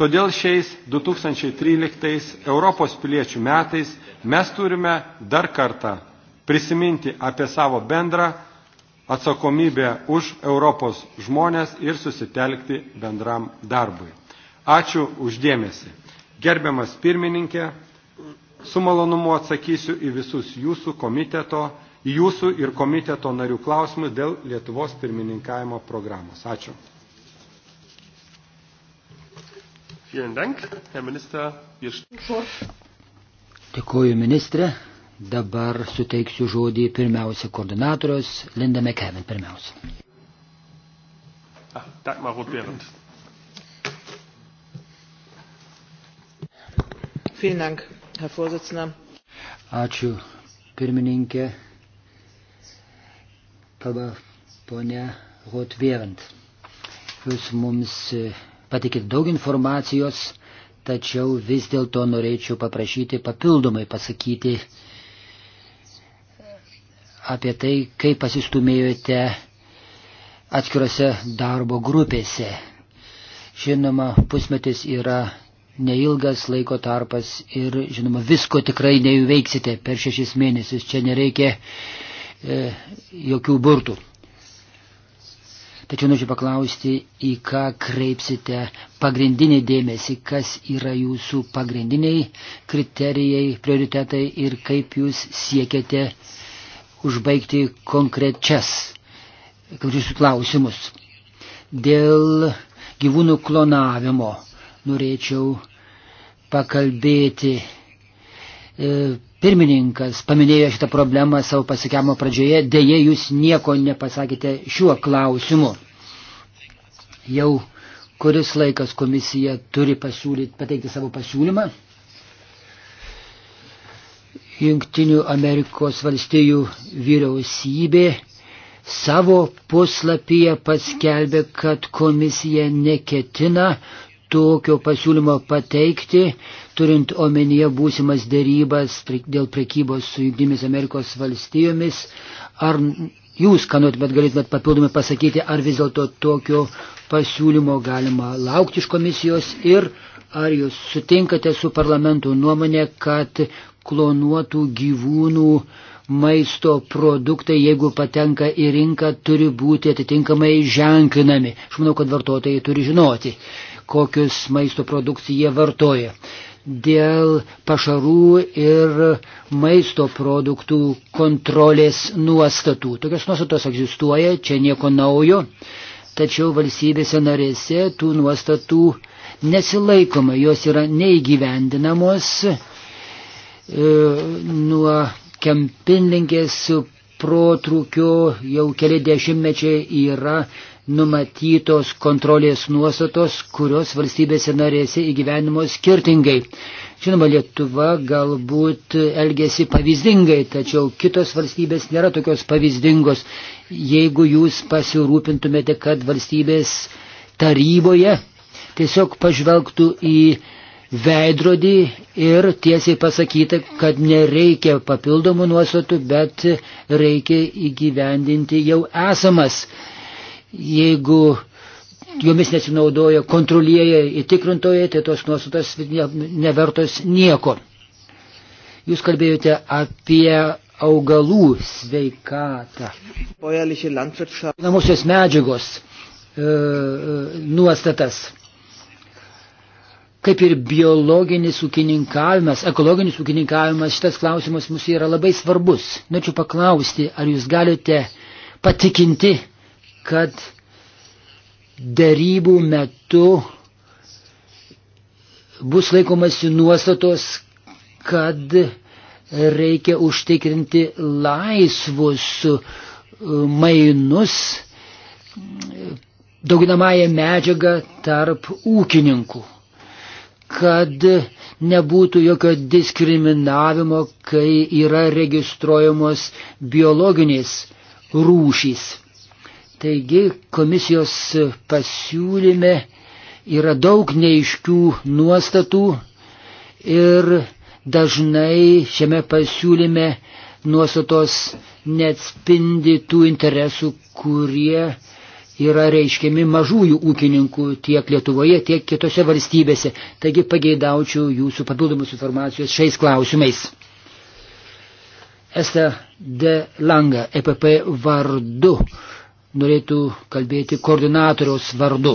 Speaker 1: Todėl šiais 2013 Europos piliečių metais mes turime dar kartą prisiminti apie savo bendrą atsakomybę už Europos žmonės ir susitelkti bendram darbui. Ačiū uždėmesi. Gerbiamas pirmininkė, su malonumu atsakysiu į visus jūsų komiteto, jūsų ir komiteto narių klausimus dėl Lietuvos pirmininkavimo programos. Ačiū.
Speaker 7: Vielen Dank, Herr Minister. Wir
Speaker 2: Dėkuoju, ministrė. Dabar suteiksiu žodį pirmiausia koordinatorius Linda McKevin pirmiausia.
Speaker 3: Dagmar ah, Roth-Behrendt. Vielen Dank, Herr Vorsitzender.
Speaker 2: Ačiū, pirmininkė. Kalba ponia Roth-Behrendt. Jūs mums e, patikit daug informacijos, tačiau vis dėlto norėčiau paprašyti papildomai pasakyti, apie tai, kaip pasistumėjote atskirose darbo grupėse. Žinoma, pusmetis yra neilgas laiko tarpas ir, žinoma, visko tikrai neįveiksite per šešis mėnesius. Čia nereikia e, jokių burtų. Tačiau noriu paklausti, į ką kreipsite pagrindinį dėmesį, kas yra jūsų pagrindiniai kriterijai, prioritetai ir kaip jūs siekiate užbaigti konkrečias, konkrečius klausimus. Dėl gyvūnų klonavimo norėčiau pakalbėti. E, pirmininkas paminėjo šitą problemą savo pasikiamo pradžioje, dėje jūs nieko nepasakėte šiuo klausimu. Jau kuris laikas komisija turi pasiūlyti, pateikti savo pasiūlymą Junktinių Amerikos valstijų vyriausybė savo puslapyje paskelbė, kad komisija neketina tokio pasiūlymo pateikti, turint omenyje būsimas dėrybas dėl prekybos su Junktinėmis Amerikos valstijomis. Ar jūs, ką norėtumėt, galėtumėt papildomai pasakyti, ar vis dėlto tokio pasiūlymo galima laukti iš komisijos ir ar jūs sutinkate su parlamento nuomonė, kad klonuotų gyvūnų maisto produktai, jeigu patenka į rinką, turi būti atitinkamai ženklinami. Aš manau, kad vartotojai turi žinoti, kokius maisto produktus jie vartoja. Dėl pašarų ir maisto produktų kontrolės nuostatų. Tokios nuostatos egzistuoja, čia nieko naujo, tačiau valstybėse narėse tų nuostatų nesilaikoma, jos yra neįgyvendinamos E, nuo kempinlinkės protrūkio jau keli dešimtmečiai yra numatytos kontrolės nuostatos, kurios valstybėse narėse įgyvenimo skirtingai. Žinoma, Lietuva galbūt elgesi pavyzdingai, tačiau kitos valstybės nėra tokios pavyzdingos. Jeigu jūs pasirūpintumėte, kad valstybės taryboje tiesiog pažvelgtų į veidrodį ir tiesiai pasakyti, kad nereikia papildomų nuostatų, bet reikia įgyvendinti jau esamas. Jeigu jomis nesinaudoja kontrolieji įtikrintojai, tai tos nuostatos nevertos nieko. Jūs kalbėjote apie augalų sveikatą. Namusios medžiagos e, e nuostatas kaip ir biologinis ūkininkavimas, ekologinis ūkininkavimas, šitas klausimas mums yra labai svarbus. Norėčiau paklausti, ar jūs galite patikinti, kad darybų metu bus laikomasi nuostatos, kad reikia užtikrinti laisvus mainus dauginamąją medžiagą tarp ūkininkų kad nebūtų jokio diskriminavimo, kai yra registruojamos biologinės rūšys. Taigi komisijos pasiūlyme yra daug neiškių nuostatų ir dažnai šiame pasiūlyme nuostatos neatspindi tų interesų, kurie yra reiškiami mažųjų ūkininkų tiek Lietuvoje, tiek kitose valstybėse. Taigi pageidaučiau jūsų papildomus informacijos šiais klausimais. Esta de Langa, EPP vardu, norėtų kalbėti koordinatoriaus vardu.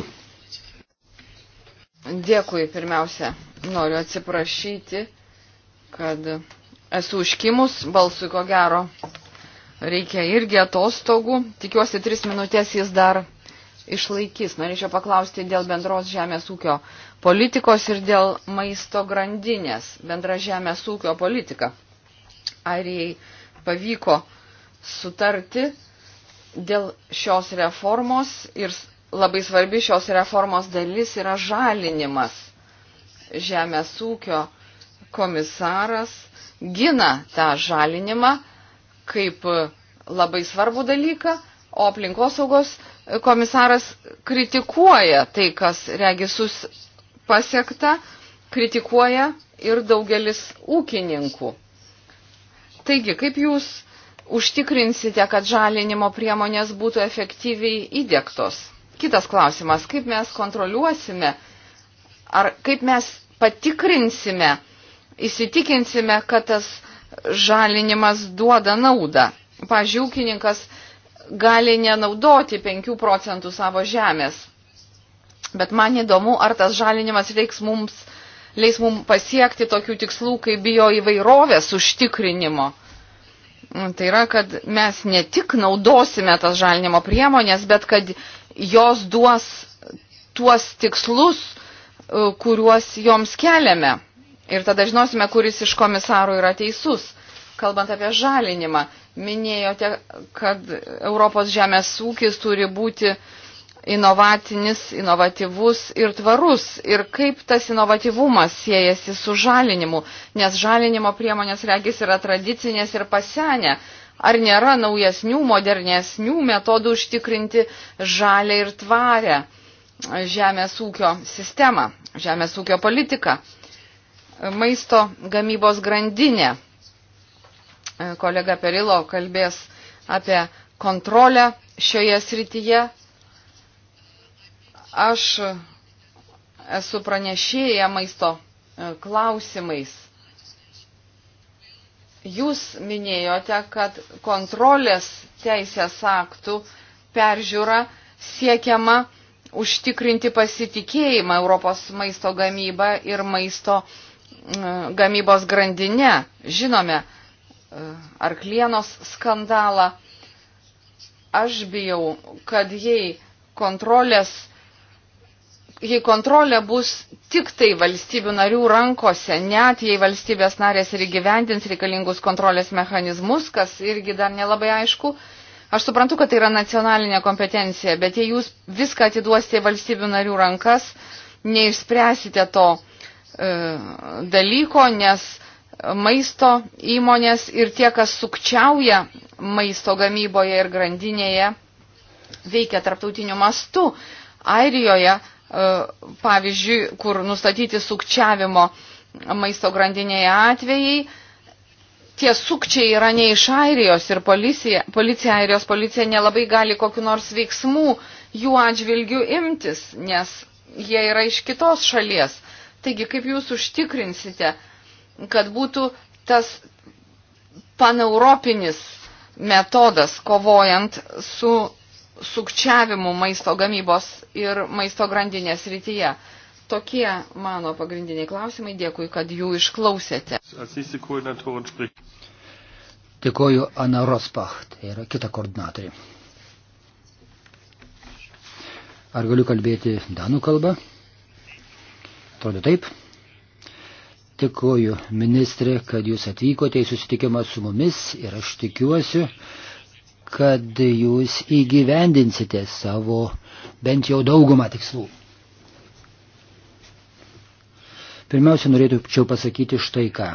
Speaker 5: Dėkui, pirmiausia, noriu atsiprašyti, kad esu užkimus, balsui ko gero reikia irgi atostogų. Tikiuosi, tris minutės jis dar išlaikys. Norėčiau paklausti dėl bendros žemės ūkio politikos ir dėl maisto grandinės, bendra žemės ūkio politika. Ar jai pavyko sutarti dėl šios reformos ir labai svarbi šios reformos dalis yra žalinimas. Žemės ūkio komisaras gina tą žalinimą kaip labai svarbų dalyką o aplinkosaugos komisaras kritikuoja tai, kas regisus pasiekta, kritikuoja ir daugelis ūkininkų. Taigi, kaip jūs užtikrinsite, kad žalinimo priemonės būtų efektyviai įdėktos? Kitas klausimas, kaip mes kontroliuosime, ar kaip mes patikrinsime, įsitikinsime, kad tas žalinimas duoda naudą. Pavyzdžiui, ūkininkas gali nenaudoti 5 procentų savo žemės. Bet man įdomu, ar tas žalinimas leiks mums, leis mums pasiekti tokių tikslų, kaip bio įvairovės užtikrinimo. Mm, tai yra, kad mes ne tik naudosime tas žalinimo priemonės, bet kad jos duos tuos tikslus, e, kuriuos joms keliame. Ir tada žinosime, kuris iš komisarų yra teisus, kalbant apie žalinimą minėjote, kad Europos žemės ūkis turi būti inovatinis, inovatyvus ir tvarus. Ir kaip tas inovatyvumas siejasi su žalinimu, nes žalinimo priemonės regis yra tradicinės ir pasenę. Ar nėra naujesnių, modernesnių metodų užtikrinti žalę ir tvarę žemės ūkio sistemą, žemės ūkio politiką, maisto gamybos grandinę? E, kolega Perilo kalbės apie kontrolę šioje srityje. Aš esu pranešėję maisto e, klausimais. Jūs minėjote, kad kontrolės teisės aktų peržiūra siekiama užtikrinti pasitikėjimą Europos maisto gamybą ir maisto gamybos grandinę. Žinome, arklienos skandalą. Aš bijau, kad jei kontrolės jei kontrolė bus tik tai valstybių narių rankose, net jei valstybės narės ir įgyvendins reikalingus kontrolės mechanizmus, kas irgi dar nelabai aišku, aš suprantu, kad tai yra nacionalinė kompetencija, bet jei jūs viską atiduosite į valstybių narių rankas, neišspręsite to e, dalyko, nes maisto įmonės ir tie, kas sukčiauja maisto gamyboje ir grandinėje, veikia tarptautiniu mastu. Airijoje, e, pavyzdžiui, kur nustatyti sukčiavimo maisto grandinėje atvejai, tie sukčiai yra ne iš Airijos ir policija, policija Airijos policija nelabai gali kokiu nors veiksmų jų atžvilgių imtis, nes jie yra iš kitos šalies. Taigi, kaip jūs užtikrinsite, kad būtų tas paneuropinis metodas kovojant su sukčiavimu maisto gamybos ir maisto grandinės rytyje. Tokie mano pagrindiniai klausimai. Dėkui, kad jų
Speaker 1: išklausėte.
Speaker 2: Dėkoju Ana Rospach, tai yra kita koordinatorė. Ar galiu kalbėti danų kalbą? Atrodo taip. Dėkuoju, ministrė, kad jūs atvykote į susitikimą su mumis ir aš tikiuosi, kad jūs įgyvendinsite savo bent jau daugumą tikslų. Pirmiausia, norėčiau pasakyti štai ką.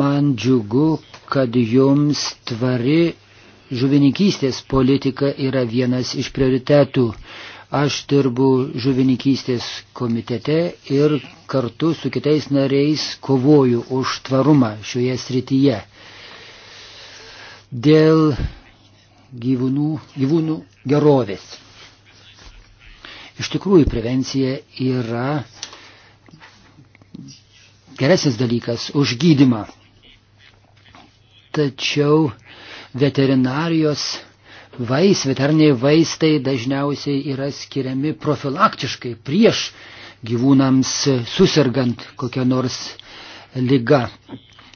Speaker 2: Man džiugu, kad jums tvari žuvininkystės politika yra vienas iš prioritetų. Aš dirbu žuvininkystės komitete ir kartu su kitais nariais kovoju už tvarumą šioje srityje. Dėl gyvūnų, gyvūnų gerovės. Iš tikrųjų, prevencija yra geresnis dalykas už gydimą. Tačiau veterinarijos vais, veteriniai vaistai dažniausiai yra skiriami profilaktiškai prieš gyvūnams susirgant kokią nors lygą.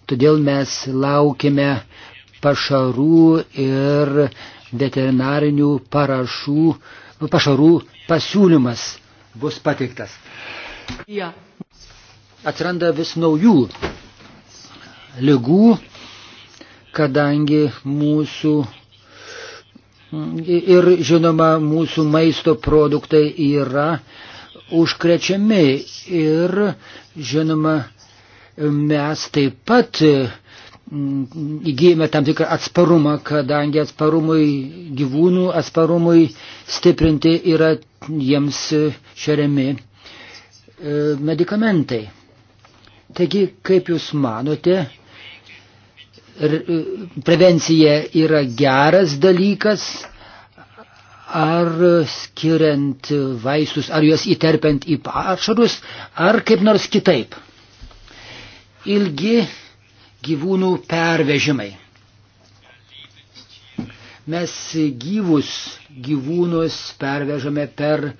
Speaker 2: Todėl mes laukime pašarų ir veterinarinių parašų, pašarų pasiūlymas bus pateiktas. Ja. Atsiranda vis naujų lygų, kadangi mūsų Ir žinoma, mūsų maisto produktai yra užkrečiami ir žinoma, mes taip pat mm, įgyjame tam tikrą atsparumą, kadangi atsparumui gyvūnų, atsparumui stiprinti yra jiems šeriami e, medikamentai. Taigi, kaip Jūs manote, prevencija yra geras dalykas, ar skiriant vaistus, ar juos įterpiant į pašarus, ar kaip nors kitaip. Ilgi gyvūnų pervežimai. Mes gyvus gyvūnus pervežame per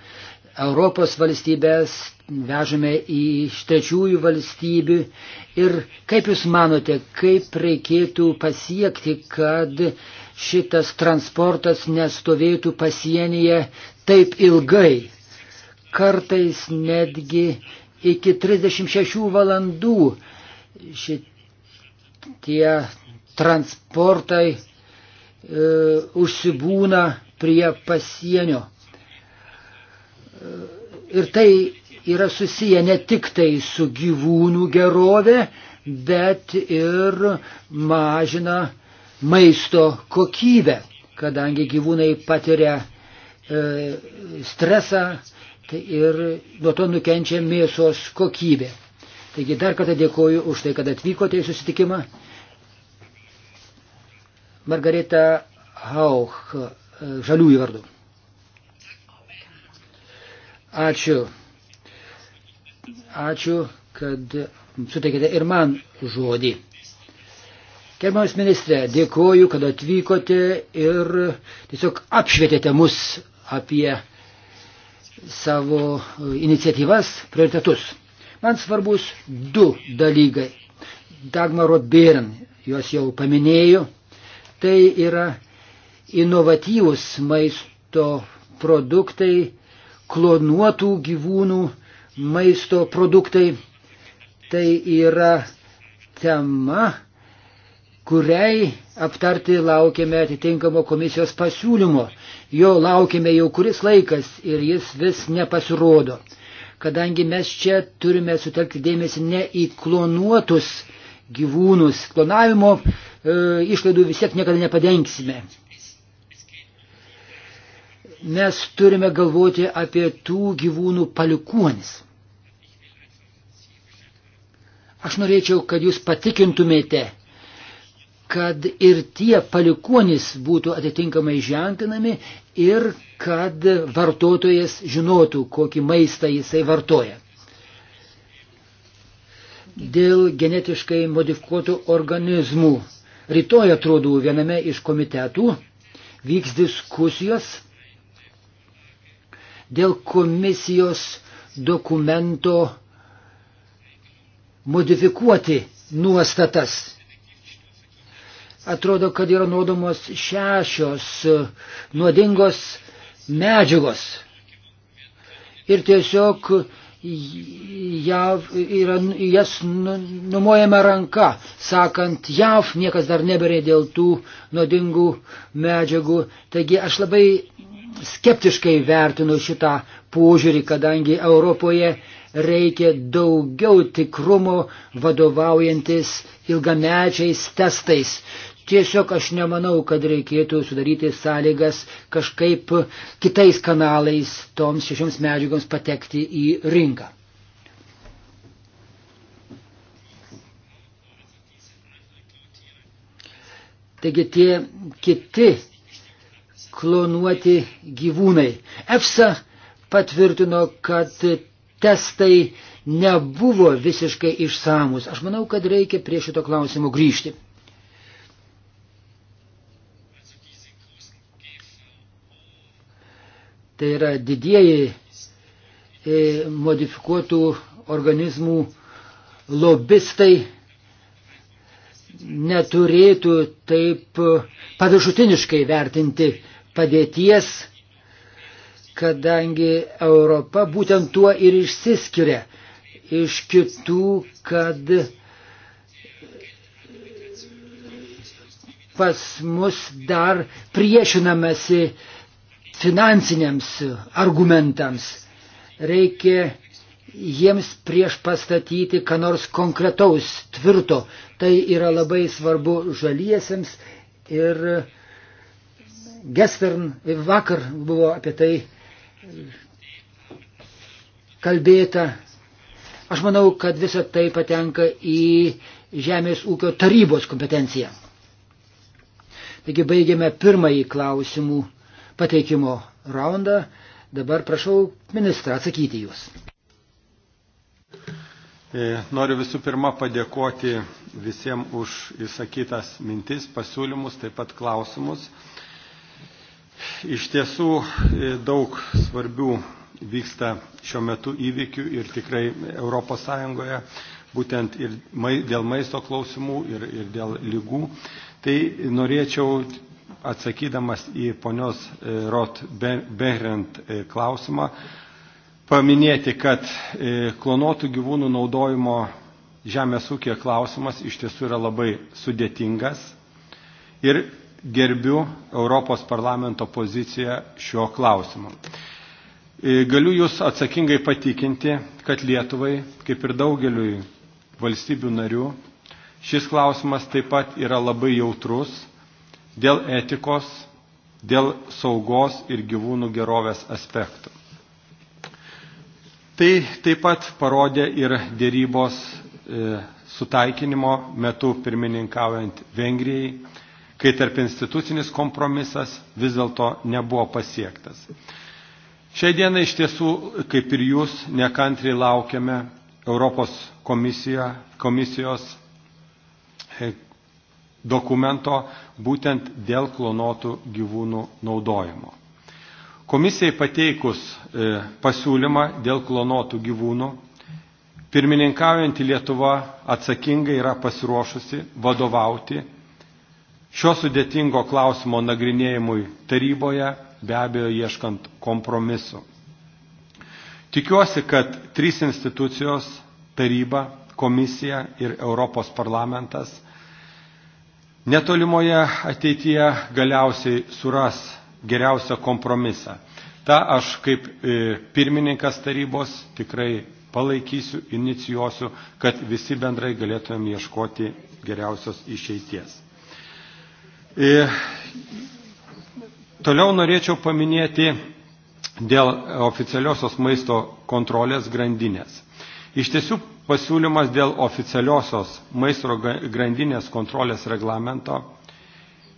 Speaker 2: Europos valstybės, vežame į trečiųjų valstybių. Ir kaip Jūs manote, kaip reikėtų pasiekti, kad šitas transportas nestovėtų pasienyje taip ilgai? Kartais netgi iki 36 valandų šitie transportai e, užsibūna prie pasienio. E, ir tai yra susiję ne tik tai su gyvūnų gerove, bet ir mažina maisto kokybę, kadangi gyvūnai patiria e, stresą tai ir nuo to nukenčia mėsos kokybė. Taigi dar kartą dėkoju už tai, kad atvykote į susitikimą. Margarita Hauch, e, žaliųjų vardu. Ačiū. Ačiū, kad suteikėte ir man žodį. Gerbiamas ministrė, dėkoju, kad atvykote ir tiesiog apšvietėte mus apie savo iniciatyvas, prioritetus. Man svarbus du dalykai. Dagmaro Bėrin, juos jau paminėjau, tai yra inovatyvūs maisto produktai klonuotų gyvūnų maisto produktai. Tai yra tema, kuriai aptarti laukiame atitinkamo komisijos pasiūlymo. Jo laukime jau kuris laikas ir jis vis nepasirodo. Kadangi mes čia turime sutelkti dėmesį ne į klonuotus gyvūnus, klonavimo e, išlaidų vis tiek niekada nepadengsime mes turime galvoti apie tų gyvūnų palikuonis. Aš norėčiau, kad jūs patikintumėte, kad ir tie palikuonis būtų atitinkamai ženklinami ir kad vartotojas žinotų, kokį maistą jisai vartoja. Dėl genetiškai modifikuotų organizmų. Rytoj atrodo viename iš komitetų vyks diskusijos dėl komisijos dokumento modifikuoti nuostatas. Atrodo, kad yra nuodomos šešios nuodingos medžiagos. Ir tiesiog jav, yra, jas nu, numojama ranka, sakant, jav niekas dar neberė dėl tų nuodingų medžiagų. Taigi aš labai skeptiškai vertinu šitą požiūrį, kadangi Europoje reikia daugiau tikrumo vadovaujantis ilgamečiais testais. Tiesiog aš nemanau, kad reikėtų sudaryti sąlygas kažkaip kitais kanalais toms šešioms medžiagoms patekti į rinką. Taigi tie kiti klonuoti gyvūnai. EFSA patvirtino, kad testai nebuvo visiškai išsamus. Aš manau, kad reikia prie šito klausimo grįžti. Tai yra didieji e, modifikuotų organizmų lobistai neturėtų taip e, paviršutiniškai vertinti padėties, kadangi Europa būtent tuo ir išsiskiria iš kitų, kad pas mus dar priešinamasi finansiniams argumentams. Reikia jiems prieš pastatyti ką nors konkretaus, tvirto. Tai yra labai svarbu žaliesiems ir uh, Gestern vakar buvo apie tai e, kalbėta. Aš manau, kad visa tai patenka į Žemės ūkio tarybos kompetenciją. Taigi baigėme pirmąjį klausimų pateikimo raundą. Dabar prašau ministrą atsakyti jūs.
Speaker 1: E, noriu visų pirma padėkoti visiems už įsakytas mintis, pasiūlymus, taip pat klausimus. Iš tiesų e, daug svarbių vyksta šiuo metu įvykių ir tikrai ES būtent ir dėl maisto klausimų, ir, ir dėl lygų. Tai norėčiau, atsakydamas į ponios e, Rot Behrent e, klausimą, paminėti, kad klonotų gyvūnų naudojimo žemės ūkio klausimas iš tiesų yra labai sudėtingas. Ir gerbiu Europos parlamento poziciją šiuo klausimu. E, galiu Jūs atsakingai patikinti, kad Lietuvai, kaip ir daugeliui valstybių narių, šis klausimas taip pat yra labai jautrus dėl etikos, dėl saugos ir gyvūnų gerovės aspektų. Tai taip pat parodė ir dėrybos e, sutaikinimo metu pirmininkaujant Vengrijai kai tarp institucinis kompromisas vis dėlto nebuvo pasiektas. Šiai dienai iš tiesų, kaip ir jūs, nekantriai laukiame Europos komisija, komisijos e, dokumento būtent dėl klonotų gyvūnų naudojimo. Komisijai pateikus e, pasiūlymą dėl klonotų gyvūnų, pirmininkaujantį Lietuva atsakingai yra pasiruošusi vadovauti Šio sudėtingo klausimo nagrinėjimui taryboje be abejo ieškant kompromisu. Tikiuosi, kad trys institucijos - taryba, komisija ir Europos parlamentas - netolimoje ateityje galiausiai suras geriausią kompromisą. Ta aš kaip e, pirmininkas tarybos tikrai palaikysiu, inicijuosiu, kad visi bendrai galėtumėm ieškoti geriausios išeities. E, toliau norėčiau paminėti dėl oficialiosios maisto kontrolės grandinės. Iš tiesų pasiūlymas dėl oficialiosios maisto grandinės kontrolės reglamento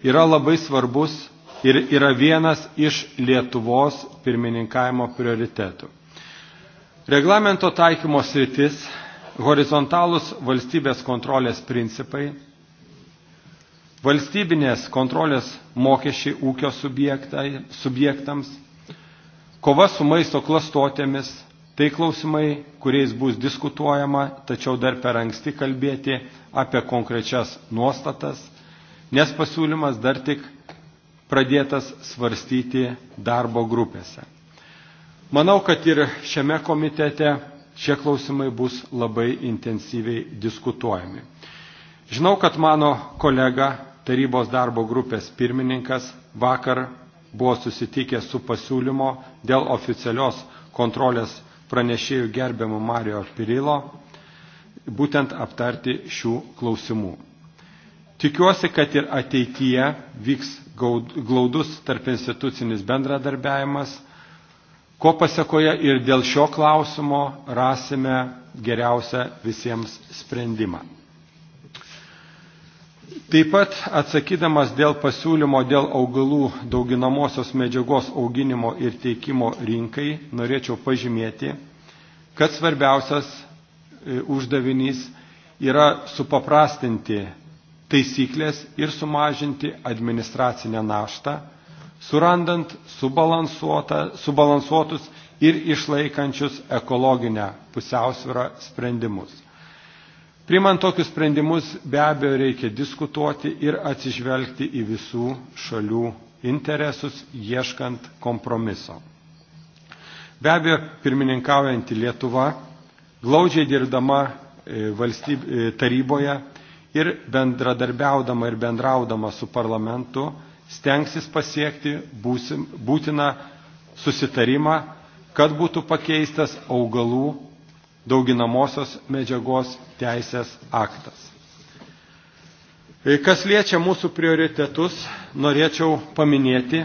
Speaker 1: yra labai svarbus ir yra vienas iš Lietuvos pirmininkavimo prioritetų. Reglamento taikymo sritis, horizontalus valstybės kontrolės principai valstybinės kontrolės mokesčiai ūkio subjektams, kova su maisto klastotėmis, tai klausimai, kuriais bus diskutuojama, tačiau dar per anksti kalbėti apie konkrečias nuostatas, nes pasiūlymas dar tik pradėtas svarstyti darbo grupėse. Manau, kad ir šiame komitete šie klausimai bus labai intensyviai diskutuojami. Žinau, kad mano kolega tarybos darbo grupės pirmininkas vakar buvo susitikęs su pasiūlymo dėl oficialios kontrolės pranešėjų gerbiamų Mario Pirilo, būtent aptarti šių klausimų. Tikiuosi, kad ir ateityje vyks glaudus tarp institucinis bendradarbiavimas, ko pasakoja ir dėl šio klausimo rasime geriausią visiems sprendimą. Taip pat atsakydamas dėl pasiūlymo dėl augalų dauginamosios medžiagos auginimo ir teikimo rinkai, norėčiau pažymėti, kad svarbiausias e, uždavinys yra supaprastinti taisyklės ir sumažinti administracinę naštą, surandant subalansuotus ir išlaikančius ekologinę pusiausvyrą sprendimus. Primant tokius sprendimus be abejo reikia diskutuoti ir atsižvelgti į visų šalių interesus, ieškant kompromiso. Be abejo, pirmininkaujanti Lietuva, glaudžiai dirbdama e, valstyb... E, taryboje ir bendradarbiaudama ir bendraudama su parlamentu, stengsis pasiekti būsim, būtiną susitarimą, kad būtų pakeistas augalų dauginamosios medžiagos teisės aktas. E, kas liečia mūsų prioritetus, norėčiau paminėti,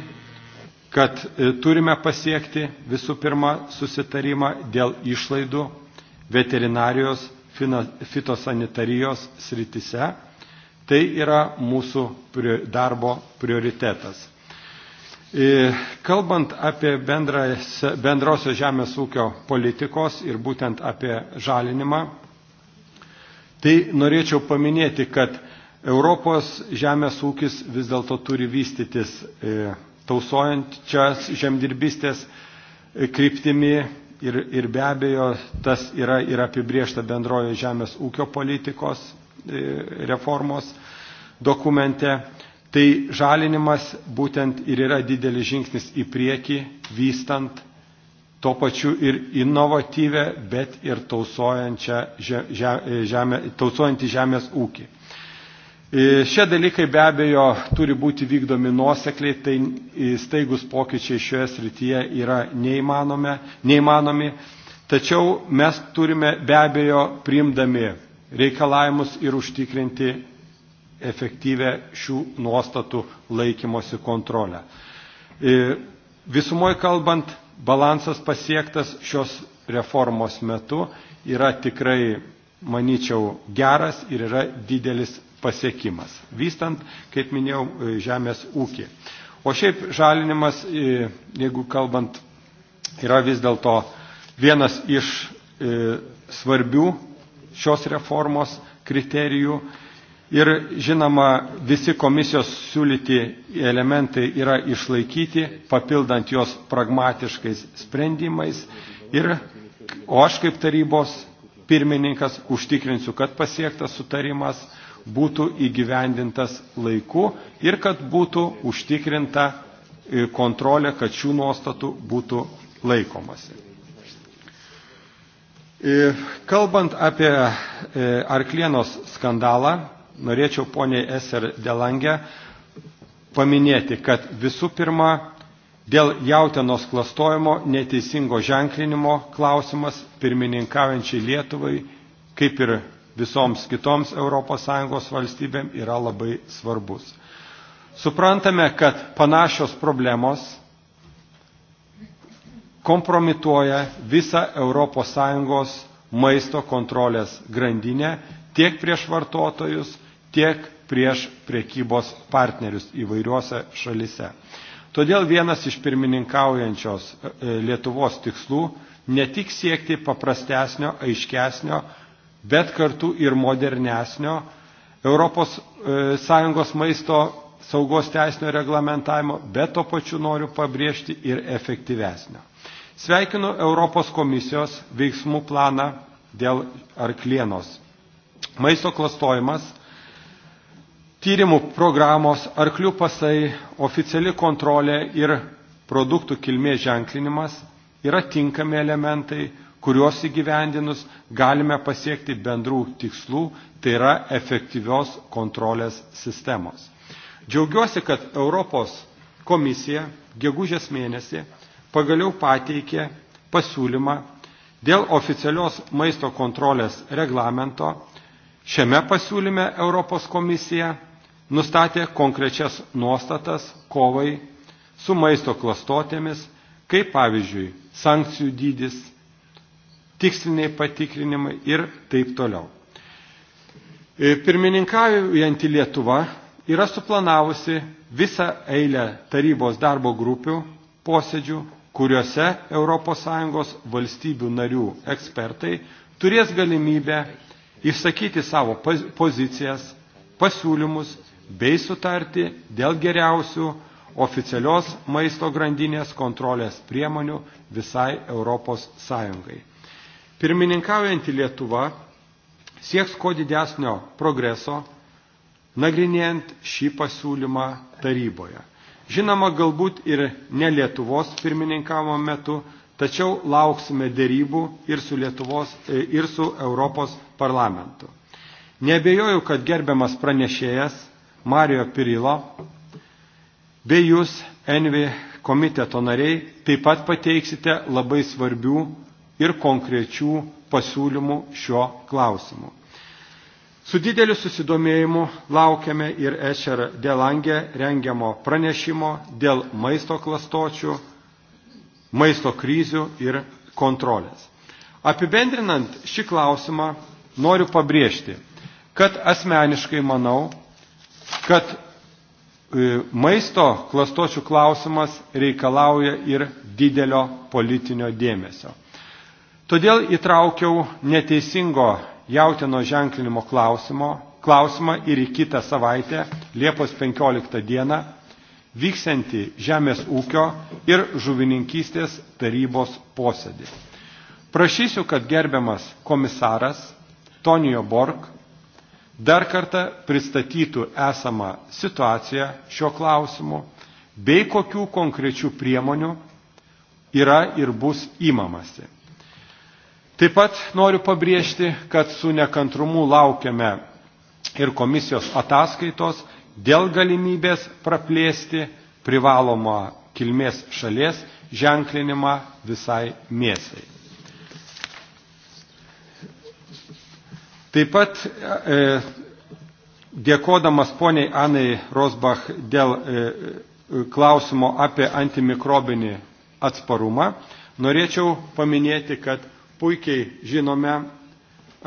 Speaker 1: kad e, turime pasiekti visų pirma susitarimą dėl išlaidų veterinarijos fitosanitarijos sritise. Tai yra mūsų darbo prioritetas. E, kalbant apie bendras, bendrosios žemės ūkio politikos ir būtent apie žalinimą, tai norėčiau paminėti, kad Europos žemės ūkis vis dėlto turi vystytis e, tausojančias žemdirbystės e, kryptimi ir, ir be abejo tas yra ir apibriešta bendrojo žemės ūkio politikos reformos dokumente. Tai žalinimas būtent ir yra didelis žingsnis į priekį, vystant tuo pačiu ir inovatyvę, bet ir žemė, tausojantį žemės ūkį. E, šie dalykai be abejo turi būti vykdomi nuosekliai, tai e, staigus pokyčiai šioje srityje yra neįmanomi, tačiau mes turime be abejo priimdami reikalavimus ir užtikrinti efektyvę šių nuostatų laikymosi kontrolę. E, visumoje kalbant, balansas pasiektas šios reformos metu yra tikrai, manyčiau, geras ir yra didelis pasiekimas, vystant, kaip minėjau, e, žemės ūkį. O šiaip žalinimas, e, jeigu kalbant, yra vis dėlto vienas iš svarbių šios reformos kriterijų Ir žinoma, visi komisijos siūlyti elementai yra išlaikyti, papildant juos pragmatiškais sprendimais. Ir, o aš kaip tarybos pirmininkas užtikrinsiu, kad pasiektas sutarimas būtų įgyvendintas laiku ir kad būtų užtikrinta e, kontrolė, kad šių nuostatų būtų laikomasi. E, kalbant apie e, Arklienos skandalą, norėčiau poniai Eser Delangę paminėti, kad visų pirma, dėl jautienos klastojimo neteisingo ženklinimo klausimas pirmininkaujančiai Lietuvai, kaip ir visoms kitoms ES valstybėm, yra labai svarbus. Suprantame, kad panašios problemos kompromituoja visą ES maisto kontrolės grandinę tiek prieš vartotojus, tiek prieš priekybos partnerius įvairiuose šalise. Todėl vienas iš pirmininkaujančios e, Lietuvos tikslų ne tik siekti paprastesnio, aiškesnio, bet kartu ir modernesnio ES e, maisto saugos teisinio reglamentavimo, bet to pačiu noriu pabrėžti ir efektyvesnio. Sveikinu Europos komisijos veiksmų planą dėl arklienos. Maisto klastojimas tyrimų programos arklių pasai, oficiali kontrolė ir produktų kilmės ženklinimas yra tinkami elementai, kuriuos įgyvendinus galime pasiekti bendrų tikslų, tai yra efektyvios kontrolės sistemos. Džiaugiuosi, kad Europos komisija gegužės mėnesį pagaliau pateikė pasiūlymą dėl oficialios maisto kontrolės reglamento. Šiame pasiūlyme Europos komisija nustatė konkrečias nuostatas kovai su maisto klastotėmis, kaip pavyzdžiui sankcijų dydis, tiksliniai patikrinimai ir taip toliau. E, pirmininkaujanti Lietuva yra suplanavusi visą eilę tarybos darbo grupių posėdžių, kuriuose ES valstybių narių ekspertai turės galimybę išsakyti savo pozicijas, pasiūlymus bei sutarti dėl geriausių oficialios maisto grandinės kontrolės priemonių visai Europos Sąjungai. Pirmininkaujantį Lietuva sieks kuo didesnio progreso, nagrinėjant šį pasiūlymą taryboje. Žinoma, galbūt ir ne Lietuvos pirmininkavimo metu, tačiau lauksime dėrybų ir su, Lietuvos, e, ir su Europos parlamentu. Nebejoju, kad gerbiamas pranešėjas Mario Pirilo, bei jūs, Envi komiteto nariai, taip pat pateiksite labai svarbių ir konkrečių pasiūlymų šiuo klausimu. Su dideliu susidomėjimu laukiame ir Ešer Delangė rengiamo pranešimo dėl maisto klastočių, maisto krizių ir kontrolės. Apibendrinant šį klausimą, noriu pabrėžti, kad asmeniškai manau, kad e, maisto klastočių klausimas reikalauja ir didelio politinio dėmesio. Todėl įtraukiau neteisingo jautino ženklinimo klausimo, klausimą ir į kitą savaitę, Liepos 15 dieną, vyksianti Žemės ūkio ir žuvininkystės tarybos posėdį. Prašysiu, kad gerbiamas komisaras Tonijo Borg dar kartą pristatytų esamą situaciją šio klausimu bei kokių konkrečių priemonių yra ir bus įmamasi. Taip pat noriu pabrėžti, kad su nekantrumu laukiame ir komisijos ataskaitos dėl galimybės praplėsti privalomą kilmės šalies ženklinimą visai mėsai. Taip pat e, dėkodamas poniai Anai Rosbach dėl e, klausimo apie antimikrobinį atsparumą, norėčiau paminėti, kad puikiai žinome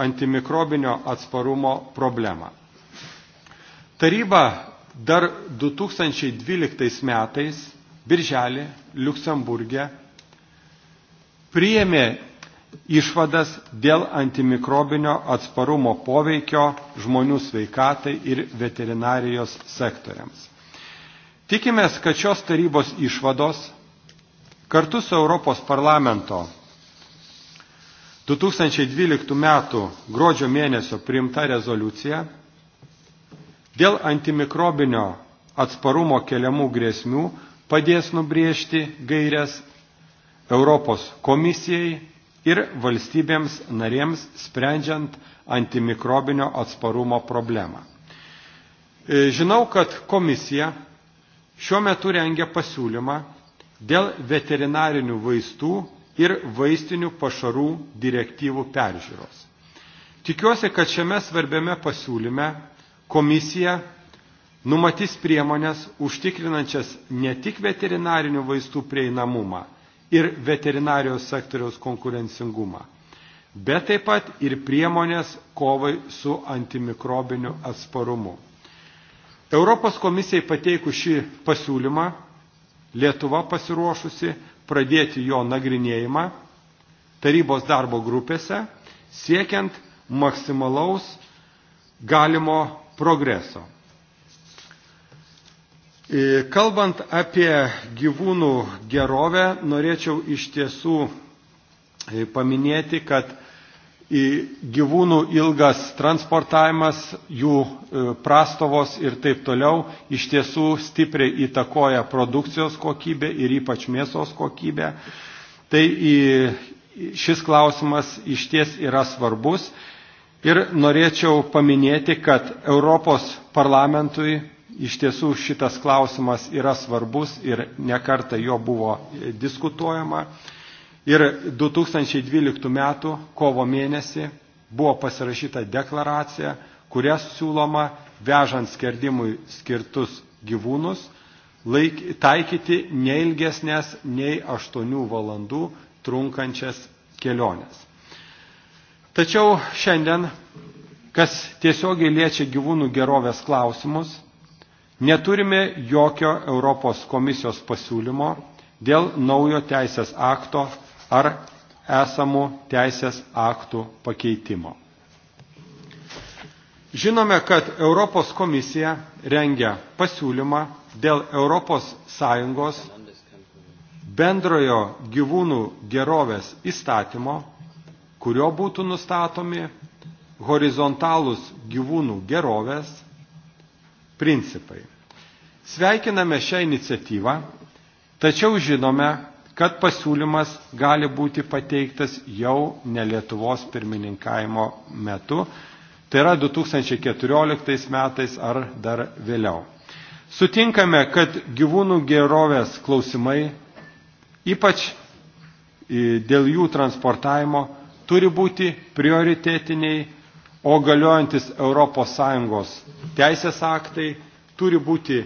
Speaker 1: antimikrobinio atsparumo problemą. Taryba dar 2012 metais, birželį, Luksemburgė, priėmė išvadas dėl antimikrobinio atsparumo poveikio žmonių sveikatai ir veterinarijos sektoriams. Tikimės, kad šios tarybos išvados kartu su Europos parlamento 2012 m. gruodžio mėnesio priimta rezoliucija dėl antimikrobinio atsparumo keliamų grėsmių padės nubriežti gairias Europos komisijai ir valstybėms narėms sprendžiant antimikrobinio atsparumo problemą. E, žinau, kad komisija šiuo metu rengia pasiūlymą dėl veterinarinių vaistų ir vaistinių pašarų direktyvų peržiūros. Tikiuosi, kad šiame svarbiame pasiūlyme komisija numatys priemonės užtikrinančias ne tik veterinarinių vaistų prieinamumą, ir veterinarijos sektoriaus konkurencingumą, bet taip pat ir priemonės kovai su antimikrobiniu atsparumu. Europos komisijai pateikų šį pasiūlymą, Lietuva pasiruošusi pradėti jo nagrinėjimą tarybos darbo grupėse, siekiant maksimalaus galimo progreso. E, kalbant apie gyvūnų gerovę, norėčiau iš tiesų e, paminėti, kad gyvūnų ilgas transportavimas, jų e, prastovos ir taip toliau iš tiesų stipriai įtakoja produkcijos kokybę ir ypač mėsos kokybę. Tai šis klausimas iš ties yra svarbus ir norėčiau paminėti, kad Europos parlamentui Iš tiesų šitas klausimas yra svarbus ir nekarta jo buvo e, diskutuojama. Ir 2012 m. kovo mėnesį buvo pasirašyta deklaracija, kuria siūloma vežant skerdimui skirtus gyvūnus laik, taikyti neilgesnės nei 8 valandų trunkančias keliones. Tačiau šiandien, kas tiesiogiai liečia gyvūnų gerovės klausimus, Neturime jokio Europos komisijos pasiūlymo dėl naujo teisės akto ar esamų teisės aktų pakeitimo. Žinome, kad Europos komisija rengia pasiūlymą dėl ES bendrojo gyvūnų gerovės įstatymo, kurio būtų nustatomi horizontalūs gyvūnų gerovės principai. Sveikiname šią iniciatyvą, tačiau žinome, kad pasiūlymas gali būti pateiktas jau ne Lietuvos pirmininkavimo metu, tai yra 2014 metais ar dar vėliau. Sutinkame, kad gyvūnų gerovės klausimai, ypač e, dėl jų transportavimo, turi būti prioritetiniai o galiojantis ES teisės aktai turi būti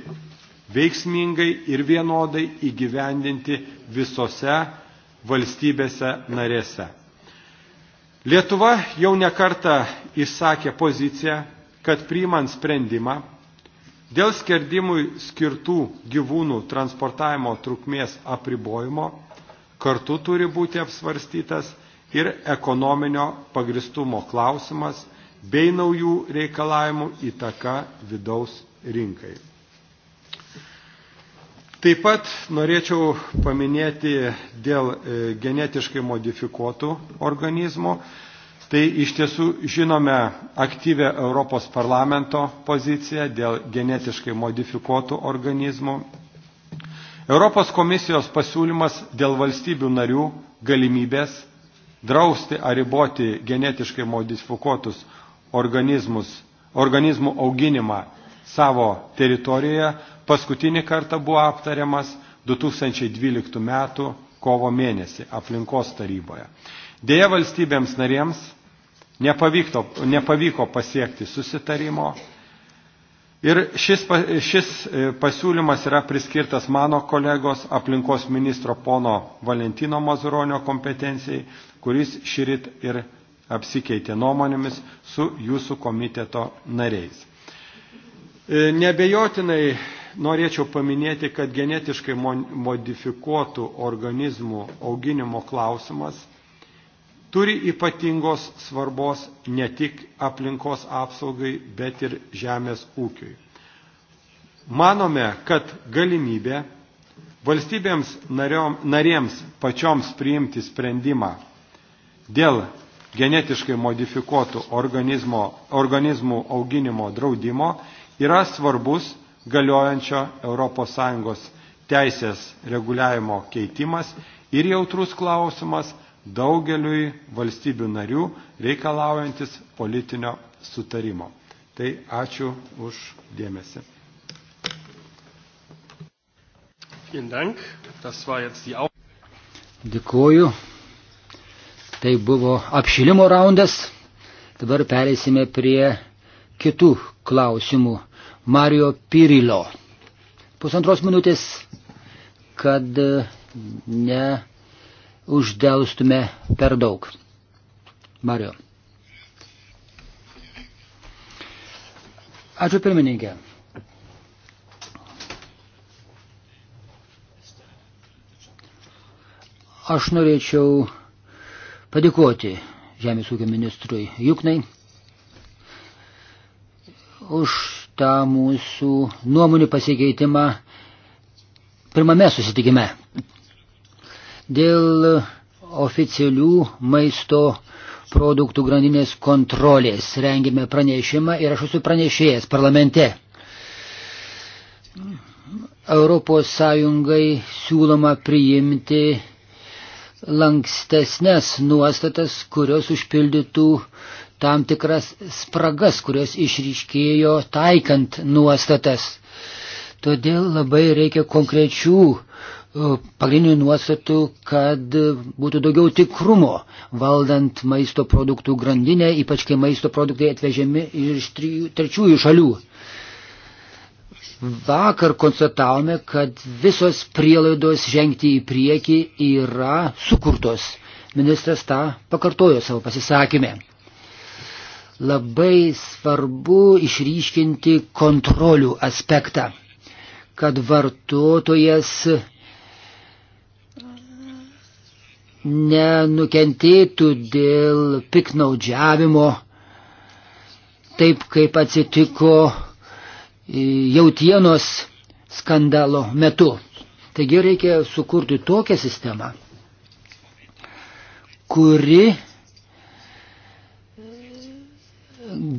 Speaker 1: veiksmingai ir vienodai įgyvendinti visose valstybėse narėse. Lietuva jau nekarta išsakė poziciją, kad priimant sprendimą dėl skerdimui skirtų gyvūnų transportavimo trukmės apribojimo kartu turi būti apsvarstytas ir ekonominio pagristumo klausimas – bei naujų reikalavimų įtaka vidaus rinkai. Taip pat norėčiau paminėti dėl e, genetiškai modifikuotų organizmų. Tai iš tiesų žinome aktyvę Europos parlamento poziciją dėl genetiškai modifikuotų organizmų. Europos komisijos pasiūlymas dėl valstybių narių galimybės drausti ar riboti genetiškai modifikuotus organizmus, organizmų auginimą savo teritorijoje paskutinį kartą buvo aptariamas 2012 m. kovo mėnesį aplinkos taryboje. Dėja valstybėms narėms nepavykto, nepavyko pasiekti susitarimo ir šis, šis e, pasiūlymas yra priskirtas mano kolegos aplinkos ministro pono Valentino Mazuronio kompetencijai, kuris širit ir apsikeitė nuomonėmis su jūsų komiteto nariais. E, Nebejotinai norėčiau paminėti, kad genetiškai modifikuotų organizmų auginimo klausimas turi ypatingos svarbos ne tik aplinkos apsaugai, bet ir žemės ūkiui. Manome, kad galimybė valstybėms nariom, narėms pačioms priimti sprendimą dėl genetiškai modifikuotų organizmų auginimo draudimo yra svarbus galiojančio ES teisės reguliavimo keitimas ir jautrus klausimas daugeliui valstybių narių reikalaujantis politinio sutarimo. Tai ačiū už dėmesį. Vielen Dank. Das war jetzt die
Speaker 2: Dėkuoju. Tai buvo apšilimo raundas. Dabar pereisime prie kitų klausimų. Mario Pirilo. Pusantros minutės, kad e, neuždelstume per daug. Mario. Ačiū pirmininkė. Aš norėčiau padėkoti Žemės ūkio ministrui Juknai už tą mūsų nuomonių pasikeitimą pirmame susitikime dėl oficialių maisto produktų grandinės kontrolės. Rengėme pranešimą ir aš esu pranešėjęs parlamente. Europos Sąjungai siūloma priimti lankstesnės nuostatas, kurios užpildytų tam tikras spragas, kurios išryškėjo taikant nuostatas. Todėl labai reikia konkrečių e, pagrindinių nuostatų, kad būtų daugiau tikrumo valdant maisto produktų grandinę, ypač kai maisto produktai atvežiami iš trijų, trečiųjų šalių. Vakar konstatavome, kad visos prielaidos žengti į priekį yra sukurtos. Ministras tą pakartojo savo pasisakymę. Labai svarbu išryškinti kontrolių aspektą, kad vartotojas nenukentėtų dėl piknaudžiavimo, taip kaip atsitiko jautienos skandalo metu. Taigi reikia sukurti tokią sistemą, kuri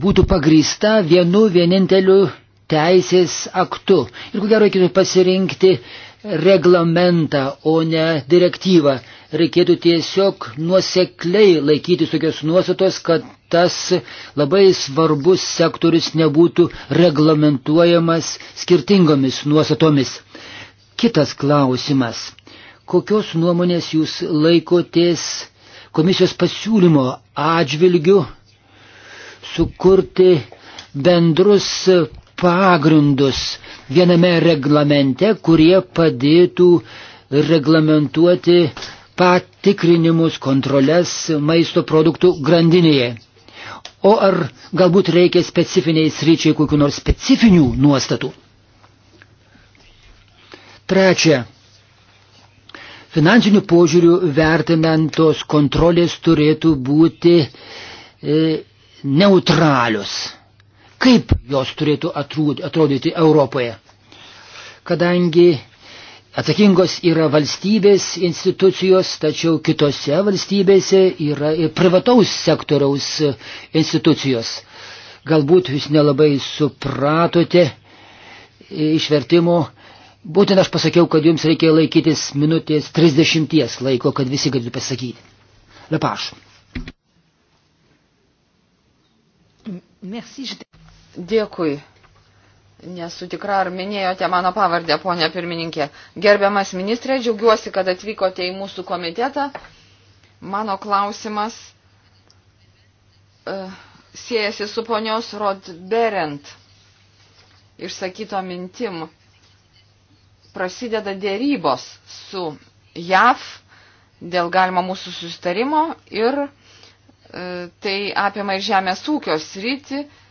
Speaker 2: būtų pagrįsta vienu vieninteliu teisės aktu. Ir ko gero reikėtų pasirinkti reglamentą, o ne direktyvą. Reikėtų tiesiog nuosekliai laikytis tokios nuostatos, kad tas labai svarbus sektorius nebūtų reglamentuojamas skirtingomis nuostatomis. Kitas klausimas. Kokios nuomonės jūs laikotės komisijos pasiūlymo atžvilgių sukurti bendrus pagrindus viename reglamente, kurie padėtų reglamentuoti patikrinimus, kontrolės maisto produktų grandinėje o ar galbūt reikia specifiniai sryčiai kokiu nors specifinių nuostatų. Trečia. Finansinių požiūrių vertinant tos kontrolės turėtų būti e, neutralios. Kaip jos turėtų atrodyti Europoje? Kadangi Atsakingos yra valstybės institucijos, tačiau kitose valstybėse yra ir privataus sektoriaus institucijos. Galbūt jūs nelabai supratote išvertimo. Būtent aš pasakiau, kad jums reikėjo laikytis minutės 30 laiko, kad visi galėtų pasakyti. Lepaš. Dėkui.
Speaker 5: Nesu tikra, ar minėjote mano pavardę, ponė pirmininkė. Gerbiamas ministrė, džiaugiuosi, kad atvykote į mūsų komitetą. Mano klausimas uh, siejasi su ponios Rodberent išsakyto mintim. Prasideda dėrybos su JAV dėl galima mūsų sustarimo ir uh, tai apima ir žemės ūkio sritį. Uh,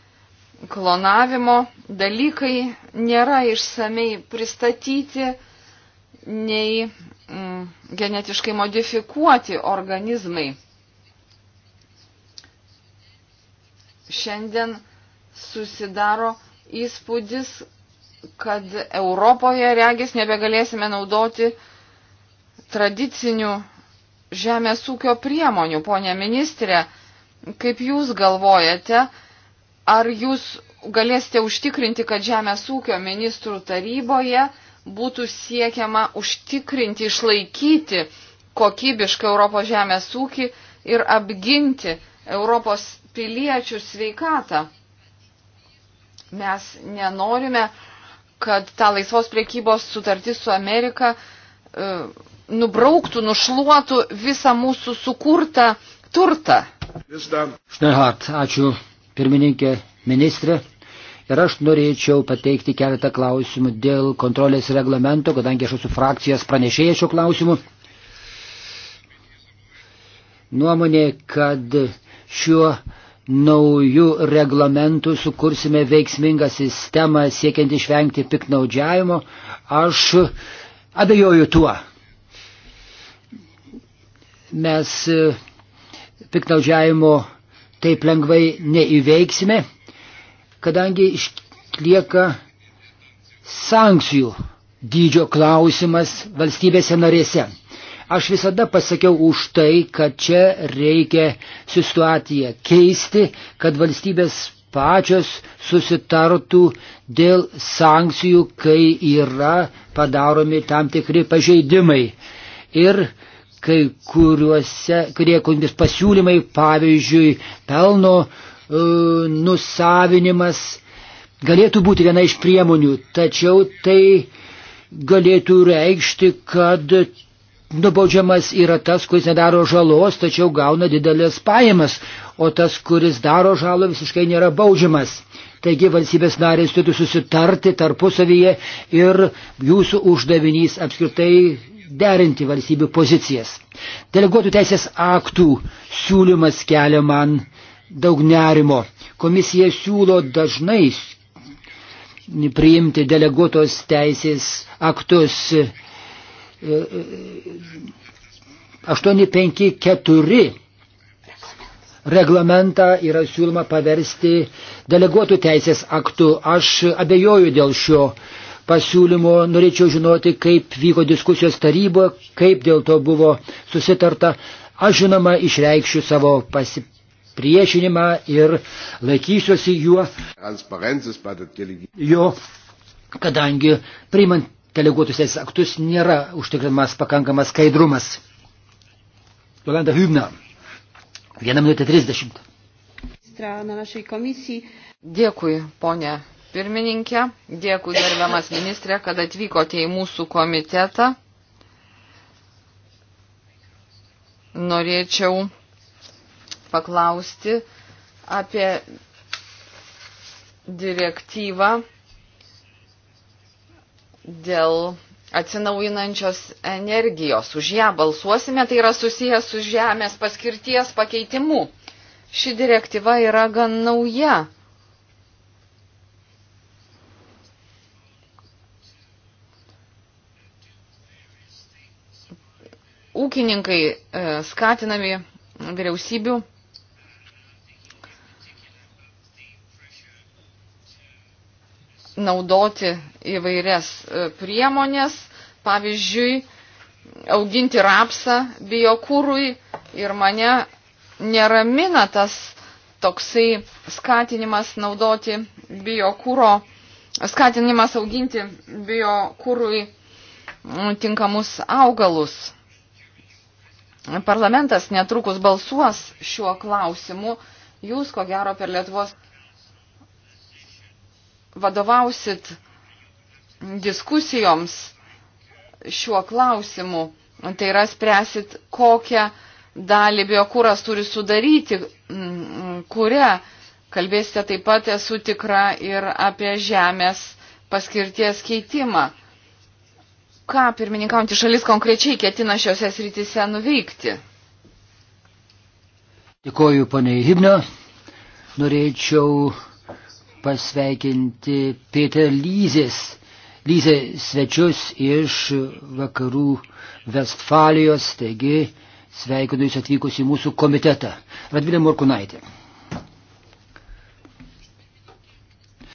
Speaker 5: klonavimo dalykai nėra išsamei pristatyti nei mm, genetiškai modifikuoti organizmai. Šiandien susidaro įspūdis, kad Europoje regis nebegalėsime naudoti tradicinių žemės ūkio priemonių. Pone ministrė, kaip jūs galvojate, Ar jūs galėsite užtikrinti, kad Žemės ūkio ministrų taryboje būtų siekiama užtikrinti, išlaikyti kokybišką Europos žemės ūkį ir apginti Europos piliečių sveikatą. Mes nenorime, kad ta laisvos priekybos sutartis su Amerika e, nubrauktų, nušluotų visą mūsų sukurtą
Speaker 2: turtą. Šnehart, ačiū pirmininkė, ministrė. Ir aš norėčiau pateikti keletą klausimų dėl kontrolės reglamento, kadangi aš esu frakcijas pranešėję šio klausimu. Nuomonė, kad šiuo naujų reglamentų sukursime veiksmingą sistemą siekiant išvengti piknaudžiavimo, aš abejoju tuo. Mes piknaudžiavimo taip lengvai neįveiksime, kadangi išlieka sankcijų dydžio klausimas valstybėse narėse. Aš visada pasakiau už tai, kad čia reikia situaciją keisti, kad valstybės pačios susitartų dėl sankcijų, kai yra padaromi tam tikri pažeidimai. Ir kai kuriuose, kurie kundis pasiūlymai, pavyzdžiui, pelno e, nusavinimas galėtų būti viena iš priemonių, tačiau tai galėtų reikšti, kad nubaudžiamas yra tas, kuris nedaro žalos, tačiau gauna didelės pajamas, o tas, kuris daro žalą, visiškai nėra baudžiamas. Taigi valstybės narės turėtų susitarti tarpusavyje ir jūsų uždavinys apskritai derinti valstybių pozicijas. Deleguotų teisės aktų siūlymas kelia man daug nerimo. Komisija siūlo dažnai priimti deleguotos teisės aktus 854 e, e, reglamentą yra siūloma paversti deleguotų teisės aktų. Aš abejoju dėl šio uh, pasiūlymo. Norėčiau žinoti, kaip vyko diskusijos taryboje, kaip dėl to buvo susitarta. Aš žinoma išreikščiu savo pasipriešinimą ir laikysiuosi juo, jo, kadangi priimant deleguotusiais aktus nėra užtikrinamas pakankamas skaidrumas. Jolanda Hübner, 1 minutė 30.
Speaker 5: Dėkui, ponė pirmininkė, dėkui gerbiamas ministrė, kad atvykote į mūsų komitetą. Norėčiau paklausti apie direktyvą dėl atsinaujinančios energijos. Už ją balsuosime, tai yra susijęs su žemės paskirties pakeitimu. Ši direktyva yra gan nauja ūkininkai e, skatinami vyriausybių naudoti įvairias e, priemonės, pavyzdžiui, auginti rapsą biokūrui ir mane neramina tas toksai skatinimas naudoti biokūro, skatinimas auginti biokūrui tinkamus augalus. Parlamentas netrukus balsuos šiuo klausimu. Jūs, ko gero, per Lietuvos vadovausit diskusijoms šiuo klausimu. Tai yra spręsit, kokią dalį biokūras turi sudaryti, mm, kurią kalbėsite taip pat, esu tikra, ir apie žemės paskirties keitimą ką pirmininkaujantį šalis konkrečiai ketina šiuose srityse nuveikti?
Speaker 2: Dėkoju, poniai Hibno. Norėčiau pasveikinti Peter Lyzės, Lyzė svečius iš vakarų Vestfalijos, taigi sveikinu jūs atvykus į mūsų komitetą. Radvilė Morkunaitė.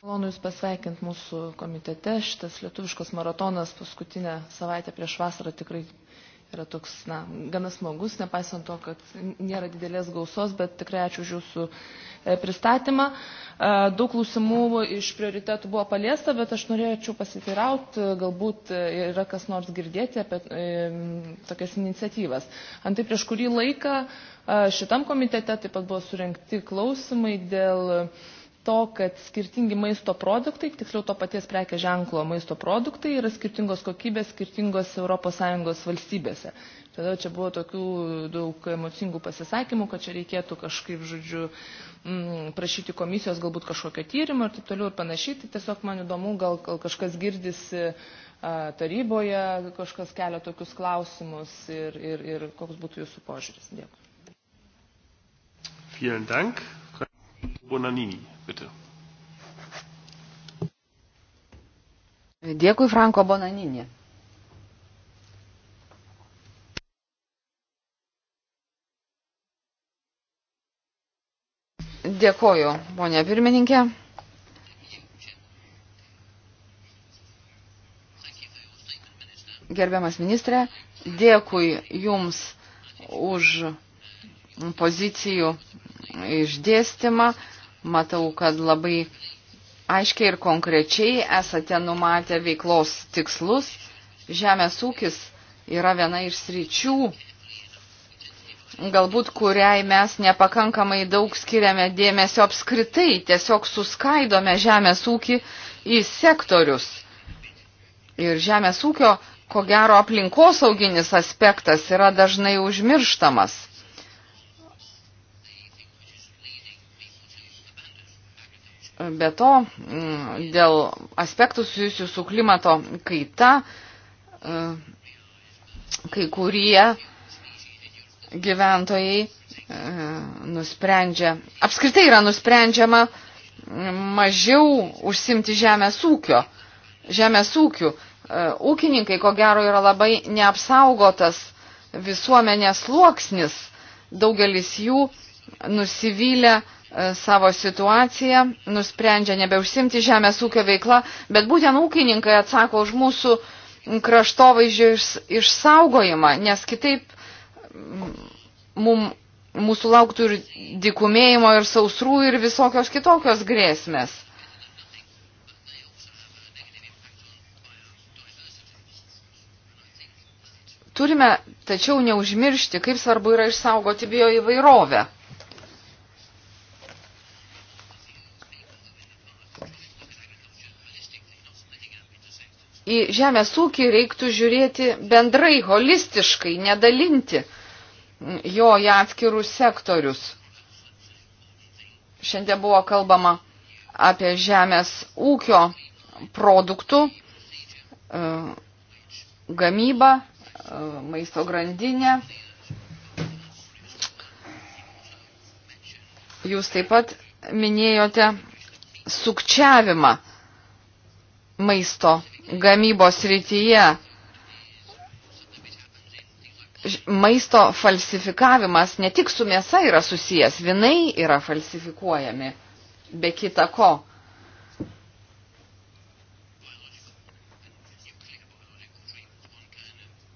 Speaker 2: Malonu
Speaker 6: Jūs pasveikinti mūsų komitete. Šitas lietuviškas maratonas paskutinę savaitę prieš vasarą tikrai yra toks, na, gana smagus, nepaisant to, kad nėra didelės gausos, bet tikrai ačiū už Jūsų e, pristatymą. E, daug klausimų iš prioritetų buvo paliesta, bet aš norėčiau pasiteirauti, e, galbūt yra kas nors girdėti apie e, tokias iniciatyvas. Antai prieš kurį laiką šitam komitete taip pat buvo surinkti klausimai dėl to, kad skirtingi maisto produktai, tiksliau to paties prekės ženklo maisto produktai yra skirtingos kokybės skirtingos ES valstybėse. Tada čia buvo tokių daug emocingų pasisakymų, kad čia reikėtų kažkaip, žodžiu, mm, prašyti komisijos galbūt kažkokio tyrimo ir taip toliau ir panašiai. Tai tiesiog man įdomu, gal, gal kažkas girdisi taryboje, kažkas kelia tokius klausimus ir, ir, ir koks būtų jūsų požiūris. Dėkui.
Speaker 7: Vielen Dank. Bonanini. Bitte.
Speaker 5: Dėkui, Franko Bonaninė. Dėkoju, ponė pirmininkė. Gerbiamas ministrė, dėkui Jums už pozicijų išdėstymą. Matau, kad labai aiškiai ir konkrečiai esate numatę veiklos tikslus. Žemės ūkis yra viena iš sričių, galbūt kuriai mes nepakankamai daug skiriame dėmesio apskritai, tiesiog suskaidome žemės ūkį į sektorius. Ir žemės ūkio, ko gero, aplinkosauginis aspektas yra dažnai užmirštamas. Be to, mm, dėl aspektų susijusių su klimato kaita, e, kai kurie gyventojai e, nusprendžia, apskritai yra nusprendžiama mm, mažiau užsimti žemės ūkio. Žemės ūkių. E, ūkininkai, ko gero, yra labai neapsaugotas visuomenės sluoksnis. Daugelis jų nusivylę E, savo situaciją, nusprendžia nebeužsimti žemės ūkio veikla, bet būtent ūkininkai atsako už mūsų kraštovaizdžio išsaugojimą, nes kitaip mm, mum, mūsų lauktų ir dikumėjimo, ir sausrų, ir visokios kitokios grėsmės. Turime tačiau neužmiršti, kaip svarbu yra išsaugoti bioįvairovę. įvairovę. į žemės ūkį reiktų žiūrėti bendrai, holistiškai, nedalinti jo į atskirus sektorius. Šiandien buvo kalbama apie žemės ūkio produktų e, gamybą, e, maisto grandinę. Jūs taip pat minėjote sukčiavimą maisto gamybos rytyje maisto falsifikavimas ne tik su mėsa yra susijęs, vinai yra falsifikuojami, be kita ko.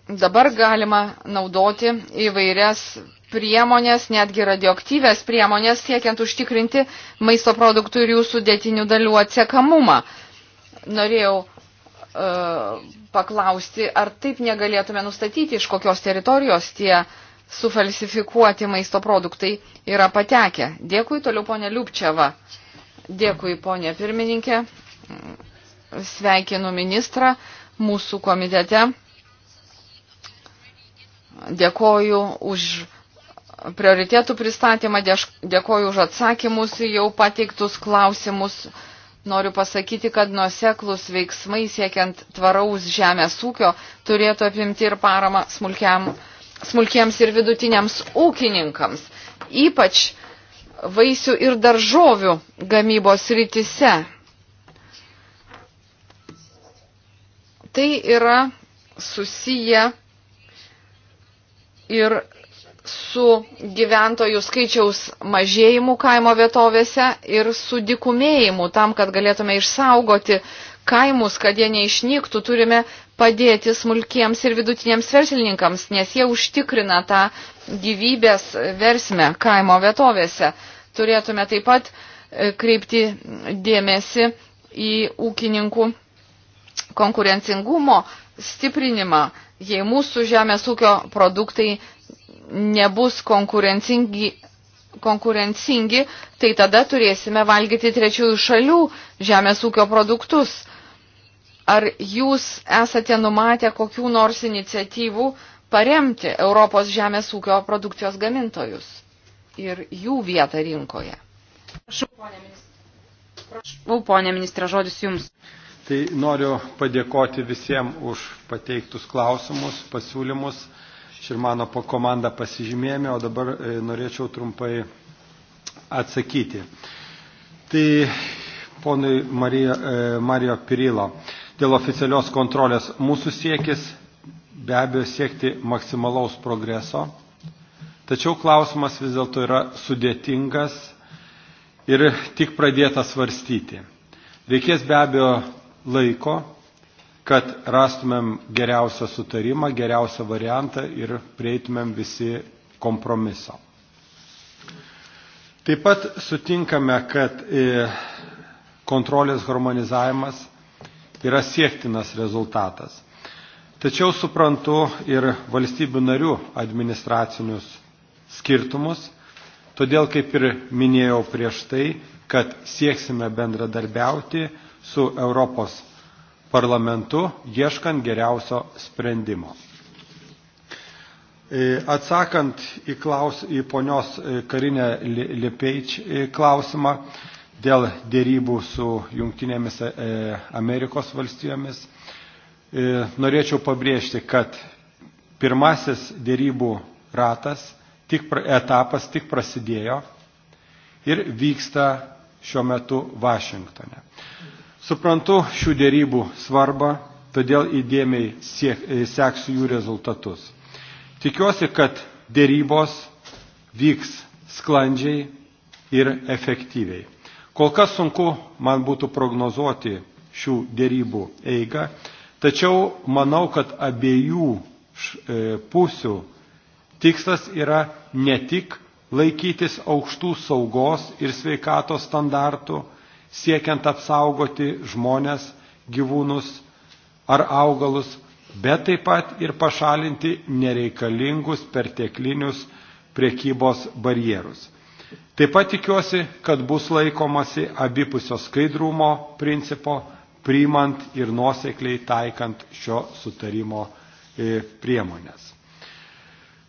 Speaker 5: Dabar galima naudoti įvairias priemonės, netgi radioaktyvės priemonės, siekiant užtikrinti maisto produktų ir jų sudėtinių dalių atsekamumą. Norėjau paklausti, ar taip negalėtume nustatyti, iš kokios teritorijos tie sufalsifikuoti maisto produktai yra patekę. Dėkui toliau ponė Liupčiava. Dėkui ponė pirmininkė. Sveikinu ministrą mūsų komitete. Dėkoju už prioritėtų pristatymą, dėkoju už atsakymus į jau pateiktus klausimus Noriu pasakyti, kad nuoseklus veiksmai siekiant tvaraus žemės ūkio turėtų apimti ir paramą smulkiam, smulkiems ir vidutiniams ūkininkams, ypač vaisių ir daržovių gamybos rytise. Tai yra susiję ir su gyventojų skaičiaus mažėjimu kaimo vietovėse ir su dikumėjimu tam, kad galėtume išsaugoti kaimus, kad jie neišnyktų, turime padėti smulkiems ir vidutiniams verslininkams, nes jie užtikrina tą gyvybės versmę kaimo vietovėse. Turėtume taip pat e, kreipti dėmesį į ūkininkų konkurencingumo stiprinimą, jei mūsų žemės ūkio produktai nebus konkurencingi, konkurencingi, tai tada turėsime valgyti trečiųjų šalių žemės ūkio produktus. Ar jūs esate numatę kokių nors iniciatyvų paremti Europos žemės ūkio produkcijos gamintojus ir jų vietą rinkoje? Prašau, ponė ministrė,
Speaker 1: Prašau, ponė ministrė žodis jums. Tai noriu padėkoti visiems už pateiktus klausimus, pasiūlymus. Širmano po komandą pasižymėjome, o dabar e, norėčiau trumpai atsakyti. Tai ponui Marija, e, Mario Pirilo, dėl oficialios kontrolės mūsų siekis be abejo siekti maksimalaus progreso, tačiau klausimas vis dėlto yra sudėtingas ir tik pradėtas svarstyti. Reikės be abejo laiko, kad rastumėm geriausią sutarimą, geriausią variantą ir prieitumėm visi kompromiso. Taip pat sutinkame, kad e, kontrolės harmonizavimas yra siektinas rezultatas. Tačiau suprantu ir valstybių narių administracinius skirtumus, todėl kaip ir minėjau prieš tai, kad sieksime bendradarbiauti su Europos parlamentu, ieškant geriausio sprendimo. E, atsakant į, klaus, į ponios e, karinę Lepeič e, klausimą dėl dėrybų su Junktinėmis Amerikos valstijomis, norėčiau pabrėžti, kad pirmasis dėrybų ratas, tik, etapas tik prasidėjo ir vyksta šiuo metu Vašingtone. Suprantu šių dėrybų svarbą, todėl įdėmiai e, seksiu jų rezultatus. Tikiuosi, kad dėrybos vyks sklandžiai ir efektyviai. Kol kas sunku man būtų prognozuoti šių dėrybų eigą, tačiau manau, kad abiejų e, pusių tikslas yra ne tik laikytis aukštų saugos ir sveikatos standartų, siekiant apsaugoti žmonės, gyvūnus ar augalus, bet taip pat ir pašalinti nereikalingus perteklinius priekybos barjerus. Taip pat tikiuosi, kad bus laikomasi abipusio skaidrumo principo, priimant ir nuosekliai taikant šio sutarimo e, priemonės.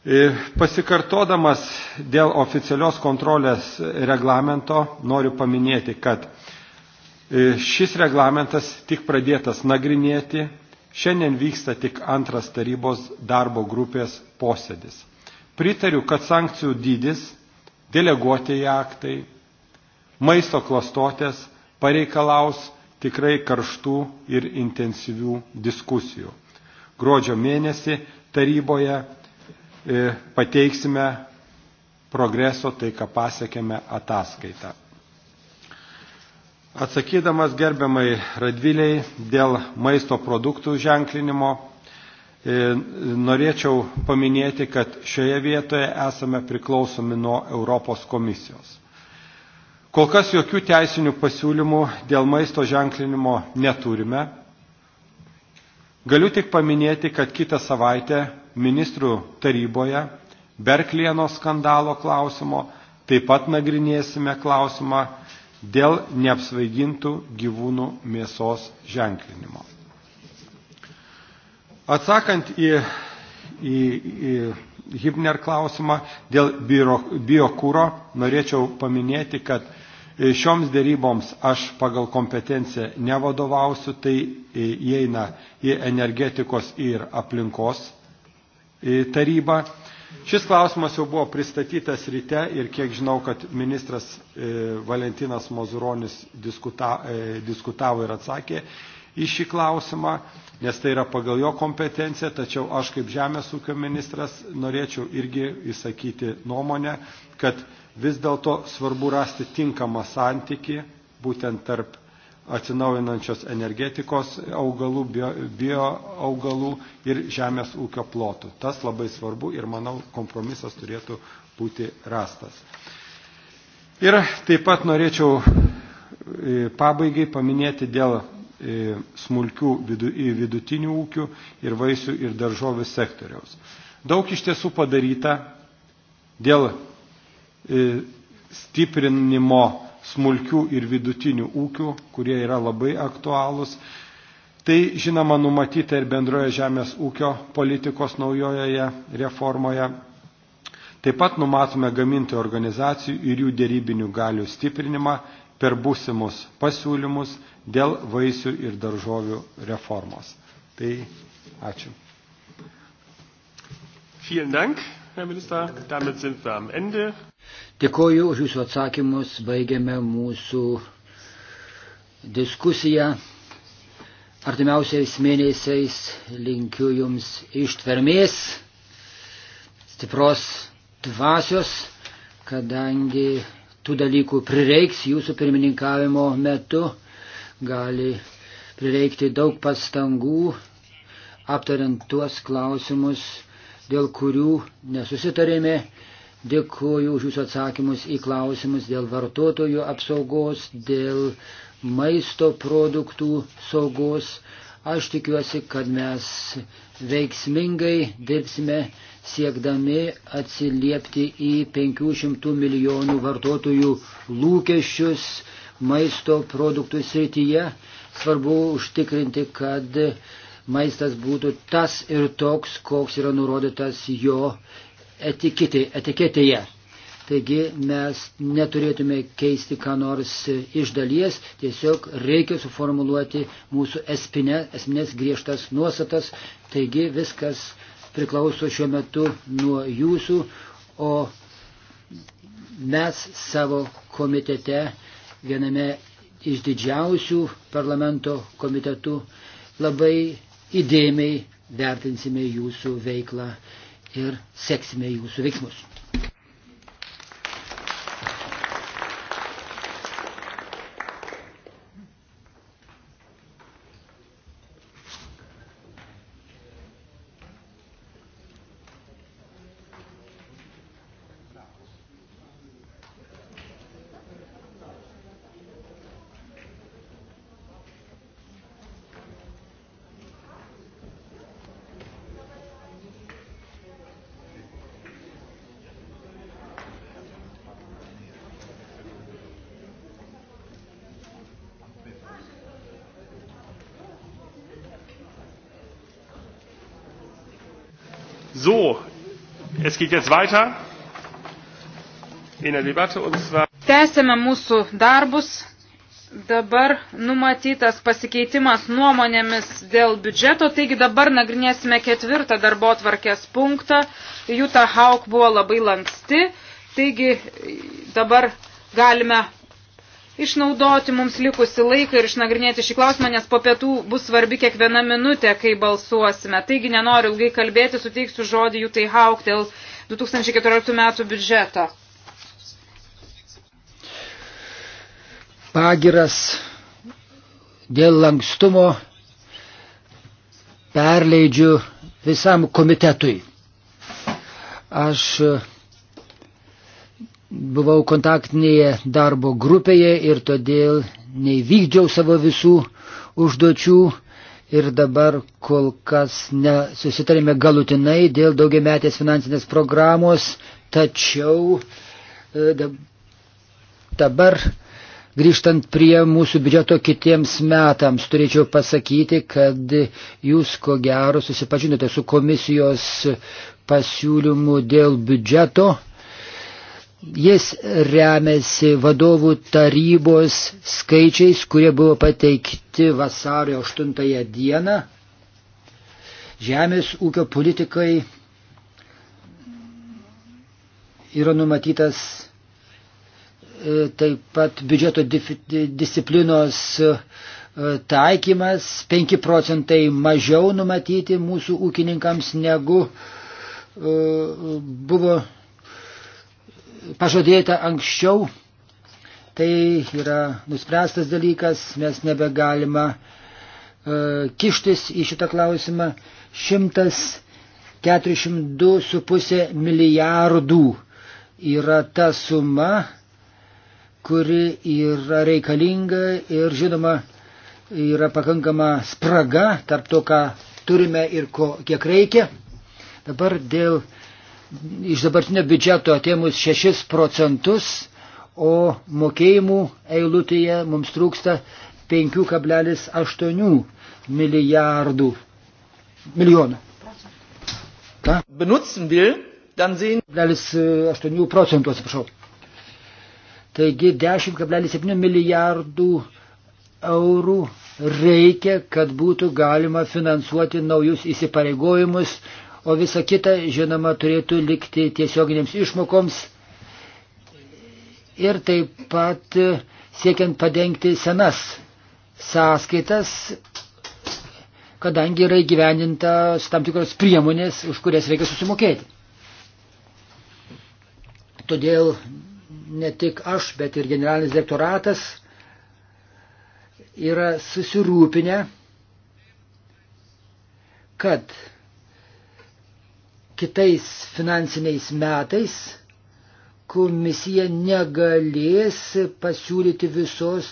Speaker 1: E, pasikartodamas dėl oficialios kontrolės reglamento noriu paminėti, kad E, šis reglamentas tik pradėtas nagrinėti, šiandien vyksta tik antras tarybos darbo grupės posėdis. Pritariu, kad sankcijų dydis, deleguotieji aktai, maisto klastotės pareikalaus tikrai karštų ir intensyvių diskusijų. Gruodžio mėnesį taryboje e, pateiksime progreso tai, ką pasiekėme ataskaitą. Atsakydamas gerbiamai Radviliai dėl maisto produktų ženklinimo, e, norėčiau paminėti, kad šioje vietoje esame priklausomi nuo Europos komisijos. Kol kas jokių teisinių pasiūlymų dėl maisto ženklinimo neturime. Galiu tik paminėti, kad kitą savaitę ministrų taryboje Berklieno skandalo klausimo taip pat nagrinėsime klausimą dėl neapsvaigintų gyvūnų mėsos ženklinimo. Atsakant į, į, į Hibner klausimą dėl biokūro, norėčiau paminėti, kad šioms dėryboms aš pagal kompetenciją nevadovausiu, tai įeina į energetikos ir aplinkos tarybą. Šis klausimas jau buvo pristatytas ryte ir kiek žinau, kad ministras e, Valentinas Mozuronis diskuta, e, diskutavo ir atsakė į šį klausimą, nes tai yra pagal jo kompetenciją, tačiau aš kaip žemės ūkio ministras norėčiau irgi įsakyti nuomonę, kad vis dėlto svarbu rasti tinkamą santyki būtent tarp atsinaujinančios energetikos augalų, bio, bio augalų ir žemės ūkio plotų. Tas labai svarbu ir, manau, kompromisas turėtų būti rastas. Ir taip pat norėčiau e, pabaigai paminėti dėl e, smulkių e, vidutinių ūkių ir vaisių ir daržovių sektoriaus. Daug iš tiesų padaryta dėl stiprinimo smulkių ir vidutinių ūkių, kurie yra labai aktualūs. Tai, žinoma, numatyta ir bendroje žemės ūkio politikos naujoje reformoje. Taip pat numatome gamintojų organizacijų ir jų dėrybinių galių stiprinimą per būsimus pasiūlymus dėl vaisių ir daržovių reformos. Tai ačiū. Vielen Dank.
Speaker 2: Dėkoju už Jūsų atsakymus, baigiame mūsų diskusiją. Artimiausiais mėnesiais linkiu Jums ištvermės, stipros dvasios, kadangi tų dalykų prireiks jūsų pirmininkavimo metu, gali prireikti daug pastangų, aptariant tuos klausimus, dėl kurių nesusitarėme. Dėkuoju už Jūsų atsakymus į klausimus dėl vartotojų apsaugos, dėl maisto produktų saugos. Aš tikiuosi, kad mes veiksmingai dirbsime siekdami atsiliepti į 500 milijonų vartotojų lūkesčius maisto produktų srityje. Svarbu užtikrinti, kad maistas būtų tas ir toks, koks yra nurodytas jo etiketė, etiketėje. Taigi mes neturėtume keisti ką nors iš dalies, tiesiog reikia suformuluoti mūsų espinė, esminės griežtas nuostatas. Taigi viskas priklauso šiuo metu nuo jūsų, o mes savo komitete, viename iš didžiausių parlamento komitetų, labai įdėmiai vertinsime jūsų veiklą ir seksime jūsų veiksmus.
Speaker 7: Es geht jetzt weiter in der Debatte und zwar.
Speaker 4: Tęsime mūsų darbus. Dabar numatytas pasikeitimas nuomonėmis dėl biudžeto, taigi dabar nagrinėsime ketvirtą darbo tvarkės punktą. Juta Hauk buvo labai lanksti, taigi dabar galime išnaudoti mums likusi laiką ir išnagrinėti šį klausimą, nes po pietų bus svarbi kiekviena minutė, kai balsuosime. Taigi nenoriu ilgai kalbėti, suteiksiu žodį Jutai Hauk dėl 2014 metų biudžeto.
Speaker 2: Pagiras dėl lankstumo perleidžiu visam komitetui. Aš e, buvau kontaktinėje darbo grupėje ir todėl neįvykdžiau savo visų užduočių ir dabar kol kas nesusitarėme galutinai dėl daugiametės finansinės programos, tačiau e, dabar grįžtant prie mūsų biudžeto kitiems metams, turėčiau pasakyti, kad jūs ko gero susipažinote su komisijos pasiūlymu dėl biudžeto Jis remiasi vadovų tarybos skaičiais, kurie buvo pateikti vasario 8 dieną. Žemės ūkio politikai yra numatytas e, taip pat biudžeto disciplinos e, taikymas, 5 procentai mažiau numatyti mūsų ūkininkams negu e, buvo pažadėta anksčiau, tai yra nuspręstas dalykas, mes nebegalima e, kištis į šitą klausimą. 142,5 milijardų yra ta suma, kuri yra reikalinga ir žinoma yra pakankama spraga tarp to, ką turime ir ko, kiek reikia. Dabar dėl iš dabartinio biudžeto atėmus 6 procentus, o mokėjimų eilutėje mums trūksta 5,8 milijardų milijonų. Ta? Benutzen will, dann sehen. 8 procentų, atsiprašau. Taigi 10,7 milijardų eurų reikia, kad būtų galima finansuoti naujus įsipareigojimus o visa kita, žinoma, turėtų likti tiesioginėms išmokoms ir taip pat siekiant padengti senas sąskaitas, kadangi yra įgyvendintas tam tikros priemonės, už kurias reikia susimokėti. Todėl ne tik aš, bet ir generalinis direktoratas yra susirūpinę, kad kitais finansiniais metais komisija negalės pasiūlyti visos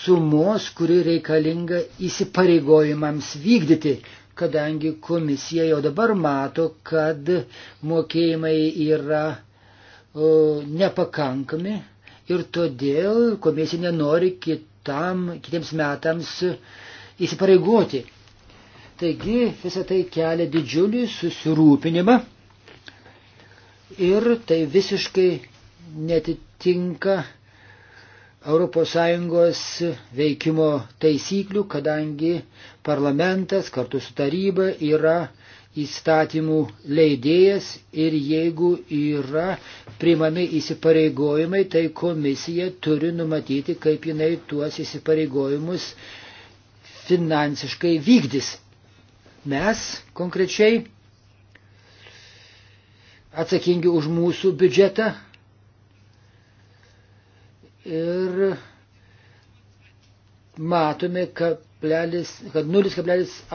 Speaker 2: sumos, kuri reikalinga įsipareigojimams vykdyti, kadangi komisija jau dabar mato, kad mokėjimai yra o, nepakankami ir todėl komisija nenori kitam, kitiems metams įsipareigoti Taigi visą tai kelia didžiulį susirūpinimą ir tai visiškai netitinka ES veikimo taisyklių, kadangi parlamentas kartu su taryba yra įstatymų leidėjas ir jeigu yra primami įsipareigojimai, tai komisija turi numatyti, kaip jinai tuos įsipareigojimus finansiškai vykdys. Mes konkrečiai atsakingi už mūsų biudžetą ir matome, kad 0,82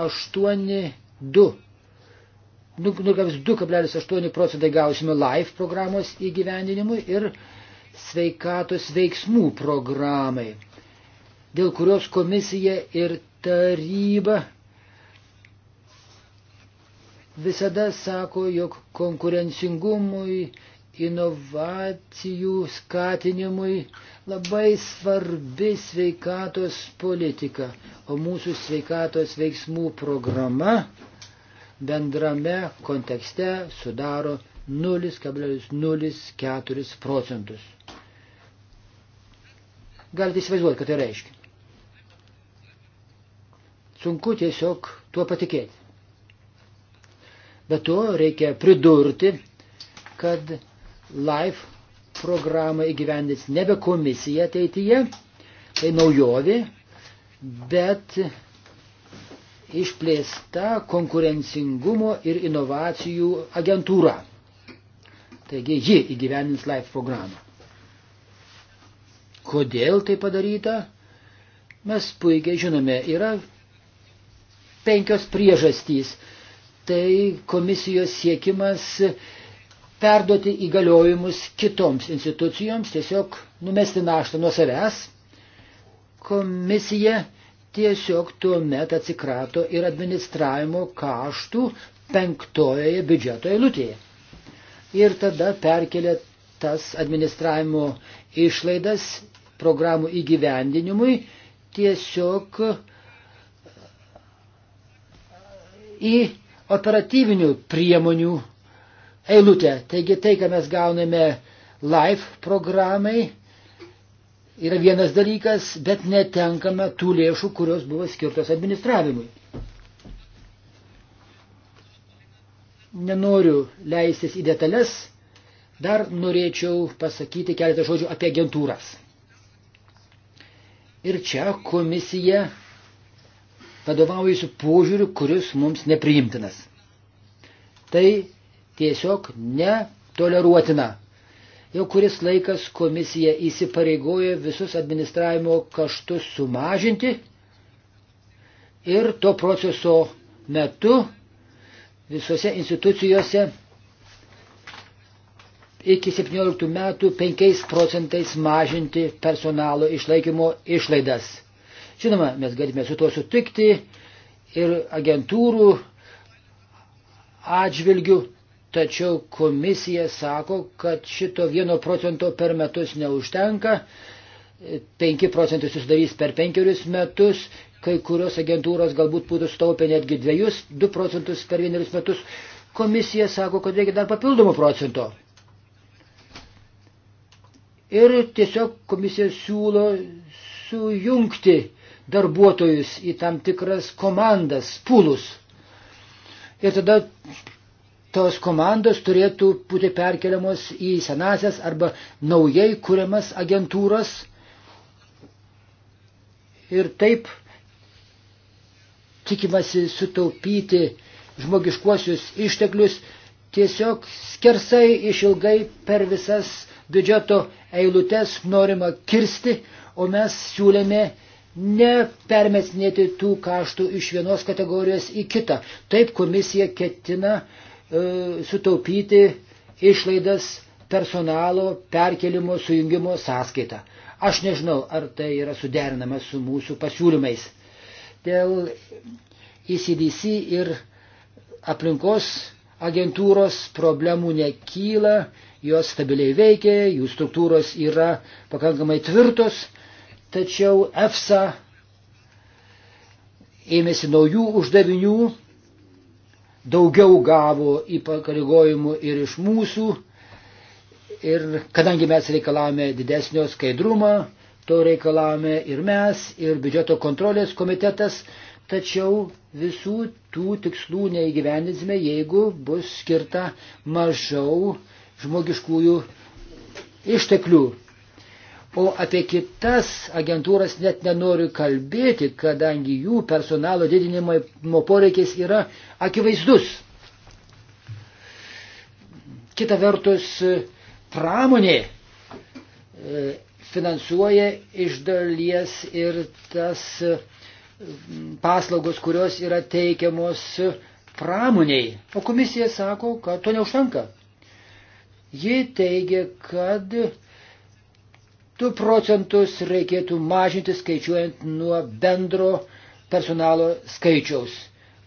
Speaker 2: 0,2,8 nu, procentai gausime LIFE programos įgyvendinimui ir sveikatos veiksmų programai, dėl kurios komisija ir taryba visada sako, jog konkurencingumui, inovacijų skatinimui labai svarbi sveikatos politika, o mūsų sveikatos veiksmų programa bendrame kontekste sudaro 0,04 procentus. Galite įsivaizduoti, ką tai reiškia. Sunku tiesiog tuo patikėti. Bet to reikia pridurti, kad LIFE programą įgyvendins nebe komisija ateityje, tai naujovė, bet išplėsta konkurencingumo ir inovacijų agentūra. Taigi ji įgyvenins LIFE programą. Kodėl tai padaryta? Mes puikiai žinome, yra penkios priežastys tai komisijos siekimas perduoti įgaliojimus kitoms institucijoms, tiesiog numesti naštą nuo savęs. Komisija tiesiog tuo met atsikrato ir administravimo kaštų penktojoje biudžeto eilutėje. Ir tada perkelė tas administravimo išlaidas programų įgyvendinimui tiesiog į operatyvinių priemonių eilutę. Taigi tai, ką mes gauname LIFE programai, yra vienas dalykas, bet netenkame tų lėšų, kurios buvo skirtos administravimui. Nenoriu leistis į detalės, dar norėčiau pasakyti keletą žodžių apie agentūras. Ir čia komisija vadovaujasi požiūriu, kuris mums nepriimtinas. Tai tiesiog netoleruotina. Jau kuris laikas komisija įsipareigoja visus administravimo kaštus sumažinti ir to proceso metu visose institucijose iki 17 metų 5 procentais mažinti personalo išlaikymo išlaidas. Žinoma, mes galime su tuo sutikti ir agentūrų atžvilgių, tačiau komisija sako, kad šito vieno procento per metus neužtenka, 5 procentai susidarys per penkerius metus, kai kurios agentūros galbūt būtų staupę netgi dviejus, 2 procentus per vienerius metus. Komisija sako, kad reikia dar papildomų procento. Ir tiesiog komisija siūlo sujungti darbuotojus į tam tikras komandas, pulus. Ir tada tos komandos turėtų būti perkeliamos į senasias arba naujai kuriamas agentūras. Ir taip tikimasi sutaupyti žmogiškuosius išteklius tiesiog skersai išilgai per visas biudžeto eilutes norima kirsti, o mes siūlėme nepermetinėti tų kaštų iš vienos kategorijos į kitą. Taip komisija ketina e, sutaupyti išlaidas personalo perkelimo sujungimo sąskaitą. Aš nežinau, ar tai yra suderinama su mūsų pasiūlymais. Dėl ECDC ir aplinkos agentūros problemų nekyla, jos stabiliai veikia, jų struktūros yra pakankamai tvirtos tačiau EFSA ėmėsi naujų uždavinių, daugiau gavo įpareigojimų ir iš mūsų, ir kadangi mes reikalavome didesnio skaidrumo, to reikalavome ir mes, ir biudžeto kontrolės komitetas, tačiau visų tų tikslų neįgyvendinsime, jeigu bus skirta mažiau žmogiškųjų išteklių. O apie kitas agentūras net nenoriu kalbėti, kadangi jų personalo didinimo poreikis yra akivaizdus. Kita vertus, pramonė e, finansuoja iš dalies ir tas e, paslaugos, kurios yra teikiamos pramoniai. O komisija sako, kad to neužtenka. Ji teigia, kad 2 procentus reikėtų mažinti skaičiuojant nuo bendro personalo skaičiaus.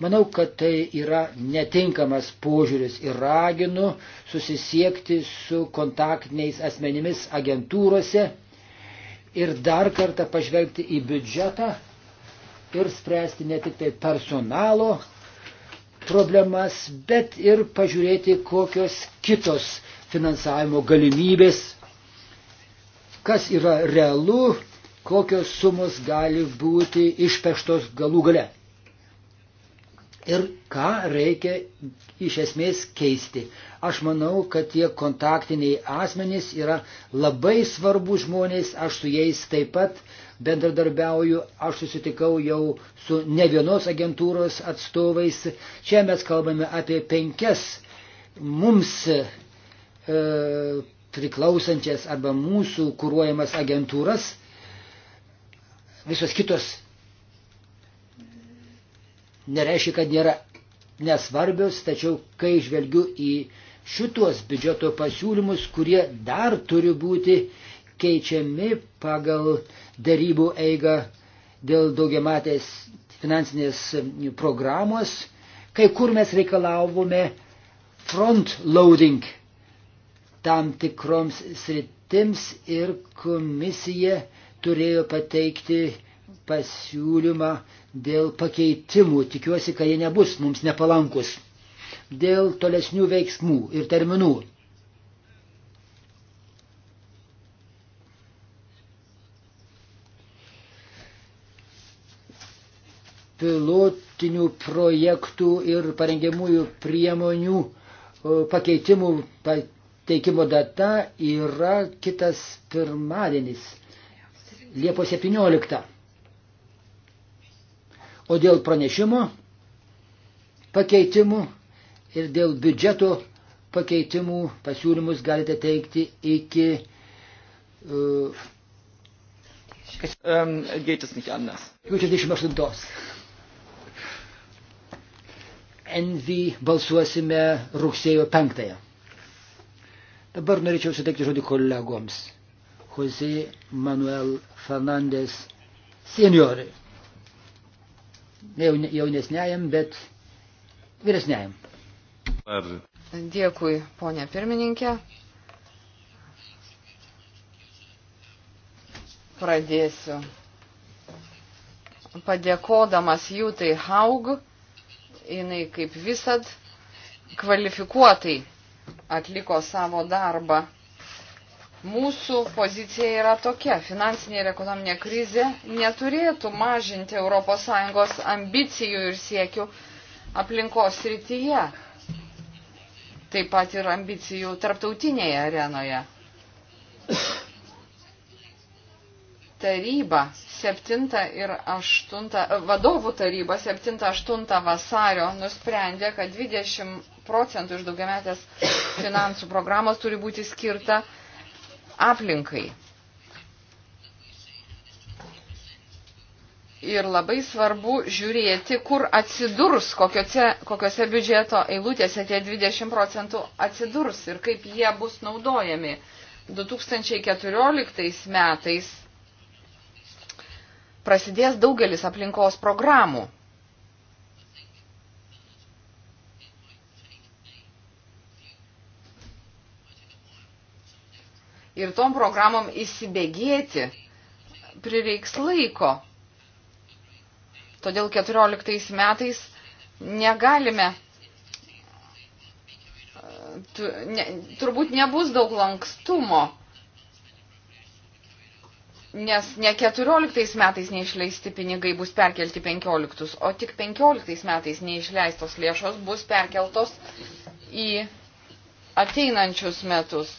Speaker 2: Manau, kad tai yra netinkamas požiūris ir raginu susisiekti su kontaktiniais asmenimis agentūrose ir dar kartą pažvelgti į biudžetą ir spręsti ne tik tai personalo problemas, bet ir pažiūrėti, kokios kitos finansavimo galimybės kas yra realu, kokios sumos gali būti išpeštos galų gale. Ir ką reikia iš esmės keisti. Aš manau, kad tie kontaktiniai asmenys yra labai svarbus žmonės, aš su jais taip pat bendradarbiauju, aš susitikau jau su ne vienos agentūros atstovais. Čia mes kalbame apie penkias mums e, priklausančias arba mūsų kūruojamas agentūras, visos kitos nereiškia, kad nėra nesvarbios, tačiau kai žvelgiu į šitos biudžeto pasiūlymus, kurie dar turi būti keičiami pagal darybų eigą dėl daugiamatės finansinės programos, kai kur mes reikalavome front loading tam tikroms sritims ir komisija turėjo pateikti pasiūlymą dėl pakeitimų. Tikiuosi, kad jie nebus mums nepalankus. Dėl tolesnių veiksmų ir terminų. pilotinių projektų ir parengiamųjų priemonių pakeitimų teikimo data yra kitas pirmadienis, Liepos 17. O dėl pranešimo pakeitimų ir dėl biudžeto pakeitimų pasiūlymus galite teikti iki. Uh,
Speaker 3: um, geht es nicht anders.
Speaker 2: Rūpiučio 28. Envy balsuosime rugsėjo 5. Dabar norėčiau suteikti žodį kolegoms. Jose Manuel Fernandez seniorai. Ne jaunesniajam, bet vyresniajam.
Speaker 5: Dėkui, ponė pirmininkė. Pradėsiu. Padėkodamas Jūtai Haug, jinai kaip visad kvalifikuotai atliko savo darbą. Mūsų pozicija yra tokia. Finansinė ir ekonominė krizė neturėtų mažinti ES ambicijų ir siekių aplinkos srityje. Taip pat ir ambicijų tarptautinėje arenoje. Taryba 7 ir 8, vadovų taryba 7-8 vasario nusprendė, kad 20 procentų iš daugiametės finansų programos turi būti skirta aplinkai. Ir labai svarbu žiūrėti, kur atsidurs, kokiuose, kokiuose biudžeto eilutėse tie 20 procentų atsidurs ir kaip jie bus naudojami. 2014 metais prasidės daugelis aplinkos programų. ir tom programom įsibėgėti prireiks laiko. Todėl 14 metais negalime, tu, ne, turbūt nebus daug lankstumo, nes ne 14 metais neišleisti pinigai bus perkelti 15, o tik 15 metais neišleistos lėšos bus perkeltos į ateinančius metus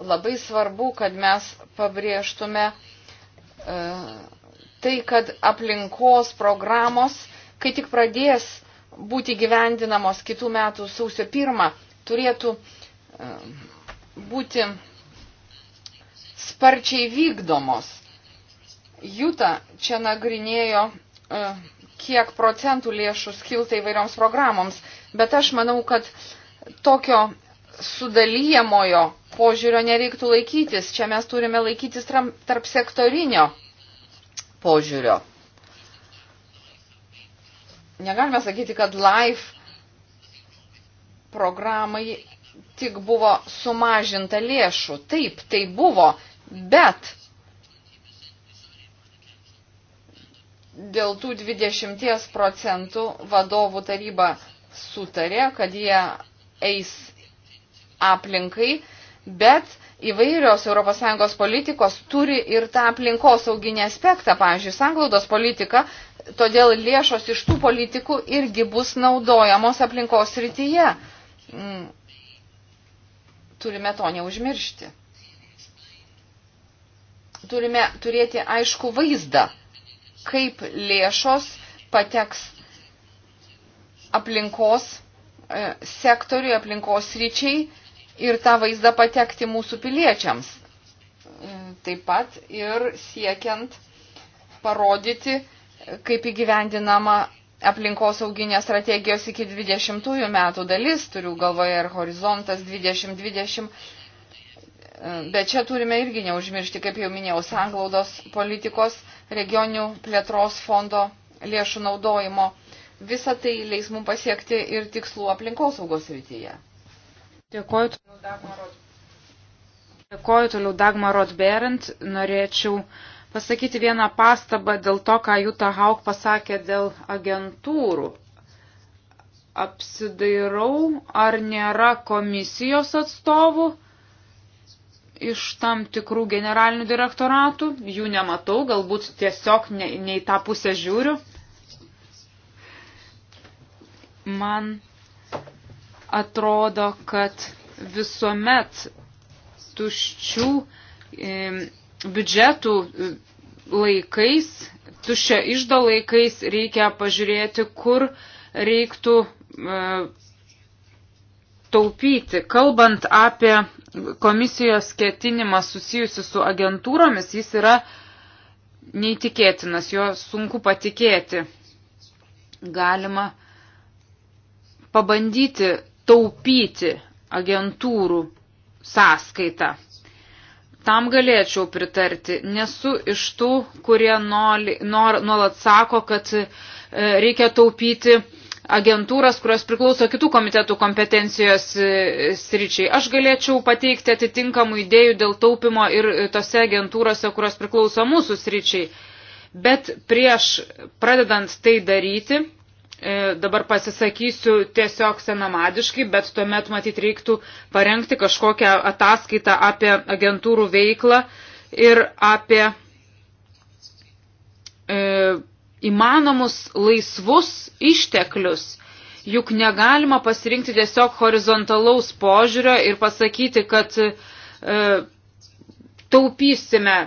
Speaker 5: labai svarbu, kad mes pabrėžtume e, tai, kad aplinkos programos, kai tik pradės būti gyvendinamos kitų metų sausio pirmą, turėtų e, būti sparčiai vykdomos. Juta čia nagrinėjo, e, kiek procentų lėšų skilta įvairioms programoms, bet aš manau, kad tokio sudalyjamojo požiūrio nereiktų laikytis. Čia mes turime laikytis tarp sektorinio požiūrio. Negalime sakyti, kad LIFE programai tik buvo sumažinta lėšų. Taip, tai buvo, bet dėl tų 20 procentų vadovų taryba sutarė, kad jie eis aplinkai, bet įvairios ES politikos turi ir tą aplinkos auginį aspektą, pavyzdžiui, sanglaudos politika, todėl lėšos iš tų politikų irgi bus naudojamos aplinkos rytyje. Mm. Turime to neužmiršti. Turime turėti aišku vaizdą, kaip lėšos pateks aplinkos e, sektoriui, aplinkos ryčiai ir tą vaizdą patekti mūsų piliečiams. Taip pat ir siekiant parodyti, kaip įgyvendinama aplinkosauginės strategijos iki 20 metų dalis, turiu galvoje ir horizontas 2020, bet čia turime irgi neužmiršti, kaip jau minėjau, sanglaudos politikos, regionių plėtros fondo lėšų naudojimo. Visa tai leis mums pasiekti ir tikslų aplinkosaugos rytyje. Dėkoju toliau Dagmarot.
Speaker 4: Dėkoju toliau Dagmarot Berint. Norėčiau pasakyti vieną pastabą dėl to, ką Juta Hauk pasakė dėl agentūrų. Apsidairau, ar nėra komisijos atstovų iš tam tikrų generalinių direktoratų. Jų nematau, galbūt tiesiog ne, ne į tą pusę žiūriu. Man atrodo, kad visuomet tuščių e, biudžetų laikais, tuščio išdo laikais reikia pažiūrėti, kur reiktų e, taupyti. Kalbant apie komisijos ketinimą susijusi su agentūromis, jis yra neįtikėtinas, jo sunku patikėti. Galima pabandyti taupyti agentūrų sąskaitą. Tam galėčiau pritarti. Nesu iš tų, kurie noli, nor, nuolat sako, kad e, reikia taupyti agentūras, kurios priklauso kitų komitetų kompetencijos e, sričiai. Aš galėčiau pateikti atitinkamų idėjų dėl taupimo ir e, tose agentūrose, kurios priklauso mūsų sričiai. Bet prieš pradedant tai daryti, E, dabar pasisakysiu tiesiog senamadiškai, bet tuomet matyt reiktų parengti kažkokią ataskaitą apie agentūrų veiklą ir apie e, įmanomus laisvus išteklius. Juk negalima pasirinkti tiesiog horizontalaus požiūrio ir pasakyti, kad e, taupysime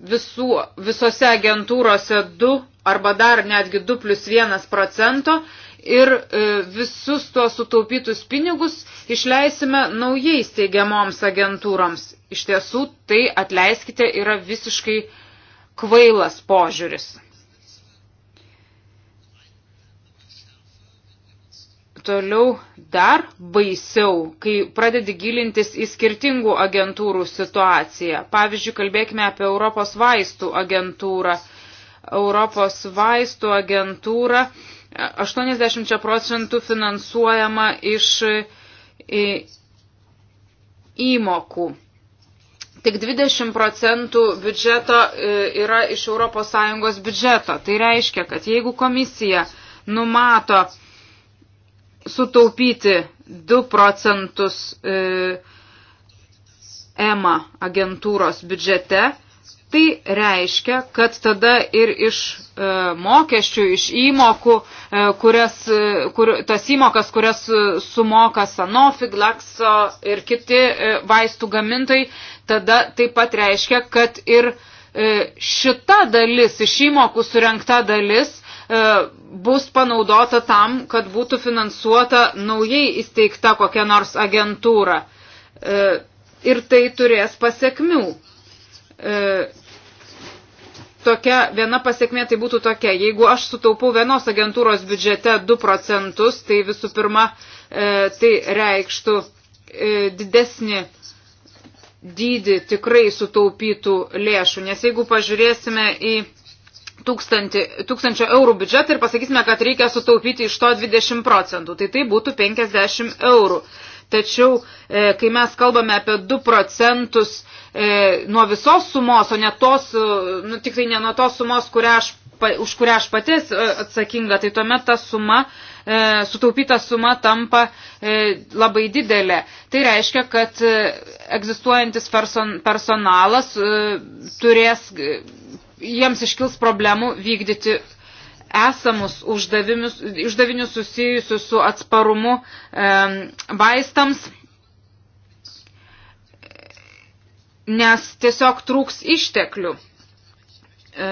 Speaker 4: visų, visose agentūrose 2 arba dar netgi 2 plus 1 procento ir e, visus tuos sutaupytus pinigus išleisime naujai steigiamoms agentūroms. Iš tiesų, tai atleiskite, yra visiškai kvailas požiūris. Toliau dar baisiau, kai pradedi gilintis į skirtingų agentūrų situaciją. Pavyzdžiui, kalbėkime apie Europos vaistų agentūrą Europos vaistų agentūra 80 procentų finansuojama iš įmokų. Tik 20 procentų biudžeto yra iš ES biudžeto. Tai reiškia, kad jeigu komisija numato sutaupyti 2 procentus EMA agentūros biudžete, Tai reiškia, kad tada ir iš e, mokesčių, iš įmokų, e, kurias, e, kur, tas įmokas, kurias e, sumoka Sanofi, Glaxo ir kiti e, vaistų gamintojai, tada taip pat reiškia, kad ir e, šita dalis, iš įmokų surenkta dalis, e, bus panaudota tam, kad būtų finansuota naujai įsteigta kokia nors agentūra. E, ir tai turės pasiekmių. E, tokia viena pasiekmė tai būtų tokia. Jeigu aš sutaupau vienos agentūros biudžete 2 procentus, tai visų pirma, e, tai reikštų e, didesnį dydį tikrai sutaupytų lėšų. Nes jeigu pažiūrėsime į tūkstantį, tūkstančio eurų biudžetą ir pasakysime, kad reikia sutaupyti iš to 20 procentų, tai tai būtų 50 eurų. Tačiau, e, kai mes kalbame apie 2 procentus e, nuo visos sumos, o ne tos, e, nu, tikrai ne nuo tos sumos, kurią aš, už kurią aš pati e, atsakinga, tai tuomet ta suma, e, sutaupyta suma tampa e, labai didelė. Tai reiškia, kad e, egzistuojantis person, personalas e, turės, e, jiems iškils problemų vykdyti esamus uždavinius susijusius su atsparumu e, vaistams nes tiesiog trūks išteklių. E,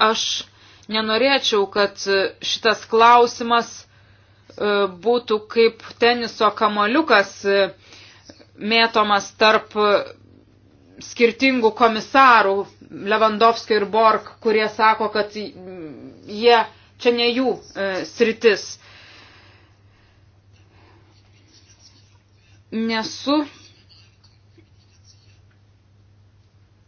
Speaker 4: aš nenorėčiau, kad šitas klausimas e, būtų kaip teniso kamoliukas e, mėtomas tarp skirtingų komisarų Levandovskio ir Borg, kurie sako, kad jie čia ne jų e, sritis. Nesu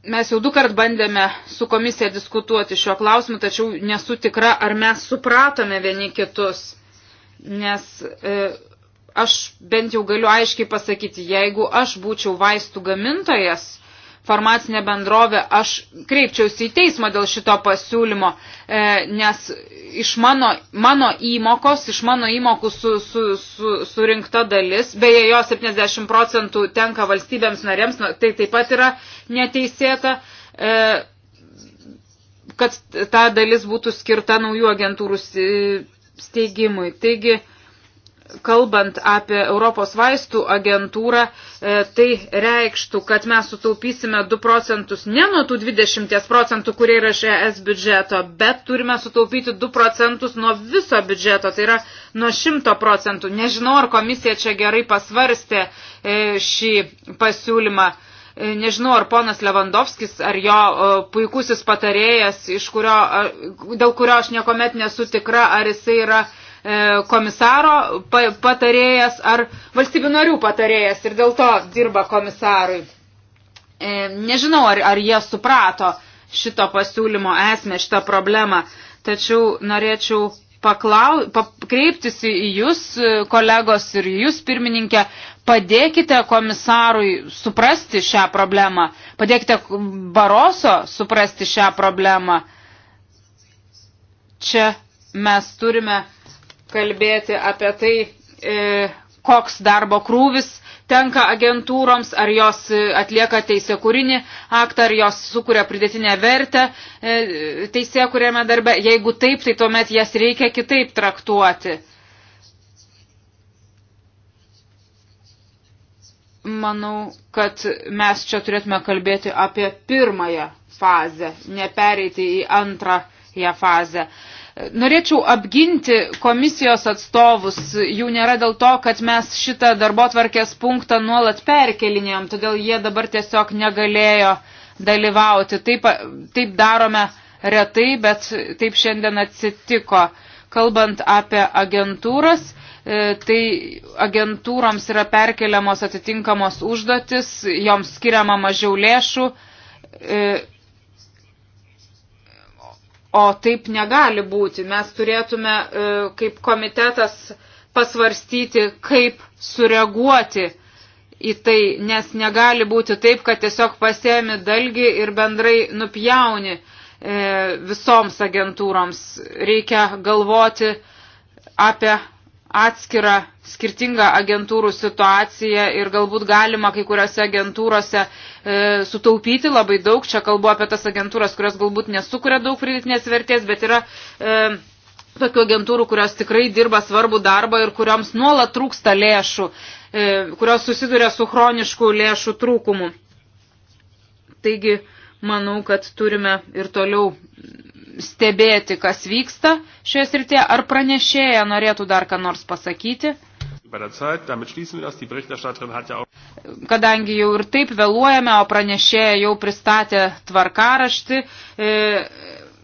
Speaker 4: Mes jau du kart bandėme su komisija diskutuoti šiuo klausimu, tačiau nesu tikra, ar mes supratome vieni kitus. Nes e, aš bent jau galiu aiškiai pasakyti, jeigu aš būčiau vaistų gamintojas, farmacinė bendrovė, aš kreipčiausi į teismą dėl šito pasiūlymo, e, nes iš mano, mano įmokos, iš mano įmokų su, su, su, surinkta dalis, beje, jo 70 procentų tenka valstybėms narėms, tai taip pat yra neteisėta, e, kad ta dalis būtų skirta naujų agentūrų steigimui. Taigi, e, kalbant apie Europos vaistų agentūrą, e, tai reikštų, kad mes sutaupysime 2 procentus ne nuo tų 20 procentų, kurie yra iš ES biudžeto, bet turime sutaupyti 2 procentus nuo viso biudžeto, tai yra nuo 100 procentų. Nežinau, ar komisija čia gerai pasvarstė e, šį pasiūlymą. E, nežinau, ar ponas Levandovskis, ar jo puikusis patarėjas, iš kurio, dėl kurio aš niekuomet nesu tikra, ar jisai yra uh, E, komisaro patarėjas ar valstybių narių patarėjas ir dėl to dirba komisarui. E, nežinau, ar, ar jie suprato šito pasiūlymo esmę, šitą problemą, tačiau norėčiau paklau, kreiptis į jūs, e, kolegos ir jūs, pirmininkė, padėkite komisarui suprasti šią problemą, padėkite Baroso suprasti šią problemą. Čia mes turime kalbėti apie tai, e, koks darbo krūvis tenka agentūroms, ar jos e, atlieka teisėkūrinį aktą, ar jos sukuria pridėtinę vertę e, teisėkūrėme darbe. Jeigu taip, tai tuomet jas reikia kitaip traktuoti. Manau, kad mes čia turėtume kalbėti apie pirmąją fazę, nepereiti į antrą ją fazę. Norėčiau apginti komisijos atstovus, jų nėra dėl to, kad mes šitą darbo tvarkės punktą nuolat perkelinėjom, todėl jie dabar tiesiog negalėjo dalyvauti. Taip, taip darome retai, bet taip šiandien atsitiko. Kalbant apie agentūras, e, tai agentūroms yra perkeliamos atitinkamos užduotis, joms skiriama mažiau lėšų e, O taip negali būti. Mes turėtume e, kaip komitetas pasvarstyti, kaip sureaguoti į tai, nes negali būti taip, kad tiesiog pasėmi dalgi ir bendrai nupjauni e, visoms agentūroms. Reikia galvoti apie atskirą skirtingą agentūrų situaciją ir galbūt galima kai kuriuose agentūrose e, sutaupyti labai daug. Čia kalbu apie tas agentūras, kurios galbūt nesukuria daug pridėtinės vertės, bet yra e, tokių agentūrų, kurios tikrai dirba svarbų darbą ir kurioms nuolat trūksta lėšų, e, kurios susiduria su chronišku lėšų trūkumu. Taigi, manau, kad turime ir toliau stebėti, kas vyksta šioje srityje, ar pranešėja norėtų dar ką nors pasakyti. Kadangi jau ir taip vėluojame, o pranešėja jau pristatė tvarkaraštį, e,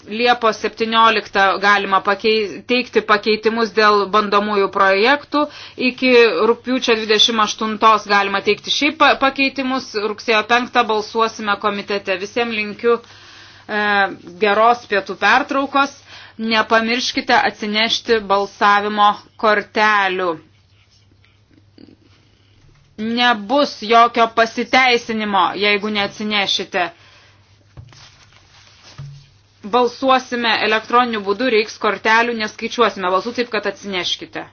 Speaker 4: Liepos 17 galima pakei, teikti pakeitimus dėl bandomųjų projektų, iki rūpiučio 28 galima teikti šiaip pakeitimus, rugsėjo 5 balsuosime komitete. Visiems linkiu E, geros pietų pertraukos. Nepamirškite atsinešti balsavimo kortelių. Nebus jokio pasiteisinimo, jeigu neatsinešite balsuosime elektroniniu būdu, reiks kortelių, neskaičiuosime balsų, taip kad atsineškite.